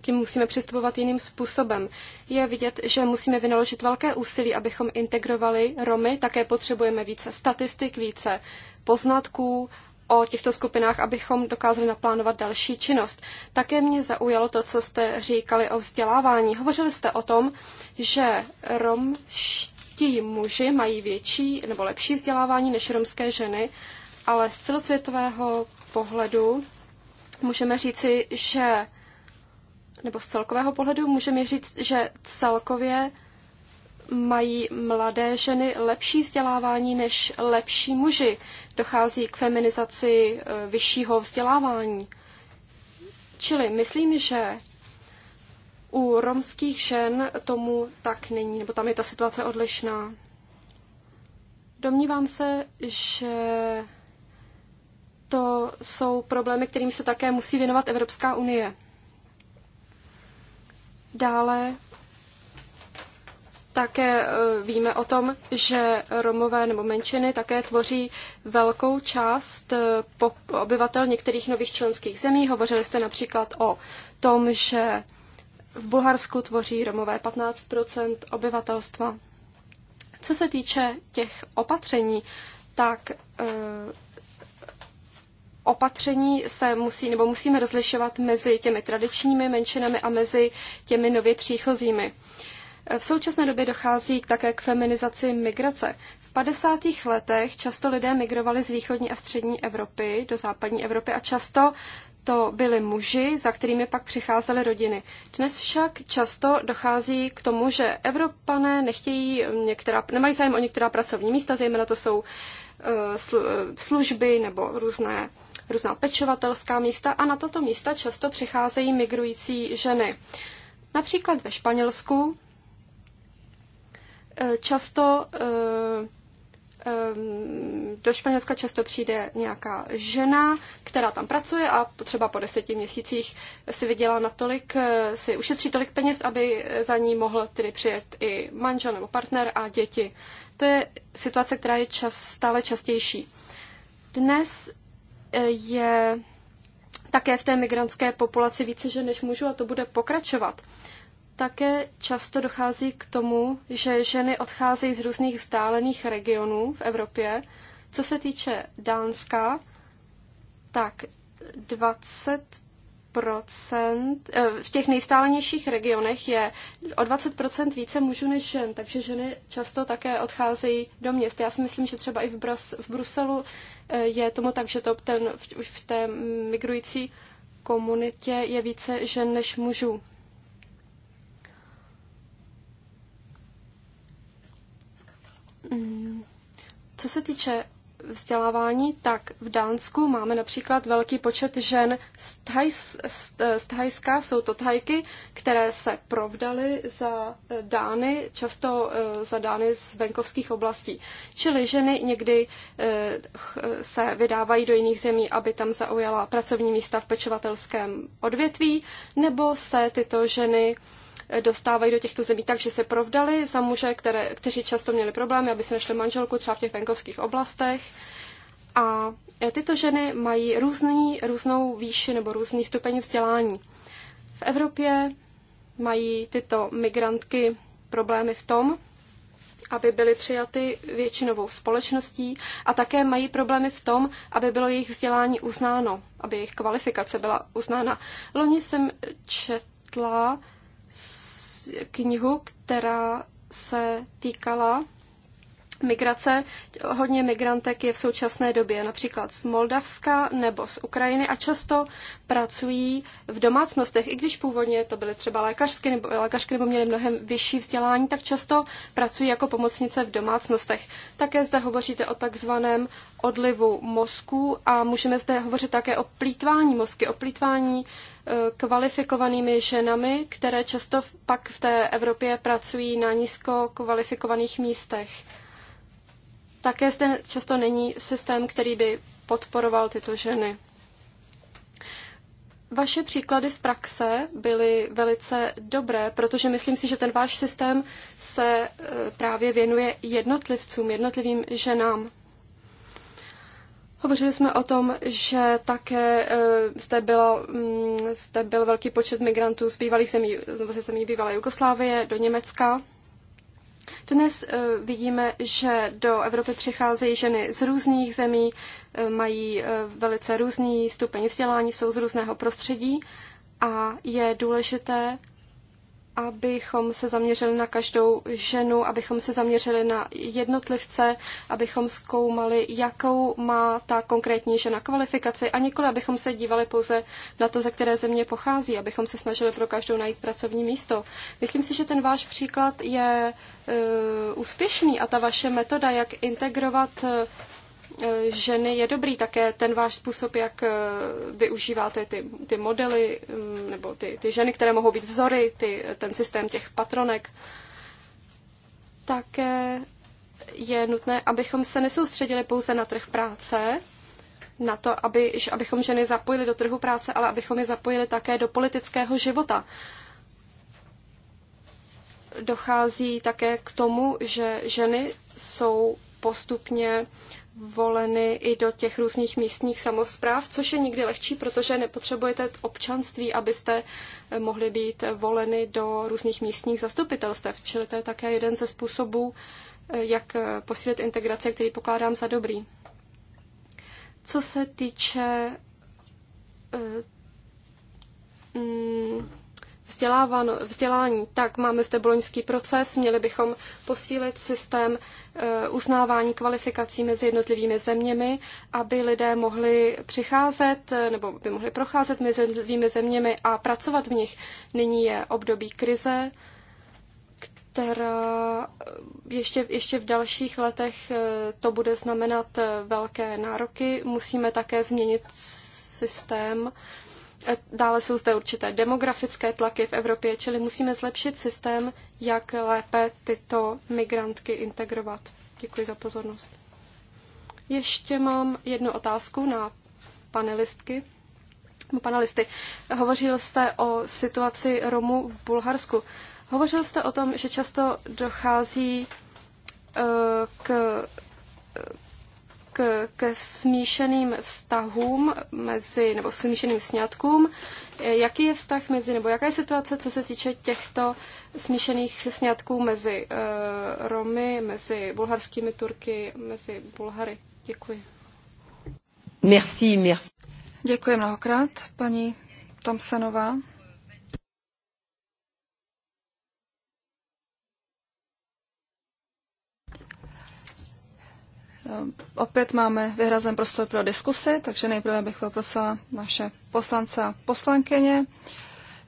k ním musíme přistupovat jiným způsobem. Je vidět, že musíme vynaložit velké úsilí, abychom integrovali Romy, také potřebujeme více statistik, více poznatků o těchto skupinách, abychom dokázali naplánovat další činnost. Také mě zaujalo to, co jste říkali o vzdělávání. Hovořili jste o tom, že romští muži mají větší nebo lepší vzdělávání než romské ženy, ale z celosvětového pohledu můžeme říci, že nebo z celkového pohledu můžeme říct, že celkově mají mladé ženy lepší vzdělávání než lepší muži. Dochází k feminizaci e, vyššího vzdělávání. Čili myslím, že u romských žen tomu tak není, nebo tam je ta situace odlišná. Domnívám se, že to jsou problémy, kterým se také musí věnovat Evropská unie. Dále také e, víme o tom, že Romové nebo menšiny také tvoří velkou část e, obyvatel některých nových členských zemí. Hovořili jste například o tom, že v Bulharsku tvoří Romové 15 obyvatelstva. Co se týče těch opatření, tak e, opatření se musí, nebo musíme rozlišovat mezi těmi tradičními menšinami a mezi těmi nově příchozími. V současné době dochází také k feminizaci migrace. V 50. letech často lidé migrovali z východní a střední Evropy do západní Evropy a často to byli muži, za kterými pak přicházely rodiny. Dnes však často dochází k tomu, že Evropané nechtějí některá, nemají zájem o některá pracovní místa, zejména to jsou eh, eh, služby nebo různé různá pečovatelská místa a na tato místa často přicházejí migrující ženy. Například ve Španělsku eh, často eh, eh, do Španělska často přijde nějaká žena, která tam pracuje a třeba po deseti měsících si vydělá natolik, si ušetří tolik peněz, aby za ní mohl tedy přijet i manžel nebo partner a děti. To je situace, která je čas, stále častější. Dnes je také v té migrantské populaci více žen než mužů a to bude pokračovat. Také často dochází k tomu, že ženy odcházejí z různých vzdálených regionů v Evropě. Co se týče Dánska, tak 20 eh, v těch nejvstálenějších regionech je o 20 více mužů než žen, takže ženy často také odcházejí do měst. Já si myslím, že třeba i v, Brus, v Bruselu je tomu tak, že to ten, v, už v té migrující komunitě je více žen než mužů. Mm. Co se týče vzdělávání, tak v Dánsku máme například velký počet žen z, Thajs, z Thajska, jsou to Thajky, které se provdaly za eh, Dány, často eh, za Dány z venkovských oblastí. Čili ženy někdy eh, se vydávají do jiných zemí, aby tam zaujala pracovní místa v pečovatelském odvětví, nebo se tyto ženy dostávají do těchto zemí tak, že se provdali za muže, které, kteří často měli problémy, aby se našli manželku třeba v těch venkovských oblastech. A tyto ženy mají různý, různou výši nebo různý stupeň vzdělání. V Evropě mají tyto migrantky problémy v tom, aby byly přijaty většinovou společností a také mají problémy v tom, aby bylo jejich vzdělání uznáno, aby jejich kvalifikace byla uznána. Loni jsem četla, knihu, která se týkala migrace. Hodně migrantek je v současné době například z Moldavska nebo z Ukrajiny a často pracují v domácnostech, i když původně to byly třeba lékařky nebo, lékařky nebo měly mnohem vyšší vzdělání, tak často pracují jako pomocnice v domácnostech. Také zde hovoříte o takzvaném odlivu mozku a můžeme zde hovořit také o plítvání mozky, o plítvání Eh, kvalifikovanými ženami, které často pak v té Evropě pracují na nízko kvalifikovaných místech. Také zde často není systém, který by podporoval tyto ženy. Vaše příklady z praxe byly velice dobré, protože myslím si, že ten váš systém se eh, právě věnuje jednotlivcům, jednotlivým ženám. Hovořili jsme o tom, že také jste, bylo, jste byl velký počet migrantů z bývalých zemí, ze zemí bývalé Jugoslávie do Německa. Dnes e, vidíme, že do Evropy přicházejí ženy z různých zemí, e, mají e, velice různý stupeň vzdělání, jsou z různého prostředí a je důležité, abychom se zaměřili na každou ženu, abychom se zaměřili na jednotlivce, abychom zkoumali, jakou má ta konkrétní žena kvalifikaci a nikoli, abychom se dívali pouze na to, ze které země pochází, abychom se snažili pro každou najít pracovní místo. Myslím si, že ten váš příklad je e, úspěšný a ta vaše metoda, jak integrovat Eh, ženy je dobrý také ten váš způsob, jak eh, využíváte ty, ty modely mm, nebo ty, ty ženy, které mohou být vzory, ty, ten systém těch patronek. Také je nutné, abychom se nesoustředili pouze na trh práce, na to, aby, abychom ženy zapojili do trhu práce, ale abychom je zapojili také do politického života. Dochází také k tomu, že ženy jsou postupně uh, voleny i do těch různých místních samozpráv, což je nikdy lehčí, protože nepotřebujete občanství, abyste eh, mohli být voleny do různých místních zastupitelstev. Čili to je také jeden ze způsobů, eh, jak eh, posílit integraci, který pokládám za dobrý. Co se týče mm, vzdělání. Tak máme zde boloňský proces, měli bychom posílit systém eh, uznávání kvalifikací mezi jednotlivými zeměmi, aby lidé mohli přicházet eh, nebo by mohli procházet mezi jednotlivými zeměmi a pracovat v nich. Nyní je období krize, která eh, ještě, ještě v dalších letech to bude znamenat velké nároky. Musíme také změnit systém Eh, dále jsou zde určité demografické tlaky v Evropě, čili musíme zlepšit systém, jak lépe tyto migrantky integrovat. Děkuji za pozornost. Ještě mám jednu otázku na panelistky. Panelisty. Hovořil jste o situaci Romů v Bulharsku. Hovořil jste o tom, že často dochází eh, k k, k smíšeným vztahům mezi, nebo smíšeným sňatkům. Jaký je vztah mezi, nebo jaká je situace, co se týče těchto smíšených sňatků mezi uh, Romy, mezi bulharskými Turky, mezi Bulhary? Děkuji. Merci, merci. Děkuji mnohokrát, paní Tomsenová. Eh, opět máme vyhrazen prostor pro diskusy, takže nejprve bych poprosila naše poslance a poslankyně.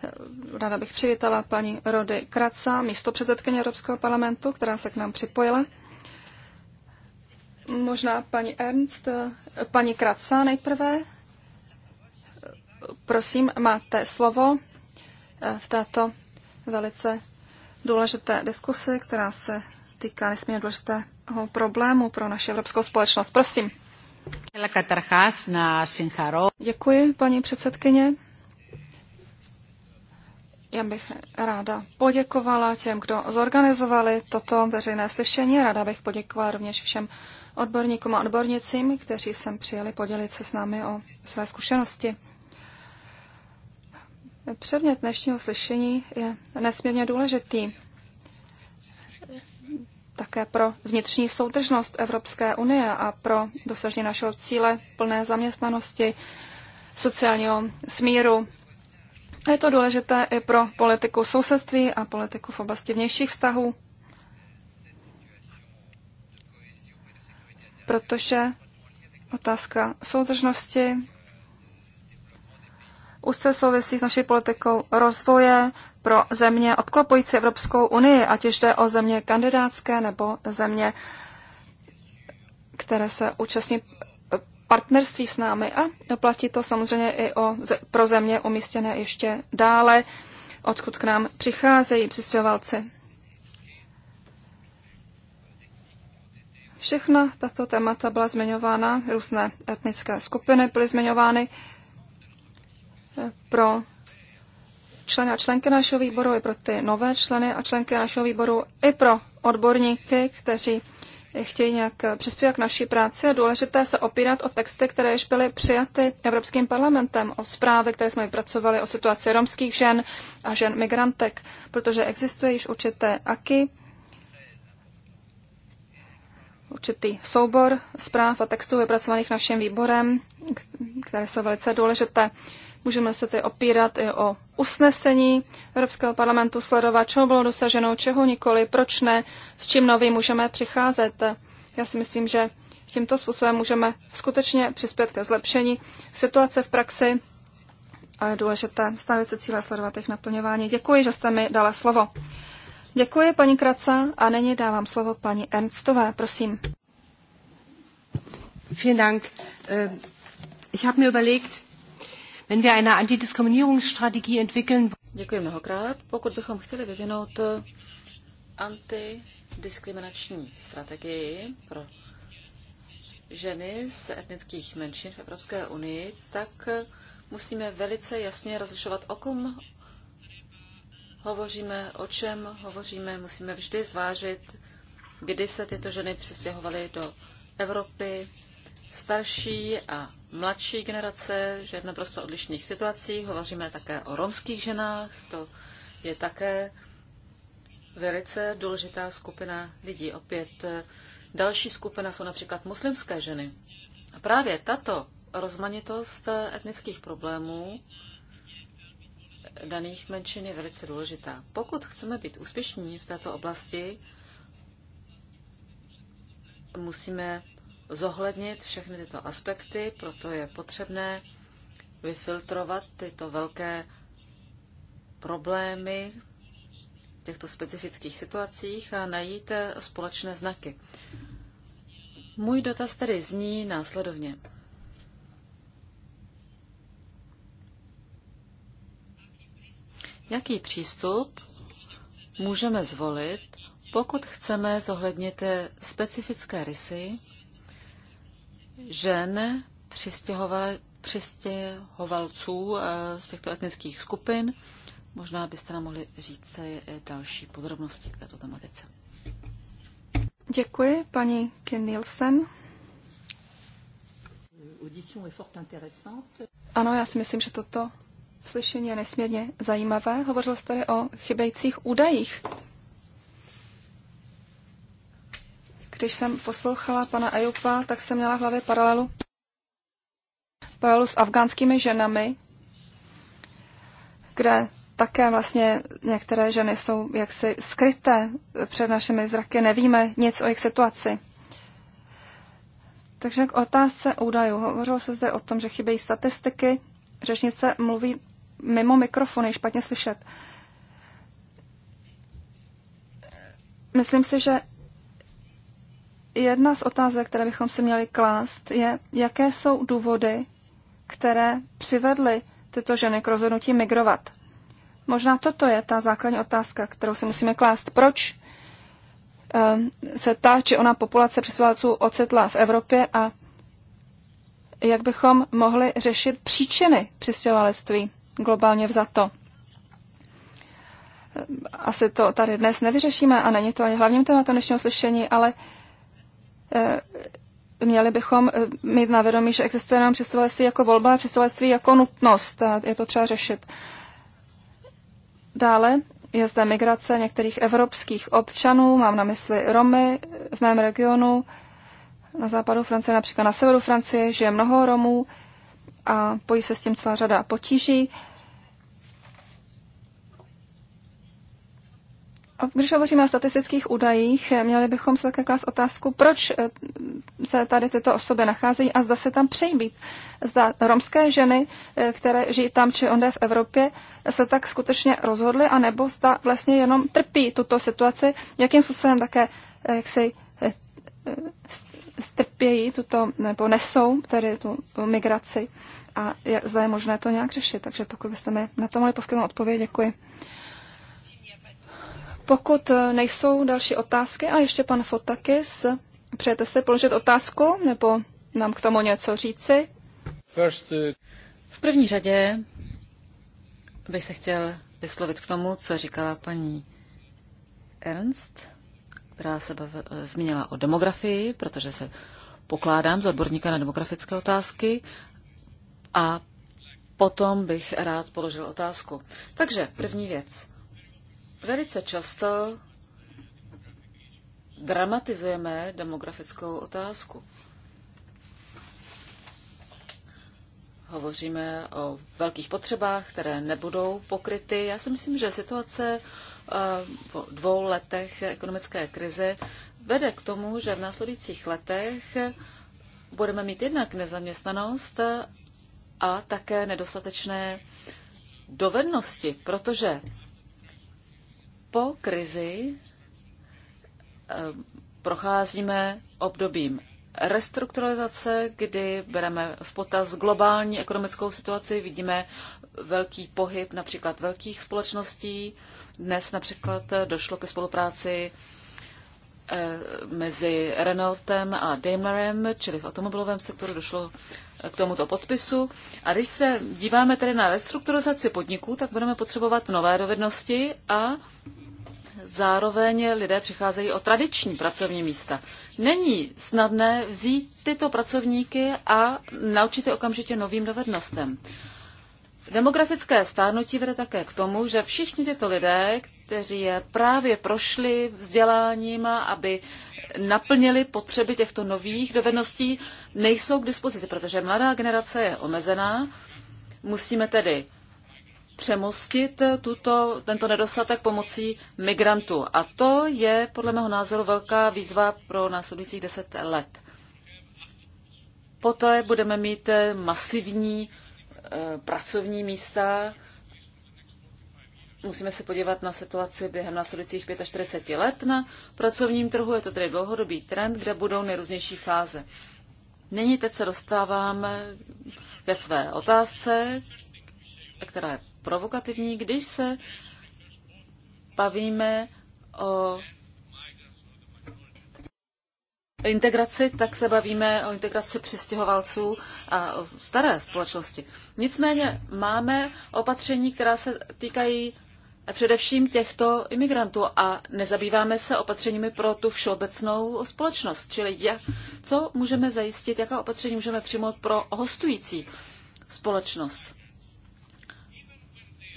Eh, ráda bych přivítala paní Rody Kraca, místo předsedkyně Evropského parlamentu, která se k nám připojila. Možná paní Ernst, eh, paní Kraca nejprve. Prosím, máte slovo v této velice důležité diskusi, která se týká nesmírně důležité problému pro naši evropskou společnost. Prosím. Děkuji, paní předsedkyně. Já bych ráda poděkovala těm, kdo zorganizovali toto veřejné slyšení. Ráda bych poděkovala rovněž všem odborníkům a odbornicím, kteří sem přijeli podělit se s námi o své zkušenosti. Předmět dnešního slyšení je nesmírně důležitý také pro vnitřní soudržnost Evropské unie a pro dosažení našeho cíle plné zaměstnanosti, sociálního smíru. A je to důležité i pro politiku sousedství a politiku v oblasti vnějších vztahů, protože otázka soudržnosti úzce souvisí s naší politikou rozvoje, pro země obklopující Evropskou unii, ať už jde o země kandidátské nebo země, které se účastní partnerství s námi. A platí to samozřejmě i o, pro země umístěné ještě dále, odkud k nám přicházejí přistěhovalci. Všechna tato témata byla zmiňována, různé etnické skupiny byly zmiňovány pro členy a členky našeho výboru, i pro ty nové členy a členky našeho výboru, i pro odborníky, kteří chtějí nějak přispívat k naší práci. Je důležité se opírat o texty, které již byly přijaty Evropským parlamentem, o zprávy, které jsme vypracovali o situaci romských žen a žen migrantek, protože existuje již určité aky, určitý soubor zpráv a textů vypracovaných naším výborem, které jsou velice důležité. Můžeme se tedy opírat i o usnesení Evropského parlamentu, sledovat, čeho bylo dosaženo, čeho nikoli, proč ne, s čím novým můžeme přicházet. Já si myslím, že tímto způsobem můžeme skutečně přispět ke zlepšení situace v praxi a je důležité stavět se cíle sledovat jejich naplňování. Děkuji, že jste mi dala slovo. Děkuji, paní Kraca, a nyní dávám slovo paní Ernstové, prosím. Vielen Dank. Äh, ich habe mir überlegt, Wenn wir eine Antidiskriminierungsstrategie entwickeln. Děkuji mnohokrát. Pokud bychom chtěli vyvinout eh, antidiskriminační strategii pro ženy z etnických menšin v Evropské unii, tak eh, musíme velice jasně rozlišovat, o kom hovoříme, o čem hovoříme. Musíme vždy zvážit, kdy se tyto ženy přestěhovaly do Evropy starší a mladší generace, že v naprosto odlišných situacích. Hovoříme také o romských ženách, to je také velice důležitá skupina lidí. Opět eh, další skupina jsou například muslimské ženy. A právě tato rozmanitost eh, etnických problémů eh, daných menšin je velice důležitá. Pokud chceme být úspěšní v této oblasti, musíme zohlednit všechny tyto aspekty, proto je potřebné vyfiltrovat tyto velké problémy v těchto specifických situacích a najít společné znaky. Můj dotaz tedy zní následovně. Jaký přístup můžeme zvolit, pokud chceme zohlednit specifické rysy žen přistěhovalců eh, z těchto etnických skupin. Možná byste nám mohli říct eh, další podrobnosti k této tematice. Děkuji, paní Kim Nielsen. Ano, já si myslím, že toto slyšení je nesmírně zajímavé. Hovořil jste tady o chybějících údajích Když jsem poslouchala pana Ajupa, tak jsem měla v hlavě paralelu, paralelu s afgánskými ženami, kde také vlastně některé ženy jsou jaksi skryté před našimi zraky, nevíme nic o jejich situaci. Takže k otázce údajů. Hovořilo se zde o tom, že chybějí statistiky, řečnice mluví mimo mikrofony, špatně slyšet. Myslím si, že Jedna z otázek, které bychom si měli klást, je, jaké jsou důvody, které přivedly tyto ženy k rozhodnutí migrovat. Možná toto je ta základní otázka, kterou si musíme klást. Proč ehm, se ta či ona populace přistěhovalců ocitla v Evropě a jak bychom mohli řešit příčiny přistěhovalectví globálně vzato. Asi to tady dnes nevyřešíme a není to ani hlavním tématem dnešního slyšení, ale Eh, měli bychom eh, mít na vědomí, že existuje nám přestěhovalectví jako volba a přestěhovalectví jako nutnost a je to třeba řešit. Dále je zde migrace některých evropských občanů, mám na mysli Romy v mém regionu, na západu Francie, například na severu Francie, žije mnoho Romů a pojí se s tím celá řada potíží. když hovoříme o statistických údajích, měli bychom se také klást otázku, proč eh, se tady tyto osoby nacházejí a zda se tam přejí být. Zda romské ženy, eh, které žijí tam či onde v Evropě, se tak skutečně rozhodly, anebo zda vlastně jenom trpí tuto situaci, jakým způsobem také eh, jak si strpějí tuto, nebo nesou tedy tu migraci a zda je možné to nějak řešit. Takže pokud byste mi na to mohli poskytnout odpověď, děkuji. Pokud nejsou další otázky, a ještě pan Fotakis, přejete se položit otázku nebo nám k tomu něco říci? Eh, v první řadě bych se chtěl vyslovit k tomu, co říkala paní Ernst, která se eh, zmínila o demografii, protože se pokládám za odborníka na demografické otázky a potom bych rád položil otázku. Takže první věc. Velice často dramatizujeme demografickou otázku. Hovoříme o velkých potřebách, které nebudou pokryty. Já si myslím, že situace eh, po dvou letech ekonomické krize vede k tomu, že v následujících letech budeme mít jednak nezaměstnanost a také nedostatečné dovednosti, protože po krizi eh, procházíme obdobím restrukturalizace, kdy bereme v potaz globální ekonomickou situaci, vidíme velký pohyb například velkých společností. Dnes například došlo ke spolupráci eh, mezi Renaultem a Daimlerem, čili v automobilovém sektoru došlo k tomuto podpisu. A když se díváme tedy na restrukturalizaci podniků, tak budeme potřebovat nové dovednosti a zároveň lidé přicházejí o tradiční pracovní místa. Není snadné vzít tyto pracovníky a naučit je okamžitě novým dovednostem. Demografické stárnutí vede také k tomu, že všichni tyto lidé, kteří je právě prošli vzděláním, aby naplnili potřeby těchto nových dovedností, nejsou k dispozici, protože mladá generace je omezená. Musíme tedy přemostit tuto, tento nedostatek pomocí migrantů. A to je podle mého názoru velká výzva pro následujících deset let. Poté budeme mít masivní eh, pracovní místa, musíme se podívat na situaci během následujících 45 let na pracovním trhu. Je to tedy dlouhodobý trend, kde budou nejrůznější fáze. Nyní teď se dostáváme ke své otázce, která je provokativní, když se bavíme o integraci, tak se bavíme o integraci přistěhovalců a o staré společnosti. Nicméně máme opatření, která se týkají především těchto imigrantů a nezabýváme se opatřeními pro tu všeobecnou společnost. Čili jak, co můžeme zajistit, jaká opatření můžeme přijmout pro hostující společnost.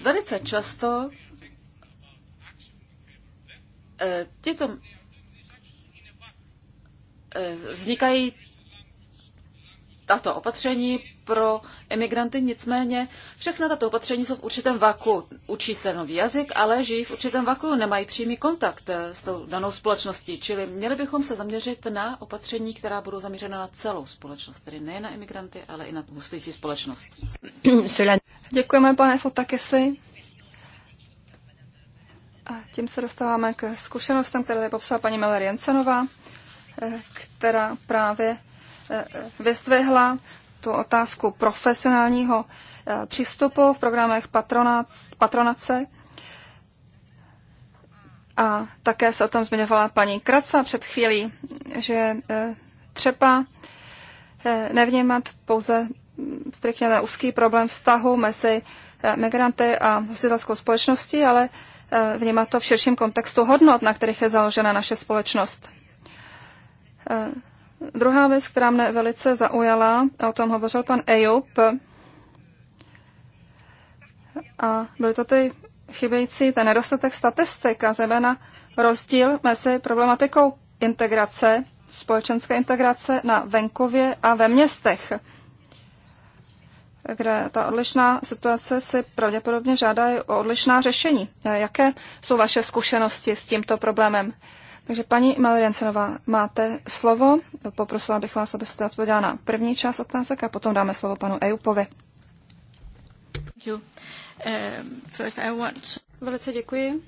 Velice často eh, tyto eh, vznikají tato opatření pro emigranty, nicméně všechna tato opatření jsou v určitém vaku. Učí se nový jazyk, ale žijí v určitém vaku, nemají přímý kontakt eh, s tou danou společností. Čili měli bychom se zaměřit na opatření, která budou zaměřena na celou společnost, tedy nejen na emigranty, ale i na hostující společnost. Děkujeme, pane Fotakesi. A tím se dostáváme k zkušenostem, které tady popsala paní Meler Jensenová, eh, která právě eh, vystvihla tu otázku profesionálního eh, přístupu v programech patronace. A také se o tom zmiňovala paní Kraca před chvílí, že eh, třeba eh, nevnímat pouze striktně na úzký problém vztahu mezi migranty a hostitelskou společností, ale vnímat to v širším kontextu hodnot, na kterých je založena naše společnost. Druhá věc, která mne velice zaujala, a o tom hovořil pan Ejup, a byly to ty chybějící, ten nedostatek statistik a zejména rozdíl mezi problematikou integrace, společenské integrace na venkově a ve městech, kde ta odlišná situace si pravděpodobně žádá o odlišná řešení. Jaké jsou vaše zkušenosti s tímto problémem? Takže paní Maliriancenová, máte slovo. Poprosila bych vás, abyste odpověděla na první část otázek a potom dáme slovo panu Ejupovi. Um, Velice děkuji.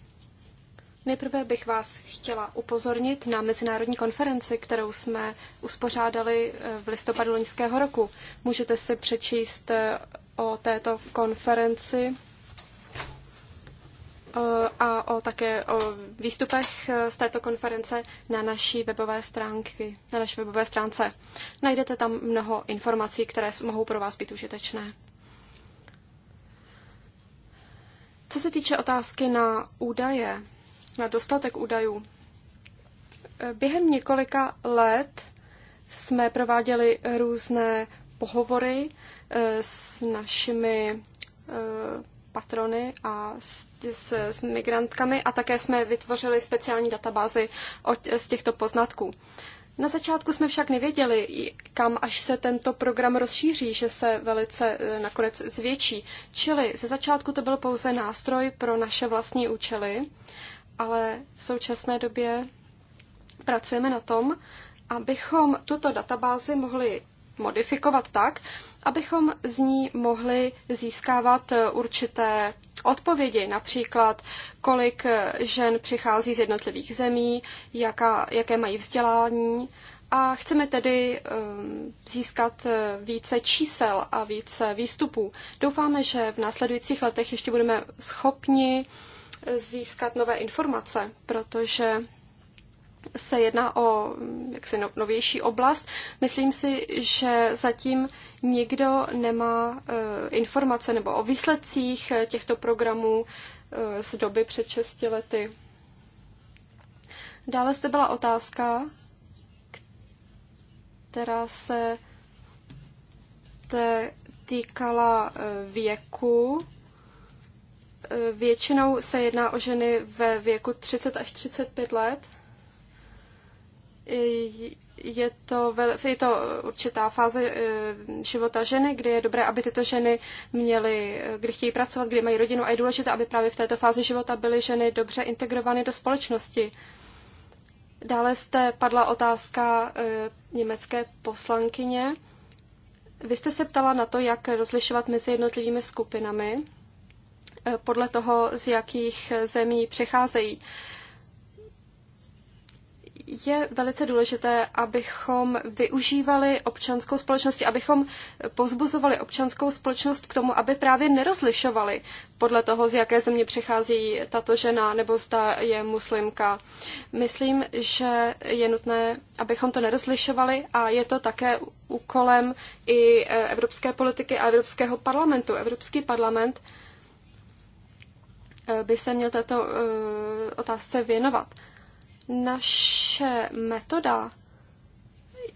Nejprve bych vás chtěla upozornit na mezinárodní konferenci, kterou jsme uspořádali eh, v listopadu loňského roku. Můžete si přečíst eh, o této konferenci a o, také o výstupech eh, z této konference na naší webové stránky, na naší webové stránce. Najdete tam mnoho informací, které mohou pro vás být užitečné. Co se týče otázky na údaje, na dostatek údajů, eh, během několika let jsme prováděli různé pohovory eh, s našimi patrony a s, s, s migrantkami a také jsme vytvořili speciální databázy od, z těchto poznatků. Na začátku jsme však nevěděli, kam až se tento program rozšíří, že se velice e, nakonec zvětší. Čili ze začátku to byl pouze nástroj pro naše vlastní účely, ale v současné době pracujeme na tom, abychom tuto databázi mohli modifikovat tak, abychom z ní mohli získávat eh, určité odpovědi, například kolik eh, žen přichází z jednotlivých zemí, jaká, jaké mají vzdělání. A chceme tedy um, získat eh, více čísel a více výstupů. Doufáme, že v následujících letech ještě budeme schopni získat nové informace, protože se jedná o jaksi no, novější oblast. Myslím si, že zatím nikdo nemá eh, informace nebo o výsledcích eh, těchto programů eh, z doby před 6 lety. Dále zde byla otázka, která se te týkala věku. Většinou se jedná o ženy ve věku 30 až 35 let je to, je to určitá fáze eh, života ženy, kdy je dobré, aby tyto ženy měly, eh, kdy chtějí pracovat, kdy mají rodinu a je důležité, aby právě v této fázi života byly ženy dobře integrovány do společnosti. Dále jste padla otázka eh, německé poslankyně. Vy jste se ptala na to, jak rozlišovat mezi jednotlivými skupinami podle toho, z jakých zemí přecházejí je velice důležité, abychom využívali občanskou společnost, abychom pozbuzovali občanskou společnost k tomu, aby právě nerozlišovali podle toho, z jaké země přichází tato žena nebo zda je muslimka. Myslím, že je nutné, abychom to nerozlišovali a je to také úkolem i e, evropské politiky a Evropského parlamentu. Evropský parlament e, by se měl této e, otázce věnovat. Naše metoda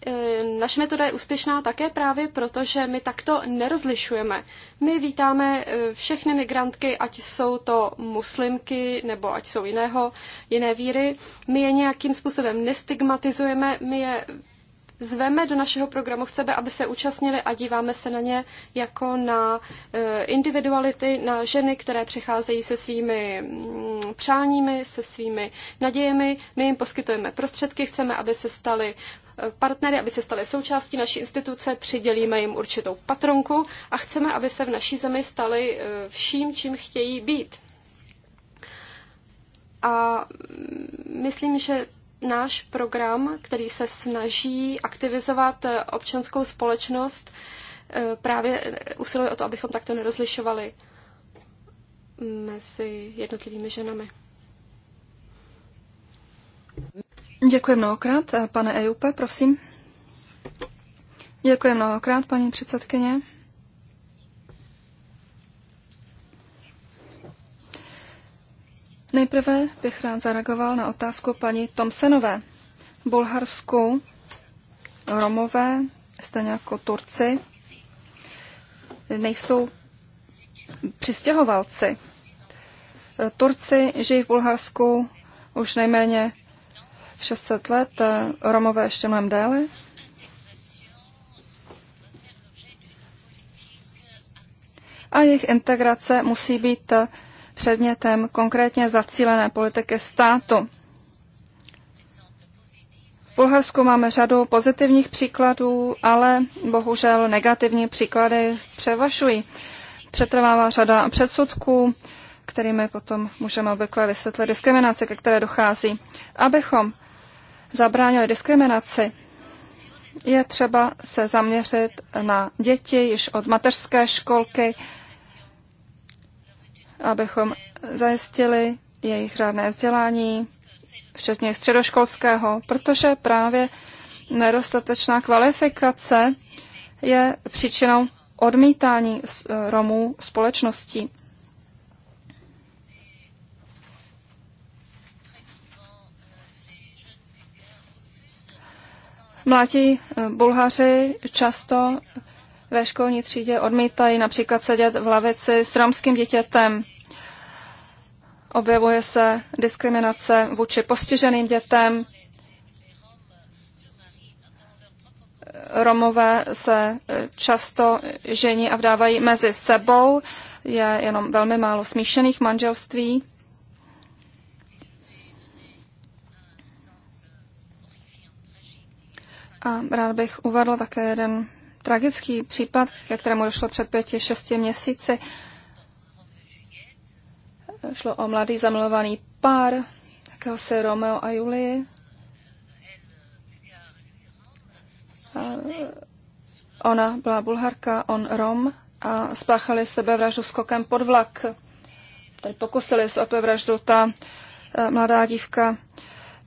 eh, naše metoda je úspěšná také právě proto, že my takto nerozlišujeme. My vítáme eh, všechny migrantky, ať jsou to muslimky nebo ať jsou jiného, jiné víry. My je nějakým způsobem nestigmatizujeme, my je zveme do našeho programu, chceme, aby se účastnili a díváme se na ně jako na eh, individuality, na ženy, které přicházejí se svými mm, přáními, se svými nadějemi. My jim poskytujeme prostředky, chceme, aby se stali eh, partnery, aby se staly součástí naší instituce, přidělíme jim určitou patronku a chceme, aby se v naší zemi staly eh, vším, čím chtějí být. A mm, myslím, že náš program, který se snaží aktivizovat eh, občanskou společnost, eh, právě eh, usiluje o to, abychom takto nerozlišovali mezi jednotlivými ženami. Děkuji mnohokrát. Pane Ejupe, prosím. Děkuji mnohokrát, paní předsedkyně. Nejprve bych rád zareagoval na otázku paní Tomsenové. V Bulharsku Romové, stejně jako Turci, nejsou přistěhovalci. Turci žijí v Bulharsku už nejméně 600 let, Romové ještě mnohem déle. A jejich integrace musí být předmětem konkrétně zacílené politiky státu. V Bulharsku máme řadu pozitivních příkladů, ale bohužel negativní příklady převažují. Přetrvává řada předsudků, kterými potom můžeme obvykle vysvětlit diskriminaci, ke které dochází. Abychom zabránili diskriminaci, je třeba se zaměřit na děti již od mateřské školky, abychom zajistili jejich řádné vzdělání, včetně středoškolského, protože právě nedostatečná kvalifikace je příčinou odmítání eh, Romů společností. Mladí eh, Bulhaři často ve školní třídě odmítají například sedět v lavici s romským dítětem. Objevuje se diskriminace vůči postiženým dětem. Romové se často žení a vdávají mezi sebou. Je jenom velmi málo smíšených manželství. A rád bych uvedl také jeden tragický případ, ke kterému došlo před pěti, šesti měsíci. Šlo o mladý zamilovaný pár, takého se Romeo a Julie. A eh, ona byla bulharka, on Rom a spáchali sebevraždu skokem pod vlak. Tady pokusili se sebevraždu, ta eh, mladá dívka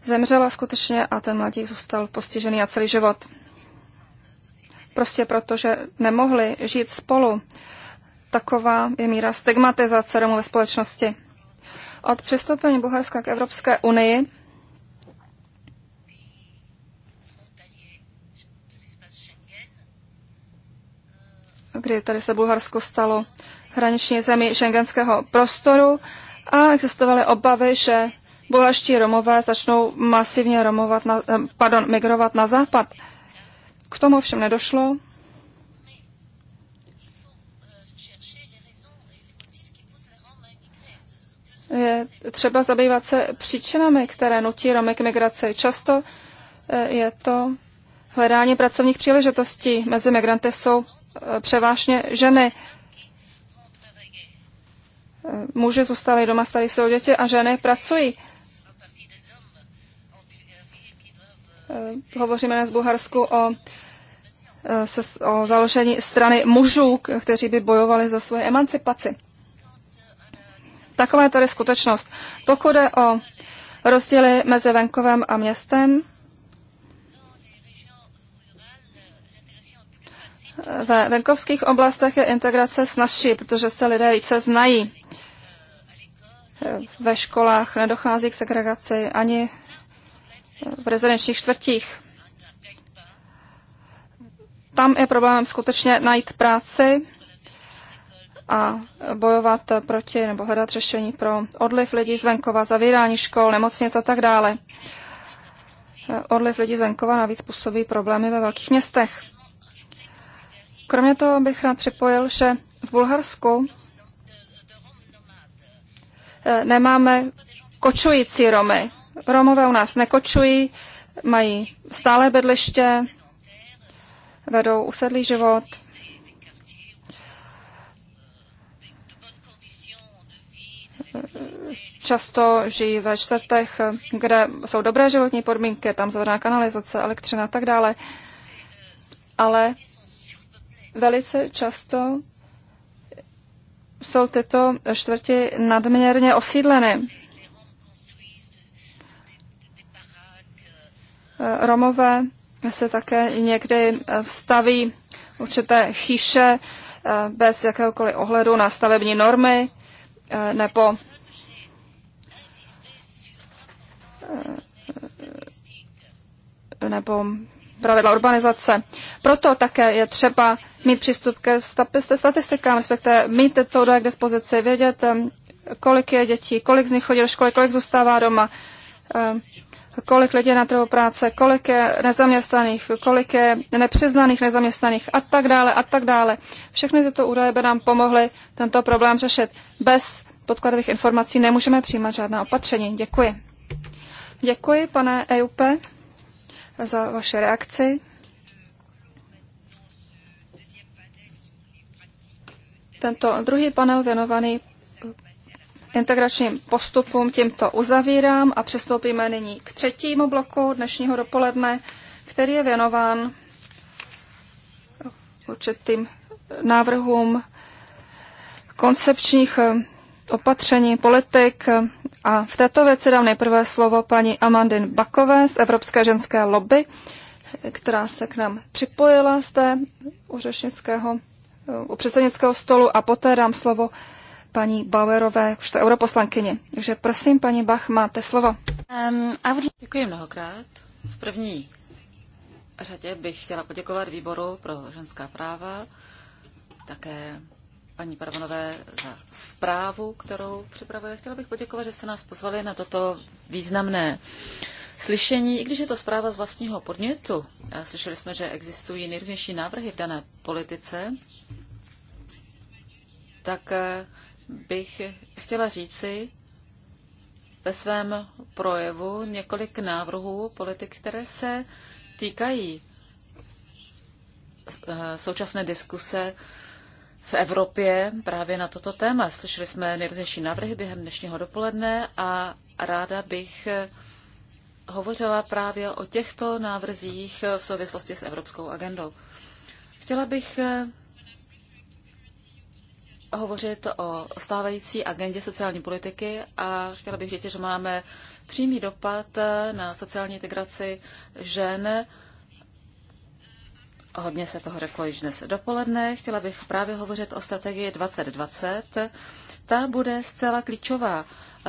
zemřela skutečně a ten mladík zůstal postižený na celý život prostě proto, že nemohli žít spolu. Taková je míra stigmatizace Romů ve společnosti. Od přistoupení Bulharska k Evropské unii kdy tady se Bulharsko stalo hraniční zemí šengenského prostoru a existovaly obavy, že bulharští Romové začnou masivně romovat na, eh, pardon, migrovat na západ. K tomu všem nedošlo. Je třeba zabývat se příčinami, které nutí Romy k migraci. Často eh, je to hledání pracovních příležitostí. Mezi migranty jsou eh, převážně ženy. Eh, Muži zůstávají doma, starý se o děti a ženy pracují. Eh, hovoříme dnes v Bulharsku o, eh, se, o založení strany mužů, kteří by bojovali za svoje emancipaci. Taková je tady skutečnost. Pokud je o rozdíly mezi venkovem a městem, eh, Ve venkovských oblastech je integrace snažší, protože se lidé více znají. Ve školách nedochází k segregaci ani v rezidenčních čtvrtích. Tam je problémem skutečně najít práci a bojovat proti nebo hledat řešení pro odliv lidí z venkova, zavírání škol, nemocnic a tak dále. Odliv lidí z venkova navíc působí problémy ve velkých městech. Kromě toho bych rád připojil, že v Bulharsku eh, nemáme kočující Romy. Romové u nás nekočují, mají stále bydliště, vedou usedlý život. Často žijí ve čtvrtech, kde jsou dobré životní podmínky, tam zvedná kanalizace, elektřina a tak dále. Ale velice často jsou tyto čtvrti nadměrně osídleny. Romové se také někdy staví určité chyše eh, bez jakéhokoliv ohledu na stavební normy eh, nebo eh, nebo pravidla urbanizace. Proto také je třeba mít přístup ke statistikám, respektive mít tyto údaje k dispozici, vědět, kolik je dětí, kolik z nich chodí do školy, kolik zůstává doma, kolik lidí je na trhu práce, kolik je nezaměstnaných, kolik je nepřiznaných nezaměstnaných a tak dále a tak dále. Všechny tyto údaje by nám pomohly tento problém řešit. Bez podkladových informací nemůžeme přijímat žádná opatření. Děkuji. Děkuji, pane EUP, za vaše reakci. Tento druhý panel věnovaný integračním postupům tímto uzavírám a přestoupíme nyní k třetímu bloku dnešního dopoledne, který je věnován určitým návrhům koncepčních eh, opatření politik. A v této věci dám nejprve slovo paní Amandin Bakové z Evropské ženské lobby, která se k nám připojila zde u řešnického eh, u předsednického stolu a poté dám slovo paní Bauerové, už to europoslankyně. Takže prosím, paní Bach, máte slovo. Um, would... Děkuji mnohokrát. V první řadě bych chtěla poděkovat výboru pro ženská práva, také paní Parvanové za zprávu, kterou připravuje. Chtěla bych poděkovat, že jste nás pozvali na toto významné slyšení, i když je to zpráva z vlastního podnětu. Slyšeli jsme, že existují nejrůznější návrhy v dané politice, tak eh, bych chtěla říci ve svém projevu několik návrhů politik, které se týkají eh, současné diskuse v Evropě právě na toto téma. Slyšeli jsme nejrůznější návrhy během dnešního dopoledne a ráda bych eh, hovořila právě o těchto návrzích v souvislosti s Evropskou agendou. Chtěla bych eh, hovořit o stávající agendě sociální politiky a chtěla bych říct, že máme přímý dopad na sociální integraci žen. Hodně se toho řeklo již dnes dopoledne. Chtěla bych právě hovořit o strategii 2020. Ta bude zcela klíčová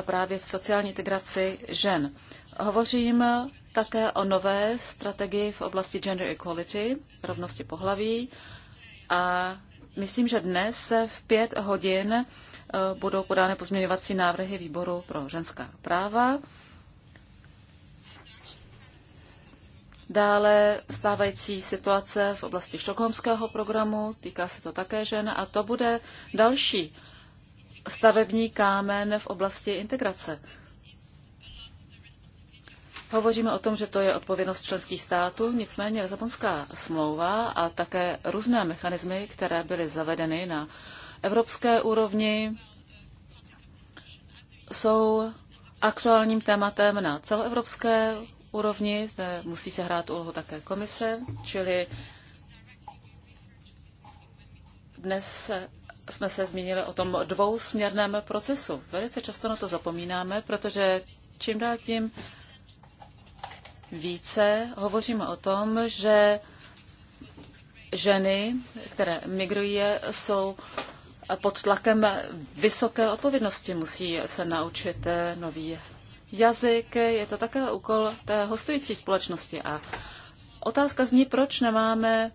právě v sociální integraci žen. Hovořím také o nové strategii v oblasti gender equality, rovnosti pohlaví a Myslím, že dnes v pět hodin eh, budou podány pozměňovací návrhy výboru pro ženská práva. Dále stávající situace v oblasti štokholmského programu, týká se to také žen, a to bude další stavební kámen v oblasti integrace. Hovoříme o tom, že to je odpovědnost členských států, nicméně Lisabonská smlouva a také různé mechanismy, které byly zavedeny na evropské úrovni, jsou aktuálním tématem na celoevropské úrovni. Zde musí se hrát úlohu také komise, čili dnes jsme se zmínili o tom dvousměrném procesu. Velice často na to zapomínáme, protože čím dál tím více hovoříme o tom, že ženy, které migrují, jsou pod tlakem vysoké odpovědnosti. Musí se naučit eh, nový jazyk. Je to také úkol té hostující společnosti. A otázka zní, proč nemáme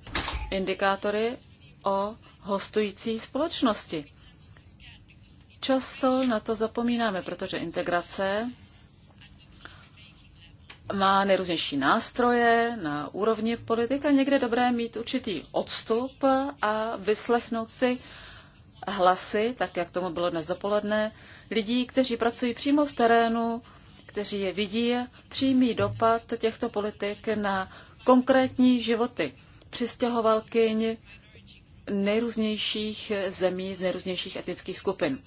indikátory o hostující společnosti. Často na to zapomínáme, protože integrace má nejrůznější nástroje na úrovni politika. Někde dobré mít určitý odstup a vyslechnout si hlasy, tak jak tomu bylo dnes dopoledne, lidí, kteří pracují přímo v terénu, kteří je vidí, přímý dopad těchto politik na konkrétní životy přistěhovalkyň nejrůznějších zemí z nejrůznějších etnických skupin.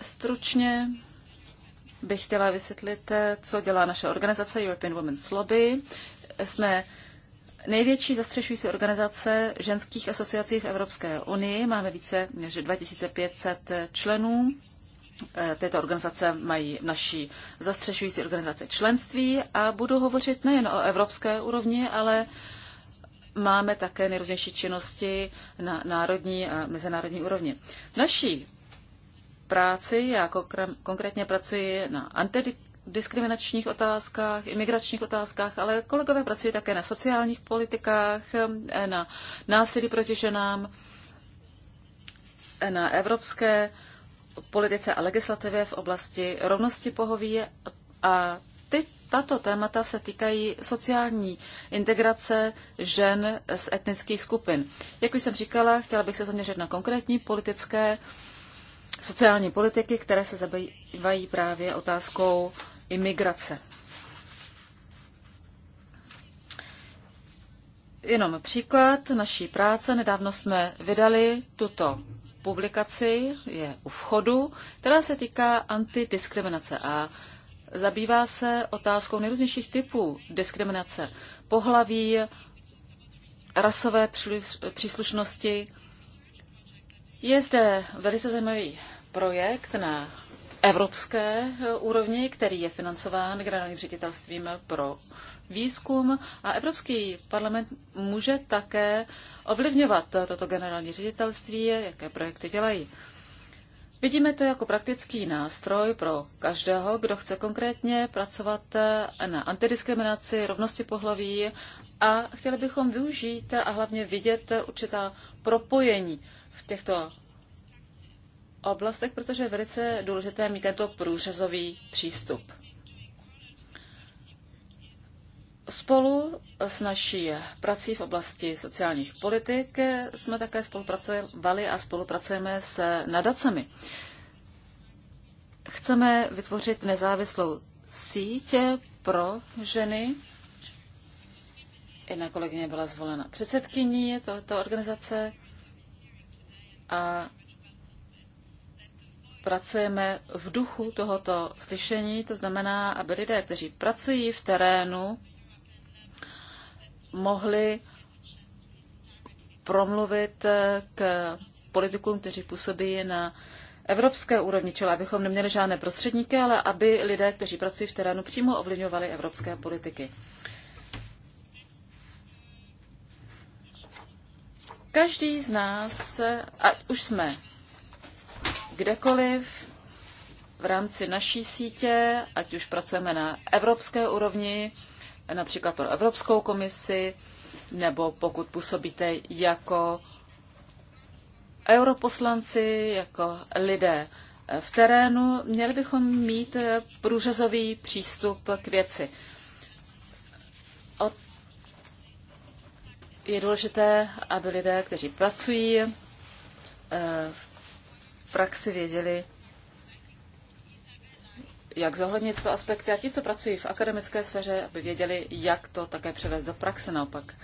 Stručně bych chtěla vysvětlit, eh, co dělá naše organizace European Women's Lobby. Jsme největší zastřešující organizace ženských asociací v Evropské unii. Máme více než 2500 eh, členů. Eh, tyto organizace mají naší zastřešující organizace členství a budu hovořit nejen o evropské úrovni, ale máme také nejrůznější činnosti na národní a mezinárodní úrovni. naší práci. Já konkrétně pracuji na antidiskriminačních otázkách, imigračních otázkách, ale kolegové pracují také na sociálních politikách, na násilí proti ženám, na evropské politice a legislativě v oblasti rovnosti pohoví a ty, tato témata se týkají sociální integrace žen z etnických skupin. Jak už jsem říkala, chtěla bych se zaměřit na konkrétní politické uh, sociální politiky, které se zabývají právě otázkou imigrace. Jenom příklad naší práce. Nedávno jsme vydali tuto publikaci, je u vchodu, která se týká antidiskriminace a zabývá se otázkou nejrůznějších typů diskriminace. Pohlaví, rasové příslušnosti. Je zde velice zajímavý projekt na evropské eh, úrovni, který je financován generálním ředitelstvím pro výzkum a Evropský parlament může také ovlivňovat toto generální ředitelství, jaké projekty dělají. Vidíme to jako praktický nástroj pro každého, kdo chce konkrétně pracovat eh, na antidiskriminaci, rovnosti pohlaví a chtěli bychom využít a hlavně vidět určitá propojení v těchto oblastech, protože je velice důležité mít tento průřezový přístup. Spolu s naší prací v oblasti sociálních politik jsme také spolupracovali a spolupracujeme s nadacemi. Chceme vytvořit nezávislou sítě pro ženy. Jedna kolegyně byla zvolena předsedkyní tohoto organizace a pracujeme v duchu tohoto slyšení, to znamená, aby lidé, kteří pracují v terénu, mohli promluvit k politikům, kteří působí na evropské úrovni, čili abychom neměli žádné prostředníky, ale aby lidé, kteří pracují v terénu, přímo ovlivňovali evropské politiky. Každý z nás, a už jsme kdekoliv v rámci naší sítě, ať už pracujeme na evropské úrovni, například pro Evropskou komisi, nebo pokud působíte jako europoslanci, jako lidé v terénu, měli bychom mít průřezový přístup k věci. Je důležité, aby lidé, kteří pracují eh, praxi věděli, jak zohlednit tyto aspekty a ti, co pracují v akademické sféře, aby věděli, jak to také převést do praxe naopak.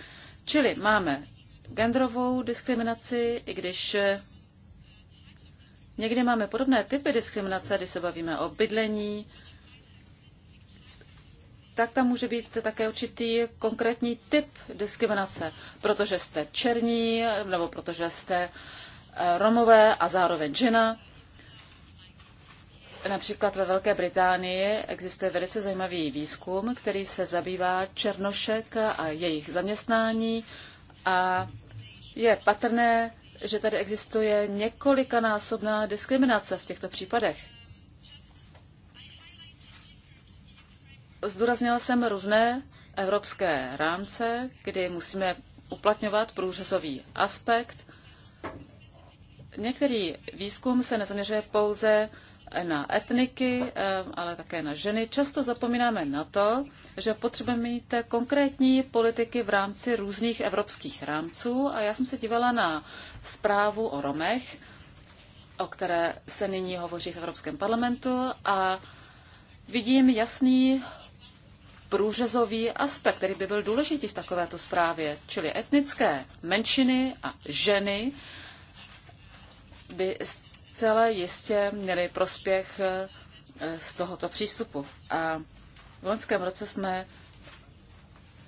Čili máme genderovou diskriminaci, i když eh, někdy máme podobné typy diskriminace, když se bavíme o bydlení, tak tam může být také určitý konkrétní typ diskriminace, protože jste černí, nebo protože jste Eh, Romové a zároveň žena. Například ve Velké Británii existuje velice zajímavý výzkum, který se zabývá černošek a jejich zaměstnání a je patrné, že tady existuje několikanásobná diskriminace v těchto případech. Zdůraznila jsem různé evropské rámce, kdy musíme uplatňovat průřezový aspekt Některý výzkum se nezaměřuje pouze na etniky, eh, ale také na ženy. Často zapomínáme na to, že potřebujeme mít konkrétní politiky v rámci různých evropských rámců. A já jsem se dívala na zprávu o Romech, o které se nyní hovoří v Evropském parlamentu a vidím jasný průřezový aspekt, který by byl důležitý v takovéto zprávě, čili etnické menšiny a ženy by zcela jistě měli prospěch eh, z tohoto přístupu. A v loňském roce jsme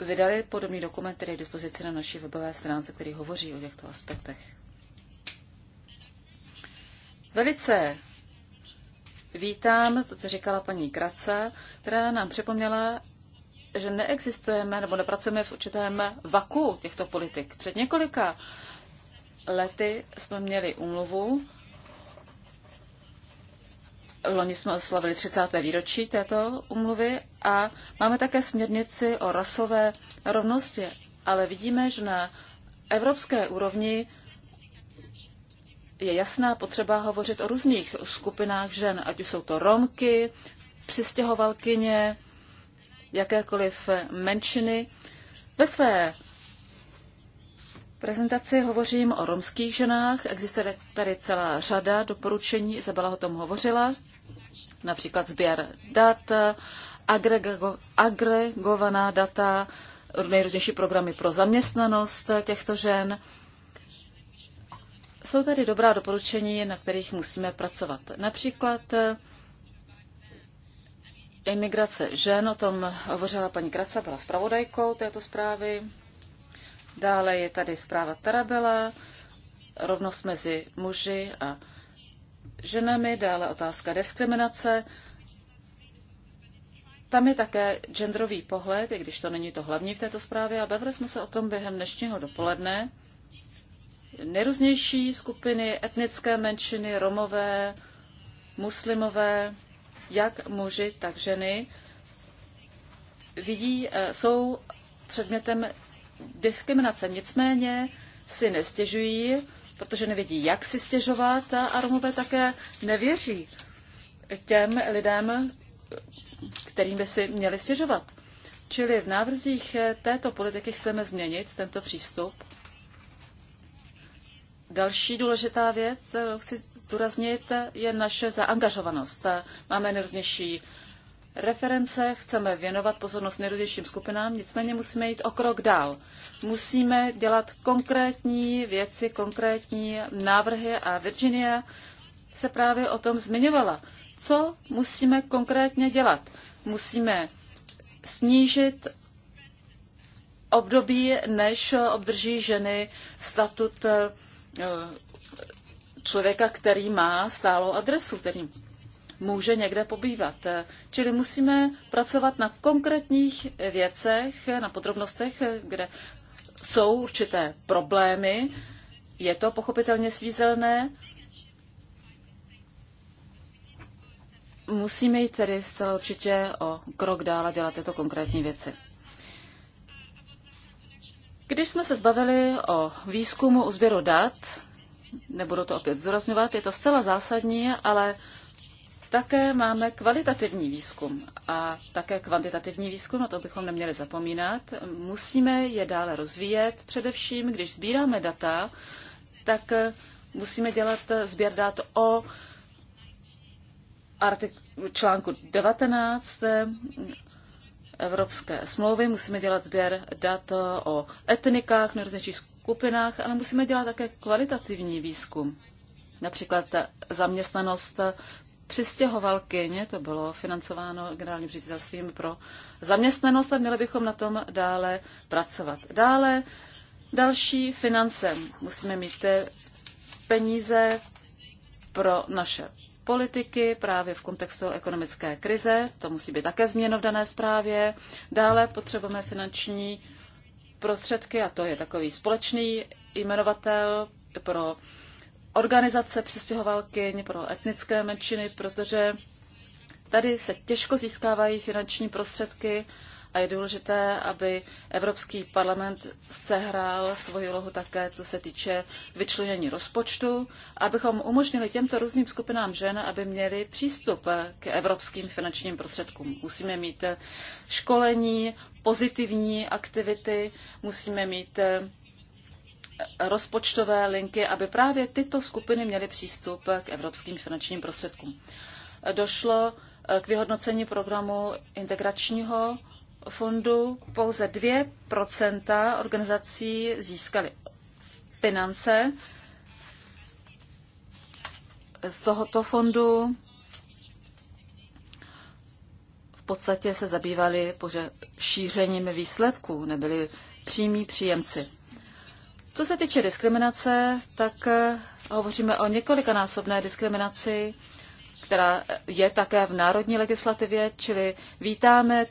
vydali podobný dokument, který je k dispozici na naší webové stránce, který hovoří o těchto aspektech. Velice vítám to, co říkala paní Krace, která nám připomněla, že neexistujeme nebo nepracujeme v určitém vaku těchto politik. Před několika lety jsme měli úmluvu. Loni jsme oslavili 30. výročí této úmluvy a máme také směrnici o rasové rovnosti, ale vidíme, že na evropské úrovni je jasná potřeba hovořit o různých skupinách žen, ať už jsou to Romky, přistěhovalkyně, jakékoliv menšiny. Ve své prezentaci hovořím o romských ženách. Existuje tady celá řada doporučení, Izabela o tom hovořila, například sběr dat, agrego, agregovaná data, nejrůznější programy pro zaměstnanost těchto žen. Jsou tady dobrá doporučení, na kterých musíme pracovat. Například eh, imigrace žen, o tom hovořila paní Kraca, byla zpravodajkou této zprávy. Dále je tady zpráva Tarabela, rovnost mezi muži a ženami, dále otázka diskriminace. Tam je také genderový pohled, i když to není to hlavní v této zprávě, a bavili jsme se o tom během dnešního dopoledne. Nejrůznější skupiny, etnické menšiny, romové, muslimové, jak muži, tak ženy, vidí, eh, jsou předmětem diskriminace. Nicméně si nestěžují, protože nevědí, jak si stěžovat a Romové také nevěří těm lidem, kterým by si měli stěžovat. Čili v návrzích této politiky chceme změnit tento přístup. Další důležitá věc, kterou chci zdůraznit, je naše zaangažovanost. Máme nejrůznější reference, chceme věnovat pozornost nejrůznějším skupinám, nicméně musíme jít o krok dál. Musíme dělat konkrétní věci, konkrétní návrhy a Virginia se právě o tom zmiňovala. Co musíme konkrétně dělat? Musíme snížit období, než obdrží ženy statut eh, člověka, který má stálou adresu, který může někde pobývat. Čili musíme pracovat na konkrétních věcech, na podrobnostech, kde jsou určité problémy. Je to pochopitelně svízelné. Musíme jít tedy zcela určitě o krok dál a dělat tyto konkrétní věci. Když jsme se zbavili o výzkumu o sběru dat, nebudu to opět zdůrazňovat, je to zcela zásadní, ale také máme kvalitativní výzkum a také kvantitativní výzkum, na to bychom neměli zapomínat. Musíme je dále rozvíjet, především když sbíráme data, tak eh, musíme dělat eh, sběr dat o artik- článku 19 eh, Evropské smlouvy, musíme dělat sběr dat o etnikách, nejrůznějších skupinách, ale musíme dělat také kvalitativní výzkum. Například zaměstnanost ne? to bylo financováno generálním ředitelstvím pro zaměstnanost a měli bychom na tom dále pracovat. Dále další finance. Musíme mít peníze pro naše politiky právě v kontextu ekonomické krize. To musí být také změno v dané zprávě. Dále potřebujeme finanční prostředky a to je takový společný jmenovatel pro organizace přistěhovalkyň pro etnické menšiny, protože tady se těžko získávají finanční prostředky a je důležité, aby Evropský parlament sehrál svoji úlohu také, co se týče vyčlenění rozpočtu, abychom umožnili těmto různým skupinám žen, aby měly přístup k evropským finančním prostředkům. Musíme mít školení, pozitivní aktivity, musíme mít rozpočtové linky, aby právě tyto skupiny měly přístup k evropským finančním prostředkům. Došlo eh, k vyhodnocení programu integračního fondu. Pouze 2 organizací získaly finance z tohoto fondu. V podstatě se zabývali pouze šířením výsledků, nebyli přímí příjemci. Co se týče diskriminace, tak eh, hovoříme o několikanásobné diskriminaci, která je také v národní legislativě, čili vítáme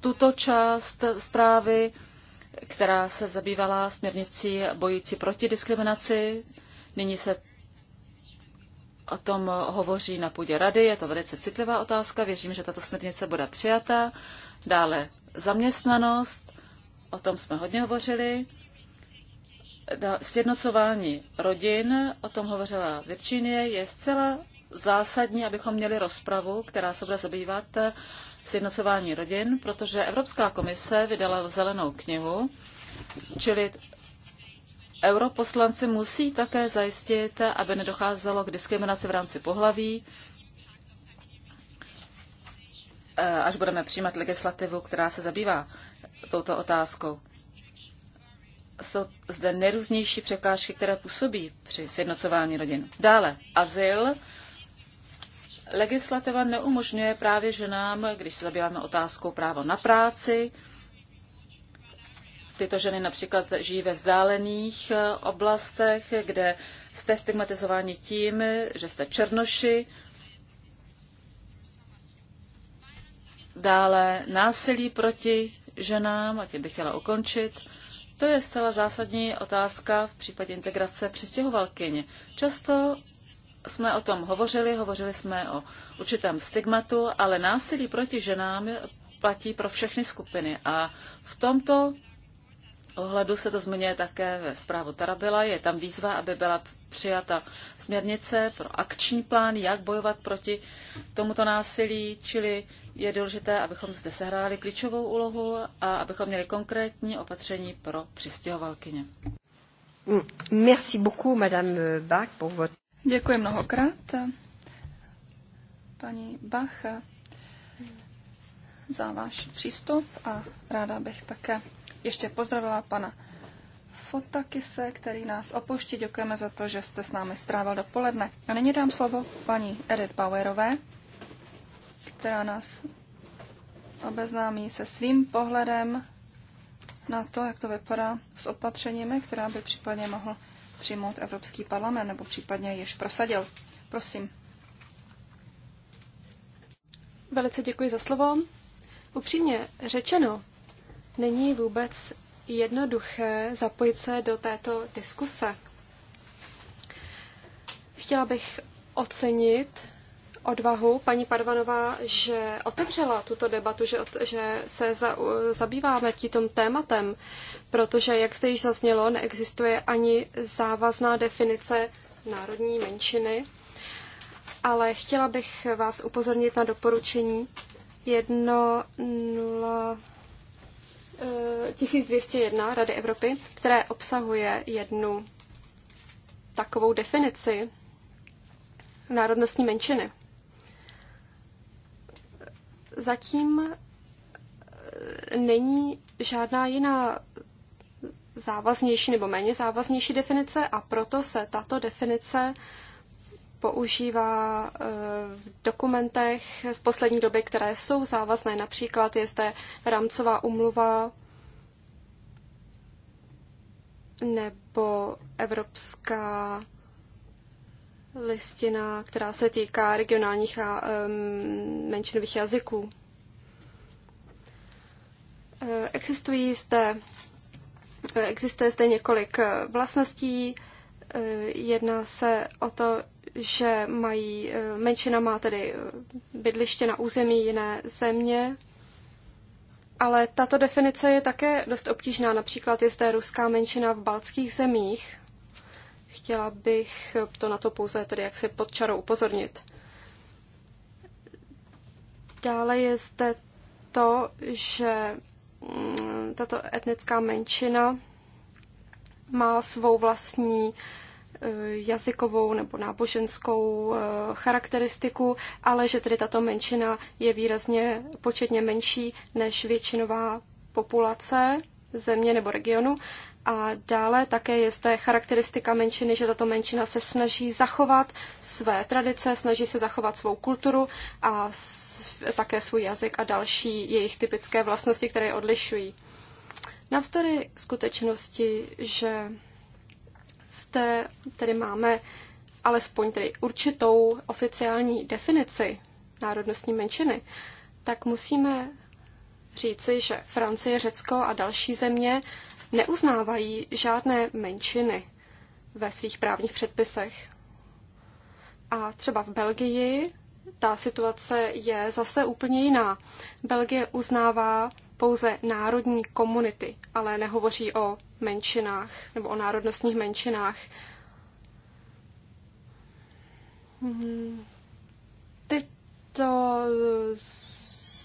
tuto část zprávy, která se zabývala směrnicí bojící proti diskriminaci. Nyní se o tom hovoří na půdě rady, je to velice citlivá otázka, věřím, že tato směrnice bude přijata. Dále zaměstnanost o tom jsme hodně hovořili. Sjednocování rodin, o tom hovořila Virginie, je zcela zásadní, abychom měli rozpravu, která se bude zabývat sjednocování rodin, protože Evropská komise vydala zelenou knihu, čili europoslanci musí také zajistit, aby nedocházelo k diskriminaci v rámci pohlaví, až budeme přijímat legislativu, která se zabývá touto otázkou. Jsou zde nejrůznější překážky, které působí při sjednocování rodin. Dále, azyl. Legislativa neumožňuje právě ženám, když se zabýváme otázkou právo na práci, Tyto ženy například žijí ve vzdálených eh, oblastech, kde jste stigmatizováni tím, že jste černoši. Dále násilí proti ženám, a tím bych chtěla ukončit, to je zcela zásadní otázka v případě integrace přistěhovalkyň. Často jsme o tom hovořili, hovořili jsme o určitém stigmatu, ale násilí proti ženám platí pro všechny skupiny. A v tomto ohledu se to zmiňuje také ve zprávu Tarabila. Je tam výzva, aby byla přijata směrnice pro akční plán, jak bojovat proti tomuto násilí, čili je důležité, abychom zde sehráli klíčovou úlohu a abychom měli konkrétní opatření pro přistěhovalkyně. Merci beaucoup, Madame Bach, pour votre... Děkuji mnohokrát, paní Bach, za váš přístup a ráda bych také ještě pozdravila pana Fotakise, který nás opuští. Děkujeme za to, že jste s námi strávil dopoledne. A nyní dám slovo paní Edith Bauerové, která nás obeznámí se svým pohledem na to, jak to vypadá s opatřeními, která by případně mohl přijmout Evropský parlament nebo případně již prosadil. Prosím. Velice děkuji za slovo. Upřímně řečeno, není vůbec jednoduché zapojit se do této diskuse. Chtěla bych ocenit odvahu paní Parvanová, že otevřela tuto debatu, že, že se za, zabýváme tím tématem, protože, jak se již zaznělo, neexistuje ani závazná definice národní menšiny. Ale chtěla bych vás upozornit na doporučení 1, 0, 1201 Rady Evropy, které obsahuje jednu takovou definici národnostní menšiny zatím eh, není žádná jiná závaznější nebo méně závaznější definice a proto se tato definice používá eh, v dokumentech z poslední doby, které jsou závazné. Například je zde rámcová umluva nebo Evropská listina, která se týká regionálních a um, menšinových jazyků. E, existují zde, e, existuje zde několik e, vlastností. Jedná se o to, že mají, menšina má tedy bydliště na území jiné země, ale tato definice je také dost obtížná. Například je zde ruská menšina v baltských zemích, Chtěla bych to na to pouze tedy jak se pod čarou upozornit. Dále je zde to, že mm, tato etnická menšina má svou vlastní eh, jazykovou nebo náboženskou eh, charakteristiku, ale že tedy tato menšina je výrazně početně menší než většinová populace země nebo regionu a dále také je zde charakteristika menšiny, že tato menšina se snaží zachovat své tradice, snaží se zachovat svou kulturu a také svůj jazyk a další jejich typické vlastnosti, které je odlišují. Navzdory skutečnosti, že zde tedy máme alespoň tedy určitou oficiální definici národnostní menšiny, tak musíme říci, že Francie, Řecko a další země neuznávají žádné menšiny ve svých právních předpisech. A třeba v Belgii ta situace je zase úplně jiná. Belgie uznává pouze národní komunity, ale nehovoří o menšinách nebo o národnostních menšinách. Hmm. Tyto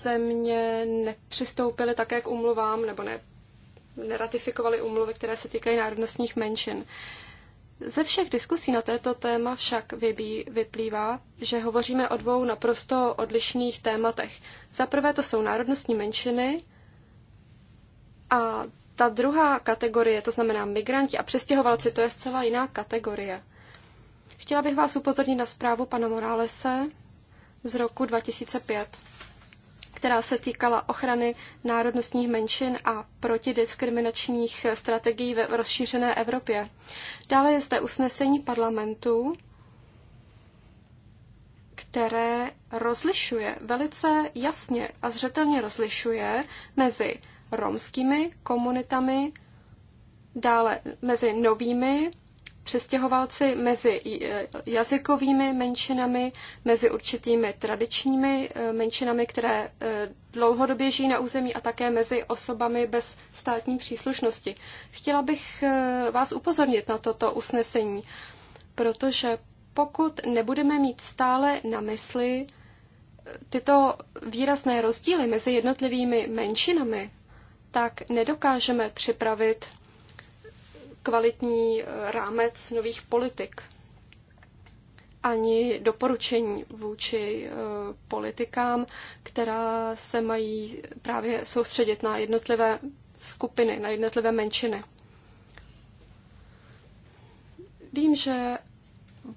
země nepřistoupily také k umluvám nebo ne, neratifikovali umluvy, které se týkají národnostních menšin. Ze všech diskusí na této téma však vybí, vyplývá, že hovoříme o dvou naprosto odlišných tématech. Za prvé to jsou národnostní menšiny a ta druhá kategorie, to znamená migranti a přestěhovalci, to je zcela jiná kategorie. Chtěla bych vás upozornit na zprávu pana Morálese z roku 2005 která se týkala ochrany národnostních menšin a protidiskriminačních strategií ve rozšířené Evropě. Dále je zde usnesení parlamentu, které rozlišuje, velice jasně a zřetelně rozlišuje mezi romskými komunitami, dále mezi novými přestěhovalci mezi eh, jazykovými menšinami, mezi určitými tradičními eh, menšinami, které eh, dlouhodobě žijí na území a také mezi osobami bez státní příslušnosti. Chtěla bych vás upozornit na toto usnesení, protože pokud nebudeme mít stále na mysli tyto výrazné rozdíly mezi jednotlivými menšinami, tak nedokážeme připravit kvalitní eh, rámec nových politik, ani doporučení vůči eh, politikám, která se mají právě soustředit na jednotlivé skupiny, na jednotlivé menšiny. Vím, že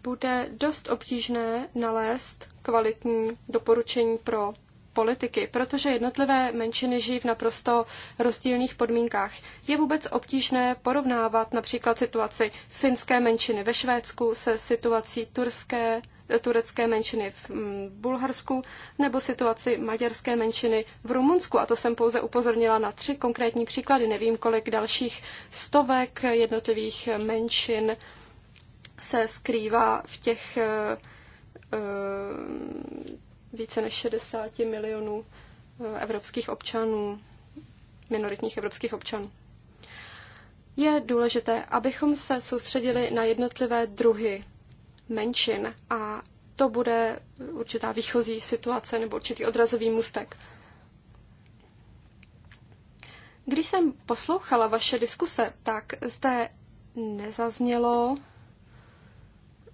bude dost obtížné nalézt kvalitní doporučení pro politiky, protože jednotlivé menšiny žijí v naprosto rozdílných podmínkách. Je vůbec obtížné porovnávat například situaci finské menšiny ve Švédsku se situací turské, turecké menšiny v mm, Bulharsku nebo situaci maďarské menšiny v Rumunsku. A to jsem pouze upozornila na tři konkrétní příklady. Nevím, kolik dalších stovek jednotlivých menšin se skrývá v těch eh, eh, více než 60 milionů eh, evropských občanů, minoritních evropských občanů. Je důležité, abychom se soustředili na jednotlivé druhy menšin a to bude určitá výchozí situace nebo určitý odrazový mustek. Když jsem poslouchala vaše diskuse, tak zde nezaznělo,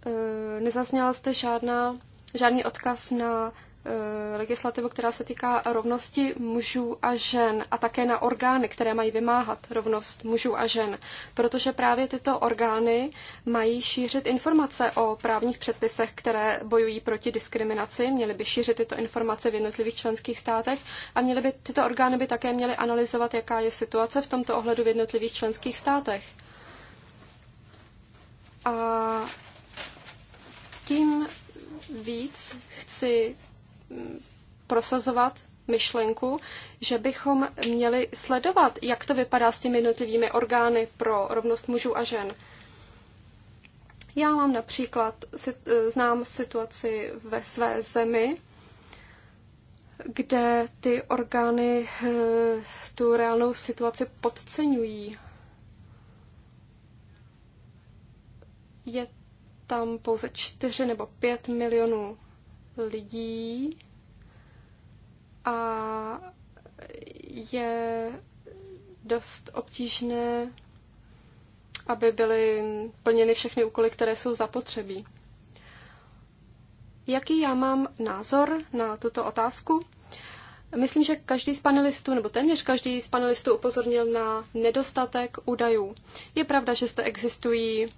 eh, nezazněla zde žádná, žádný odkaz na Eh, legislativu, která se týká rovnosti mužů a žen a také na orgány, které mají vymáhat rovnost mužů a žen, protože právě tyto orgány mají šířit informace o právních předpisech, které bojují proti diskriminaci, měly by šířit tyto informace v jednotlivých členských státech a měly by, tyto orgány by také měly analyzovat, jaká je situace v tomto ohledu v jednotlivých členských státech. A tím víc chci prosazovat myšlenku, že bychom měli sledovat, jak to vypadá s těmi jednotlivými orgány pro rovnost mužů a žen. Já mám například, znám situaci ve své zemi, kde ty orgány eh, tu reálnou situaci podceňují. Je tam pouze 4 nebo 5 milionů lidí a je dost obtížné, aby byly plněny všechny úkoly, které jsou zapotřebí. Jaký já mám názor na tuto otázku? Myslím, že každý z panelistů, nebo téměř každý z panelistů upozornil na nedostatek údajů. Je pravda, že zde existují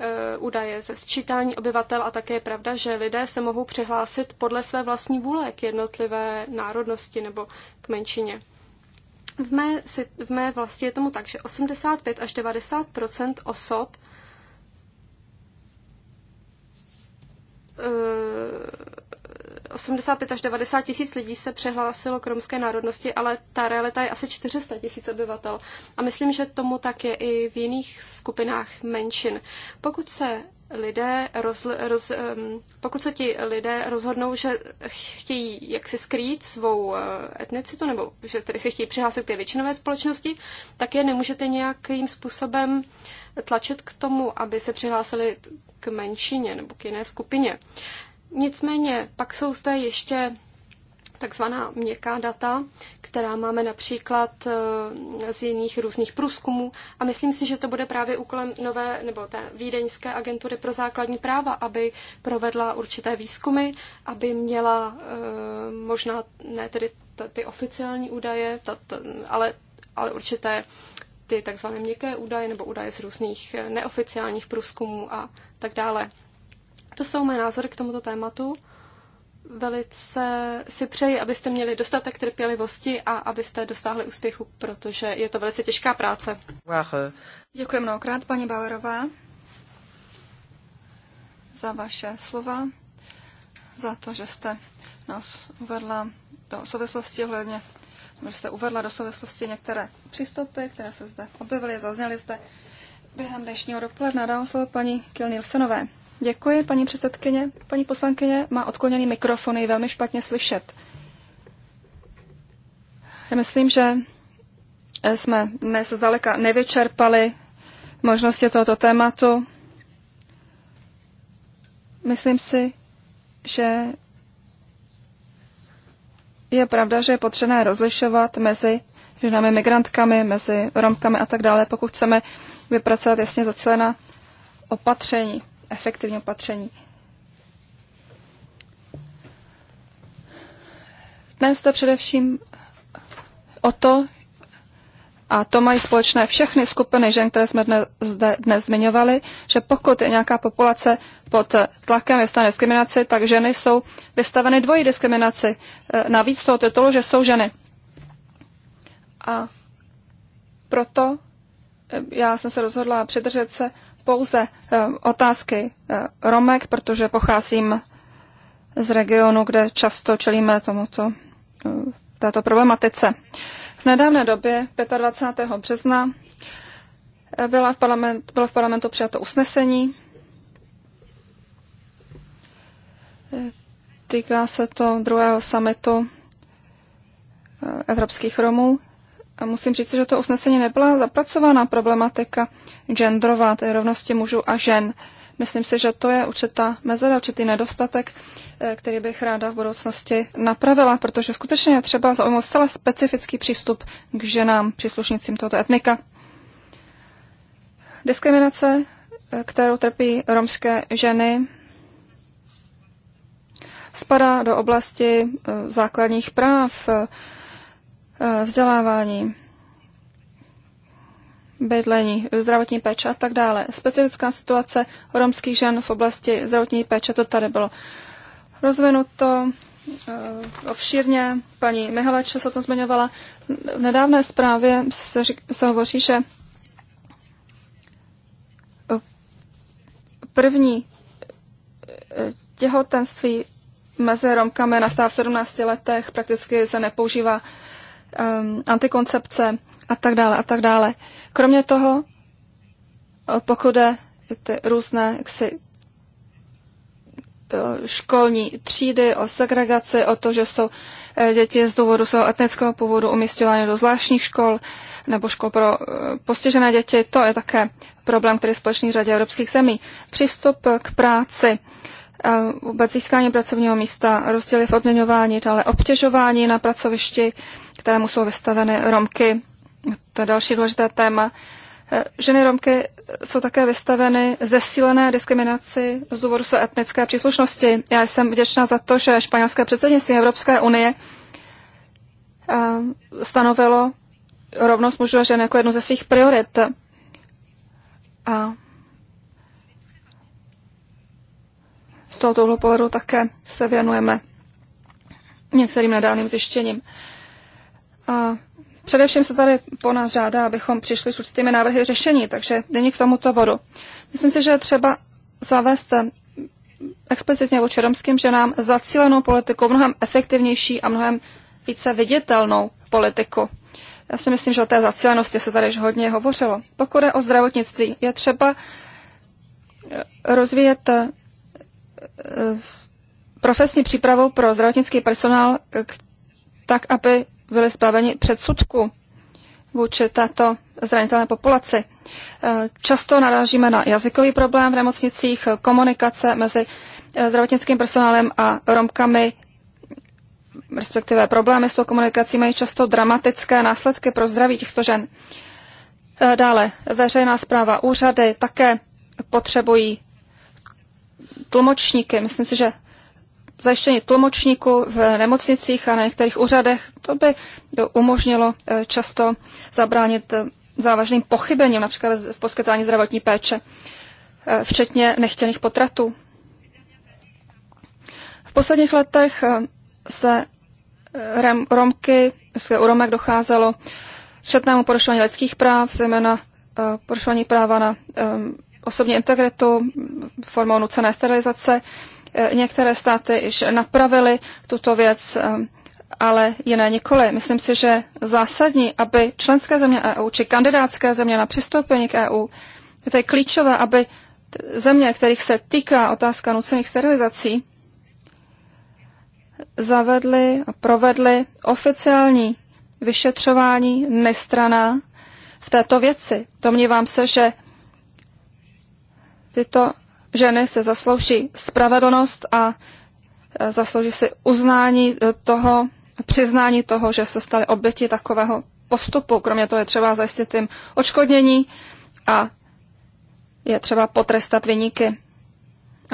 Eh, údaje ze sčítání obyvatel a také je pravda, že lidé se mohou přihlásit podle své vlastní vůle k jednotlivé národnosti nebo k menšině. V mé, v mé vlasti je tomu tak, že 85 až 90 osob eh, 85 až 90 tisíc lidí se přehlásilo k romské národnosti, ale ta realita je asi 400 tisíc obyvatel. A myslím, že tomu tak je i v jiných skupinách menšin. Pokud se lidé roz, roz, pokud se ti lidé rozhodnou, že chtějí jaksi skrýt svou eh, etnicitu, nebo že tedy si chtějí přihlásit k té většinové společnosti, tak je nemůžete nějakým způsobem tlačit k tomu, aby se přihlásili k menšině nebo k jiné skupině. Nicméně pak jsou zde ještě takzvaná měkká data, která máme například eh, z jiných různých průzkumů. A myslím si, že to bude právě úkolem nové nebo té vídeňské agentury pro základní práva, aby provedla určité výzkumy, aby měla eh, možná ne tedy ty oficiální údaje, ale, ale určité ty takzvané měkké údaje nebo údaje z různých eh, neoficiálních průzkumů a tak dále. To jsou mé názory k tomuto tématu. Velice si přeji, abyste měli dostatek trpělivosti a abyste dosáhli úspěchu, protože je to velice těžká práce. Děkuji mnohokrát, paní Bauerová, za vaše slova, za to, že jste nás uvedla do souvislosti hledně že jste uvedla do souvislosti některé přístupy, které se zde objevily, zazněly zde během dnešního dopoledne. Dávám slovo paní Kilnilsenové. Děkuji, paní předsedkyně. Paní poslankyně má odkloněný mikrofon, je velmi špatně slyšet. Já myslím, že eh, jsme dnes zdaleka nevyčerpali možnosti tohoto tématu. Myslím si, že je pravda, že je potřebné rozlišovat mezi ženami migrantkami, mezi romkami a tak dále, pokud chceme vypracovat jasně zacelená opatření efektivní opatření. Dnes jde především o to, a to mají společné všechny skupiny žen, které jsme dnes, zde dnes zmiňovali, že pokud je nějaká populace pod tlakem vystavené diskriminaci, tak ženy jsou vystaveny dvojí diskriminaci. E, navíc toho titulu, že jsou ženy. A proto e, já jsem se rozhodla přidržet se pouze eh, otázky eh, Romek, protože pocházím z regionu, kde často čelíme tomuto, eh, této problematice. V nedávné době, 25. března, byla v parlament, bylo v parlamentu přijato usnesení. Týká se to druhého samitu evropských Romů musím říct, že to usnesení nebyla zapracovaná problematika genderová, té rovnosti mužů a žen. Myslím si, že to je určitá mezera, určitý nedostatek, eh, který bych ráda v budoucnosti napravila, protože skutečně je třeba zaujmout zcela specifický přístup k ženám, příslušnicím tohoto etnika. Diskriminace, eh, kterou trpí romské ženy, spadá do oblasti eh, základních práv, Eh, vzdělávání, bydlení, zdravotní péče a tak dále. Specifická situace romských žen v oblasti zdravotní péče, to tady bylo rozvinuto eh, obšírně. Paní Mihaleče se o tom zmiňovala. V nedávné zprávě se, řík, se hovoří, že první eh, těhotenství mezi Romkami nastává v 17 letech, prakticky se nepoužívá Um, antikoncepce a tak dále a tak dále. Kromě toho, eh, pokud je ty různé jaksi, eh, školní třídy, o segregaci, o to, že jsou eh, děti z důvodu svého etnického původu umístěvány do zvláštních škol nebo škol pro postižené děti, to je také problém, který je společný řadě evropských zemí. Přístup k práci, vůbec získání pracovního místa, rozdíly v odměňování, ale obtěžování na pracovišti, kterému jsou vystaveny Romky. To je další důležité téma. Ženy Romky jsou také vystaveny zesílené diskriminaci z důvodu své etnické příslušnosti. Já jsem vděčná za to, že španělské předsednictví Evropské unie stanovilo rovnost mužů a žen jako jednu ze svých priorit. A z tohoto pohledu také se věnujeme některým nedávným zjištěním. A Především se tady po nás žádá, abychom přišli s určitými návrhy řešení, takže není k tomuto bodu. Myslím si, že je třeba zavést eh, explicitně vůči romským ženám zacílenou politiku, mnohem efektivnější a mnohem více viditelnou politiku. Já si myslím, že o té zacílenosti se tady hodně hovořilo. Pokud je o zdravotnictví, je třeba eh, rozvíjet eh, profesní přípravu pro zdravotnický personál tak, aby byli zbaveni předsudku vůči této zranitelné populaci. Eh, často narážíme na jazykový problém v nemocnicích, komunikace mezi eh, zdravotnickým personálem a Romkami, respektive problémy s tou komunikací mají často dramatické následky pro zdraví těchto žen. Eh, dále veřejná zpráva, úřady také potřebují tlumočníky. Myslím si, že zajištění tlumočníků v nemocnicích a na některých úřadech, to by umožnilo eh, často zabránit eh, závažným pochybením, například v poskytování zdravotní péče, eh, včetně nechtěných potratů. V posledních letech se Romky, u Romek docházelo četnému porušování lidských práv, zejména porušování práva na osobní integritu formou nucené sterilizace. Eh, některé státy již napravily tuto věc, eh, ale jiné nikoli. Myslím si, že zásadní, aby členské země EU či kandidátské země na přistoupení k EU, to klíčové, aby země, kterých se týká otázka nucených sterilizací, zavedly a provedly oficiální vyšetřování nestraná v této věci. Domnívám se, že tyto ženy se zaslouží spravedlnost a e, zaslouží si uznání e, toho, přiznání toho, že se staly oběti takového postupu. Kromě toho je třeba zajistit jim očkodnění a je třeba potrestat vyníky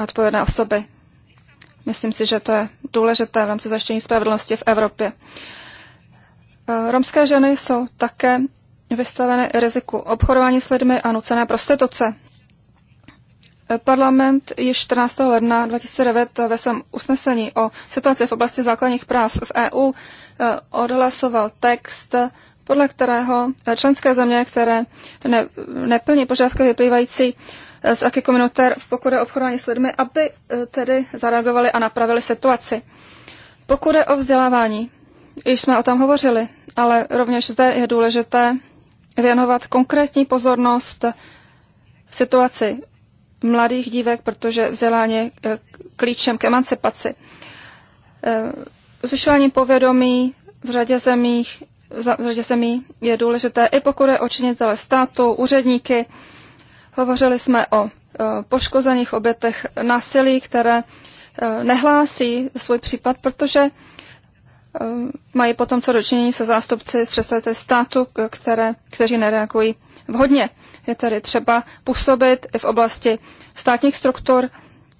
odpovědné osoby. Myslím si, že to je důležité v rámci zajištění spravedlnosti v Evropě. E, romské ženy jsou také vystaveny riziku obchodování s lidmi a nucené prostituce. Parlament již 14. ledna 2009 ve svém usnesení o situaci v oblasti základních práv v EU eh, odhlasoval text, podle kterého členské země, které ne, neplní požadavky vyplývající eh, z aky komunitér v pokude obchodování s lidmi, aby eh, tedy zareagovali a napravili situaci. Pokud je o vzdělávání, již jsme o tom hovořili, ale rovněž zde je důležité věnovat konkrétní pozornost situaci mladých dívek, protože vzdělání je eh, klíčem k emancipaci. Eh, zvyšování povědomí v řadě zemích v řadě zemí je důležité i pokud je očinitele státu, úředníky. Hovořili jsme o eh, poškozených obětech násilí, které nehlásí svůj případ, protože mají potom co dočinění se zástupci z představitelů státu, které, kteří nereagují vhodně. Je tady třeba působit i v oblasti státních struktur,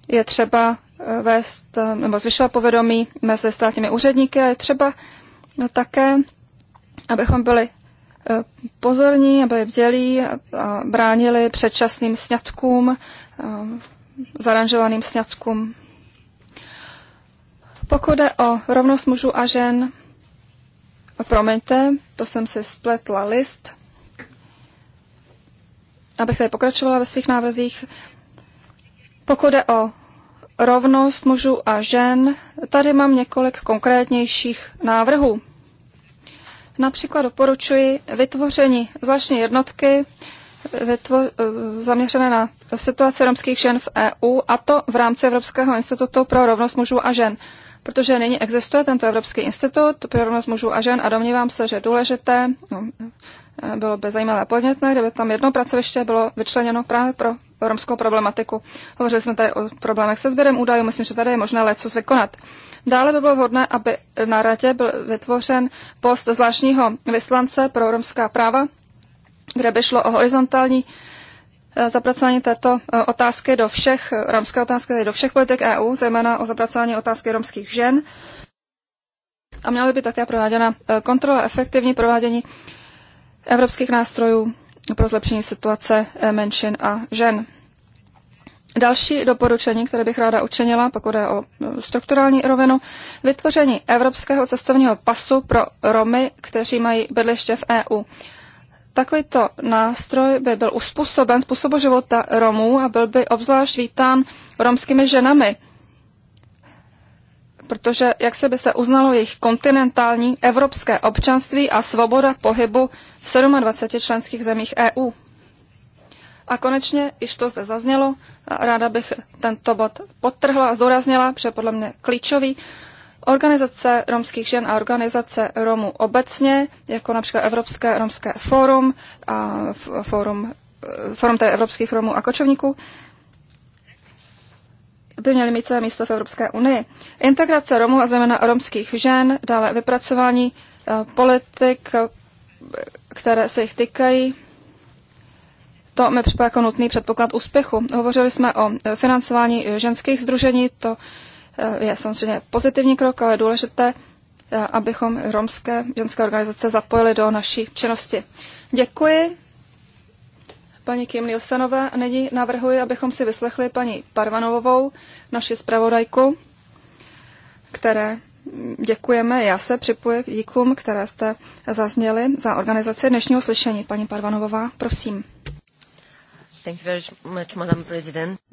je třeba eh, vést eh, nebo zvyšovat povědomí mezi státními úředníky a je třeba no, také, abychom byli eh, pozorní, aby vdělí a bránili předčasným sňatkům, zaranžovaným sňatkům. Pokud jde o rovnost mužů a žen, promiňte, to jsem si spletla list – abych tady pokračovala ve svých návrzích. Pokud jde o rovnost mužů a žen, tady mám několik konkrétnějších návrhů. Například doporučuji vytvoření zvláštní jednotky vytvo- zaměřené na situaci romských žen v EU, a to v rámci Evropského institutu pro rovnost mužů a žen. Protože nyní existuje tento Evropský institut pro rovnost mužů a žen a domnívám se, že je důležité, no, Eh, bylo by zajímavé a podnětné, kdyby tam jedno pracoviště bylo vyčleněno právě pro romskou problematiku. Hovořili jsme tady o problémech se sběrem údajů, myslím, že tady je možné lecos vykonat. Dále by bylo vhodné, aby na radě byl vytvořen post zvláštního vyslance pro romská práva, kde by šlo o horizontální eh, zapracování této eh, otázky do všech, romské otázky do všech politik EU, zejména o zapracování otázky romských žen. A měla by být také prováděna kontrola efektivní provádění evropských nástrojů pro zlepšení situace eh, menšin a žen. Další doporučení, které bych ráda učinila, pokud je o eh, strukturální rovinu, vytvoření evropského cestovního pasu pro Romy, kteří mají bydliště v EU. Takovýto nástroj by byl uspůsoben způsobu života Romů a byl by obzvlášť vítán romskými ženami, protože jak se by se uznalo jejich kontinentální evropské občanství a svoboda pohybu v 27 členských zemích EU. A konečně, již to zde zaznělo, ráda bych tento bod podtrhla a zdůraznila, protože podle mě klíčový. Organizace romských žen a organizace Romů obecně, jako například Evropské romské fórum a fórum, eh, fórum té evropských Romů a kočovníků, by měly mít své místo v Evropské unii. Integrace Romů a zejména romských žen, dále vypracování eh, politik, eh, které se jich týkají, to mi připadá jako nutný předpoklad úspěchu. Hovořili jsme o eh, financování ženských združení, to je samozřejmě pozitivní krok, ale důležité, abychom romské ženské organizace zapojili do naší činnosti. Děkuji paní Kim Nilsenové. Nyní navrhuji, abychom si vyslechli paní Parvanovou, naši zpravodajku, které mm, děkujeme. Já se připojuji k díkům, které jste zazněli za organizaci dnešního slyšení. Paní Parvanovová, prosím.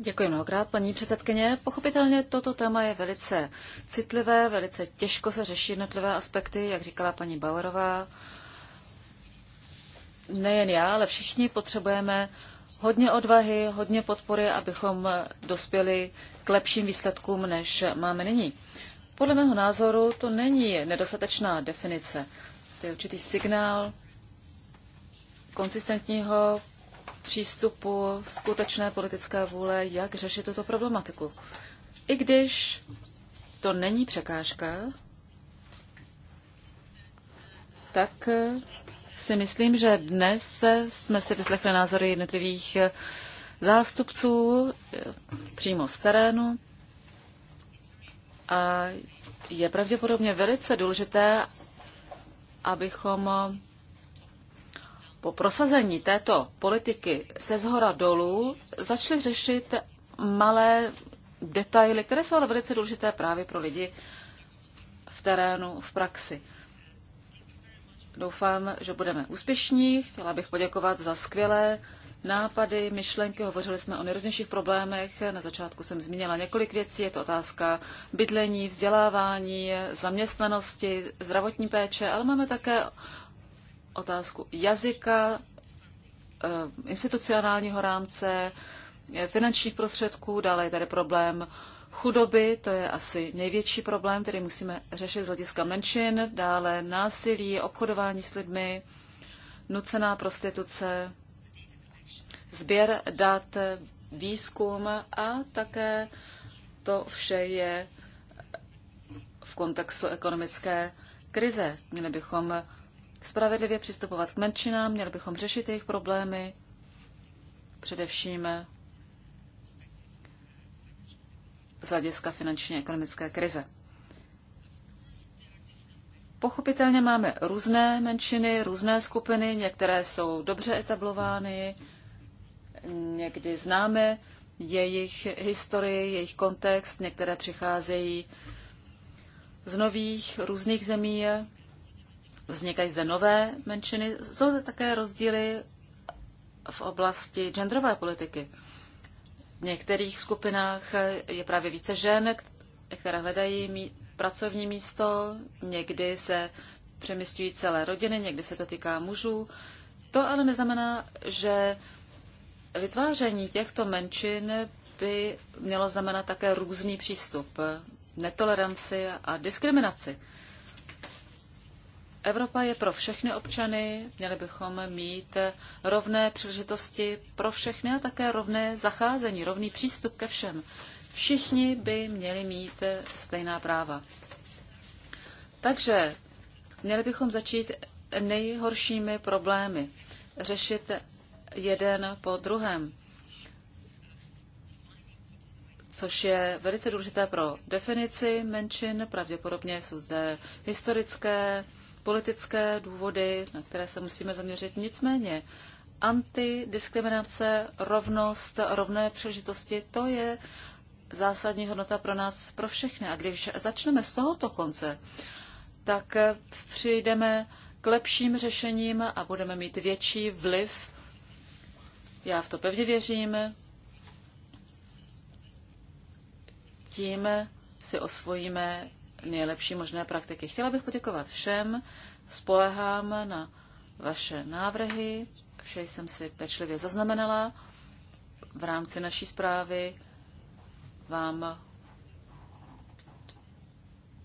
Děkuji mnohokrát, paní předsedkyně. Pochopitelně toto téma je velice citlivé, velice těžko se řeší jednotlivé aspekty, jak říkala paní Bauerová nejen já, ale všichni potřebujeme hodně odvahy, hodně podpory, abychom dospěli k lepším výsledkům, než máme nyní. Podle mého názoru to není nedostatečná definice. To je určitý signál konsistentního přístupu, skutečné politické vůle, jak řešit tuto problematiku. I když to není překážka, tak si myslím, že dnes jsme si vyslechli názory jednotlivých zástupců eh, přímo z terénu a je pravděpodobně velice důležité, abychom po prosazení této politiky se zhora dolů začali řešit malé detaily, které jsou ale velice důležité právě pro lidi v terénu, v praxi. Doufám, že budeme úspěšní. Chtěla bych poděkovat za skvělé nápady, myšlenky. Hovořili jsme o nejrůznějších problémech. Na začátku jsem zmínila několik věcí. Je to otázka bydlení, vzdělávání, zaměstnanosti, zdravotní péče, ale máme také otázku jazyka, eh, institucionálního rámce, eh, finančních prostředků, dále je tady problém chudoby, to je asi největší problém, který musíme řešit z hlediska menšin, dále násilí, obchodování s lidmi, nucená prostituce, sběr dat, výzkum a také to vše je v kontextu ekonomické krize. Měli bychom spravedlivě přistupovat k menšinám, měli bychom řešit jejich problémy, především z hlediska finanční a ekonomické krize. Pochopitelně máme různé menšiny, různé skupiny, některé jsou dobře etablovány, někdy známe jejich historii, jejich kontext, některé přicházejí z nových různých zemí, vznikají zde nové menšiny. Jsou zde také rozdíly v oblasti genderové politiky. V některých skupinách je právě více žen, které hledají pracovní místo, někdy se přemysťují celé rodiny, někdy se to týká mužů. To ale neznamená, že vytváření těchto menšin by mělo znamenat také různý přístup, netoleranci a diskriminaci. Evropa je pro všechny občany, měli bychom mít rovné příležitosti pro všechny a také rovné zacházení, rovný přístup ke všem. Všichni by měli mít stejná práva. Takže měli bychom začít nejhoršími problémy, řešit jeden po druhém, což je velice důležité pro definici menšin. Pravděpodobně jsou zde historické politické důvody, na které se musíme zaměřit. Nicméně antidiskriminace, rovnost, rovné příležitosti, to je zásadní hodnota pro nás, pro všechny. A když začneme z tohoto konce, tak přijdeme k lepším řešením a budeme mít větší vliv. Já v to pevně věřím. Tím si osvojíme nejlepší možné praktiky. Chtěla bych poděkovat všem, spolehám na vaše návrhy, vše jsem si pečlivě zaznamenala. V rámci naší zprávy vám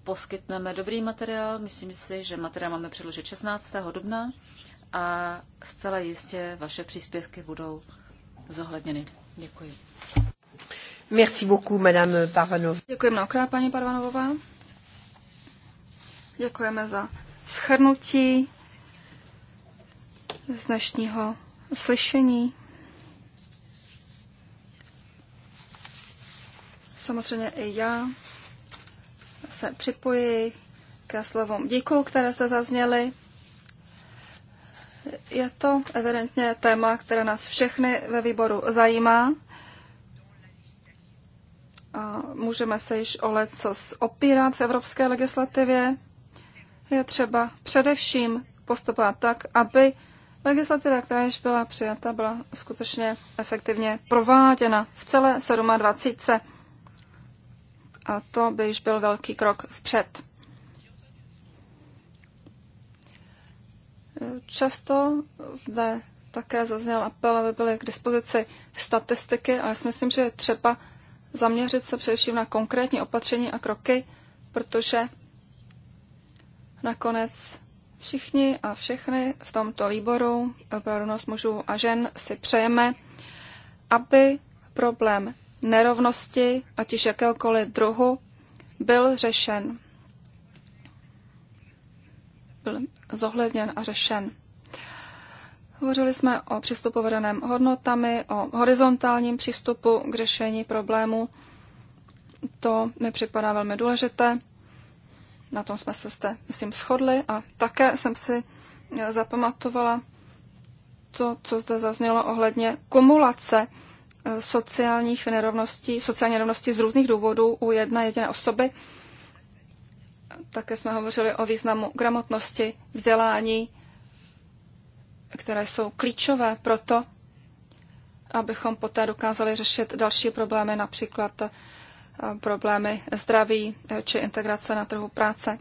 poskytneme dobrý materiál. Myslím si, že materiál máme předložit 16. dubna a zcela jistě vaše příspěvky budou zohledněny. Děkuji. Merci beaucoup, madame Parvanova. Děkuji mnohokrát, paní Parvanovová. Děkujeme za schrnutí z dnešního slyšení. Samozřejmě i já se připoji k slovům díku, které jste zazněly. Je to evidentně téma, které nás všechny ve výboru zajímá. A můžeme se již o leco opírat v evropské legislativě je třeba především postupovat tak, aby legislativa, která již byla přijata, byla skutečně efektivně prováděna v celé 27. A to by již byl velký krok vpřed. Často zde také zazněl apel, aby byly k dispozici statistiky, ale já si myslím, že je třeba zaměřit se především na konkrétní opatření a kroky, protože Nakonec všichni a všechny v tomto výboru pro rovnost mužů a žen si přejeme, aby problém nerovnosti, ať už jakéhokoliv druhu, byl řešen. Byl zohledněn a řešen. Hovořili jsme o přístupu vedeném hodnotami, o horizontálním přístupu k řešení problému. To mi připadá velmi důležité na tom jsme se zde, myslím, shodli a také jsem si eh, zapamatovala to, co zde zaznělo ohledně kumulace eh, sociálních nerovností, sociální nerovností z různých důvodů u jedné jediné osoby. Také jsme hovořili o významu gramotnosti, vzdělání, které jsou klíčové pro to, abychom poté dokázali řešit další problémy, například eh, problémy zdraví či integrace na trhu práce.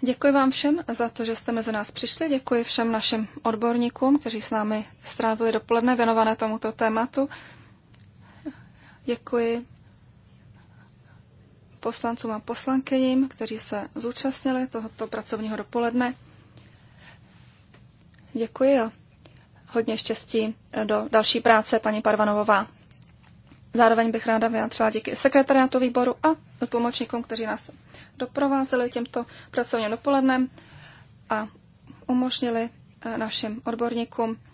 Děkuji vám všem za to, že jste mezi nás přišli. Děkuji všem našim odborníkům, kteří s námi strávili dopoledne věnované tomuto tématu. Děkuji poslancům a poslankyním, kteří se zúčastnili tohoto pracovního dopoledne. Děkuji a hodně štěstí do další práce, paní Parvanovová. Zároveň bych ráda vyjádřila díky sekretariátu výboru a tlumočníkům, kteří nás doprovázeli těmto pracovním dopolednem a umožnili eh, našim odborníkům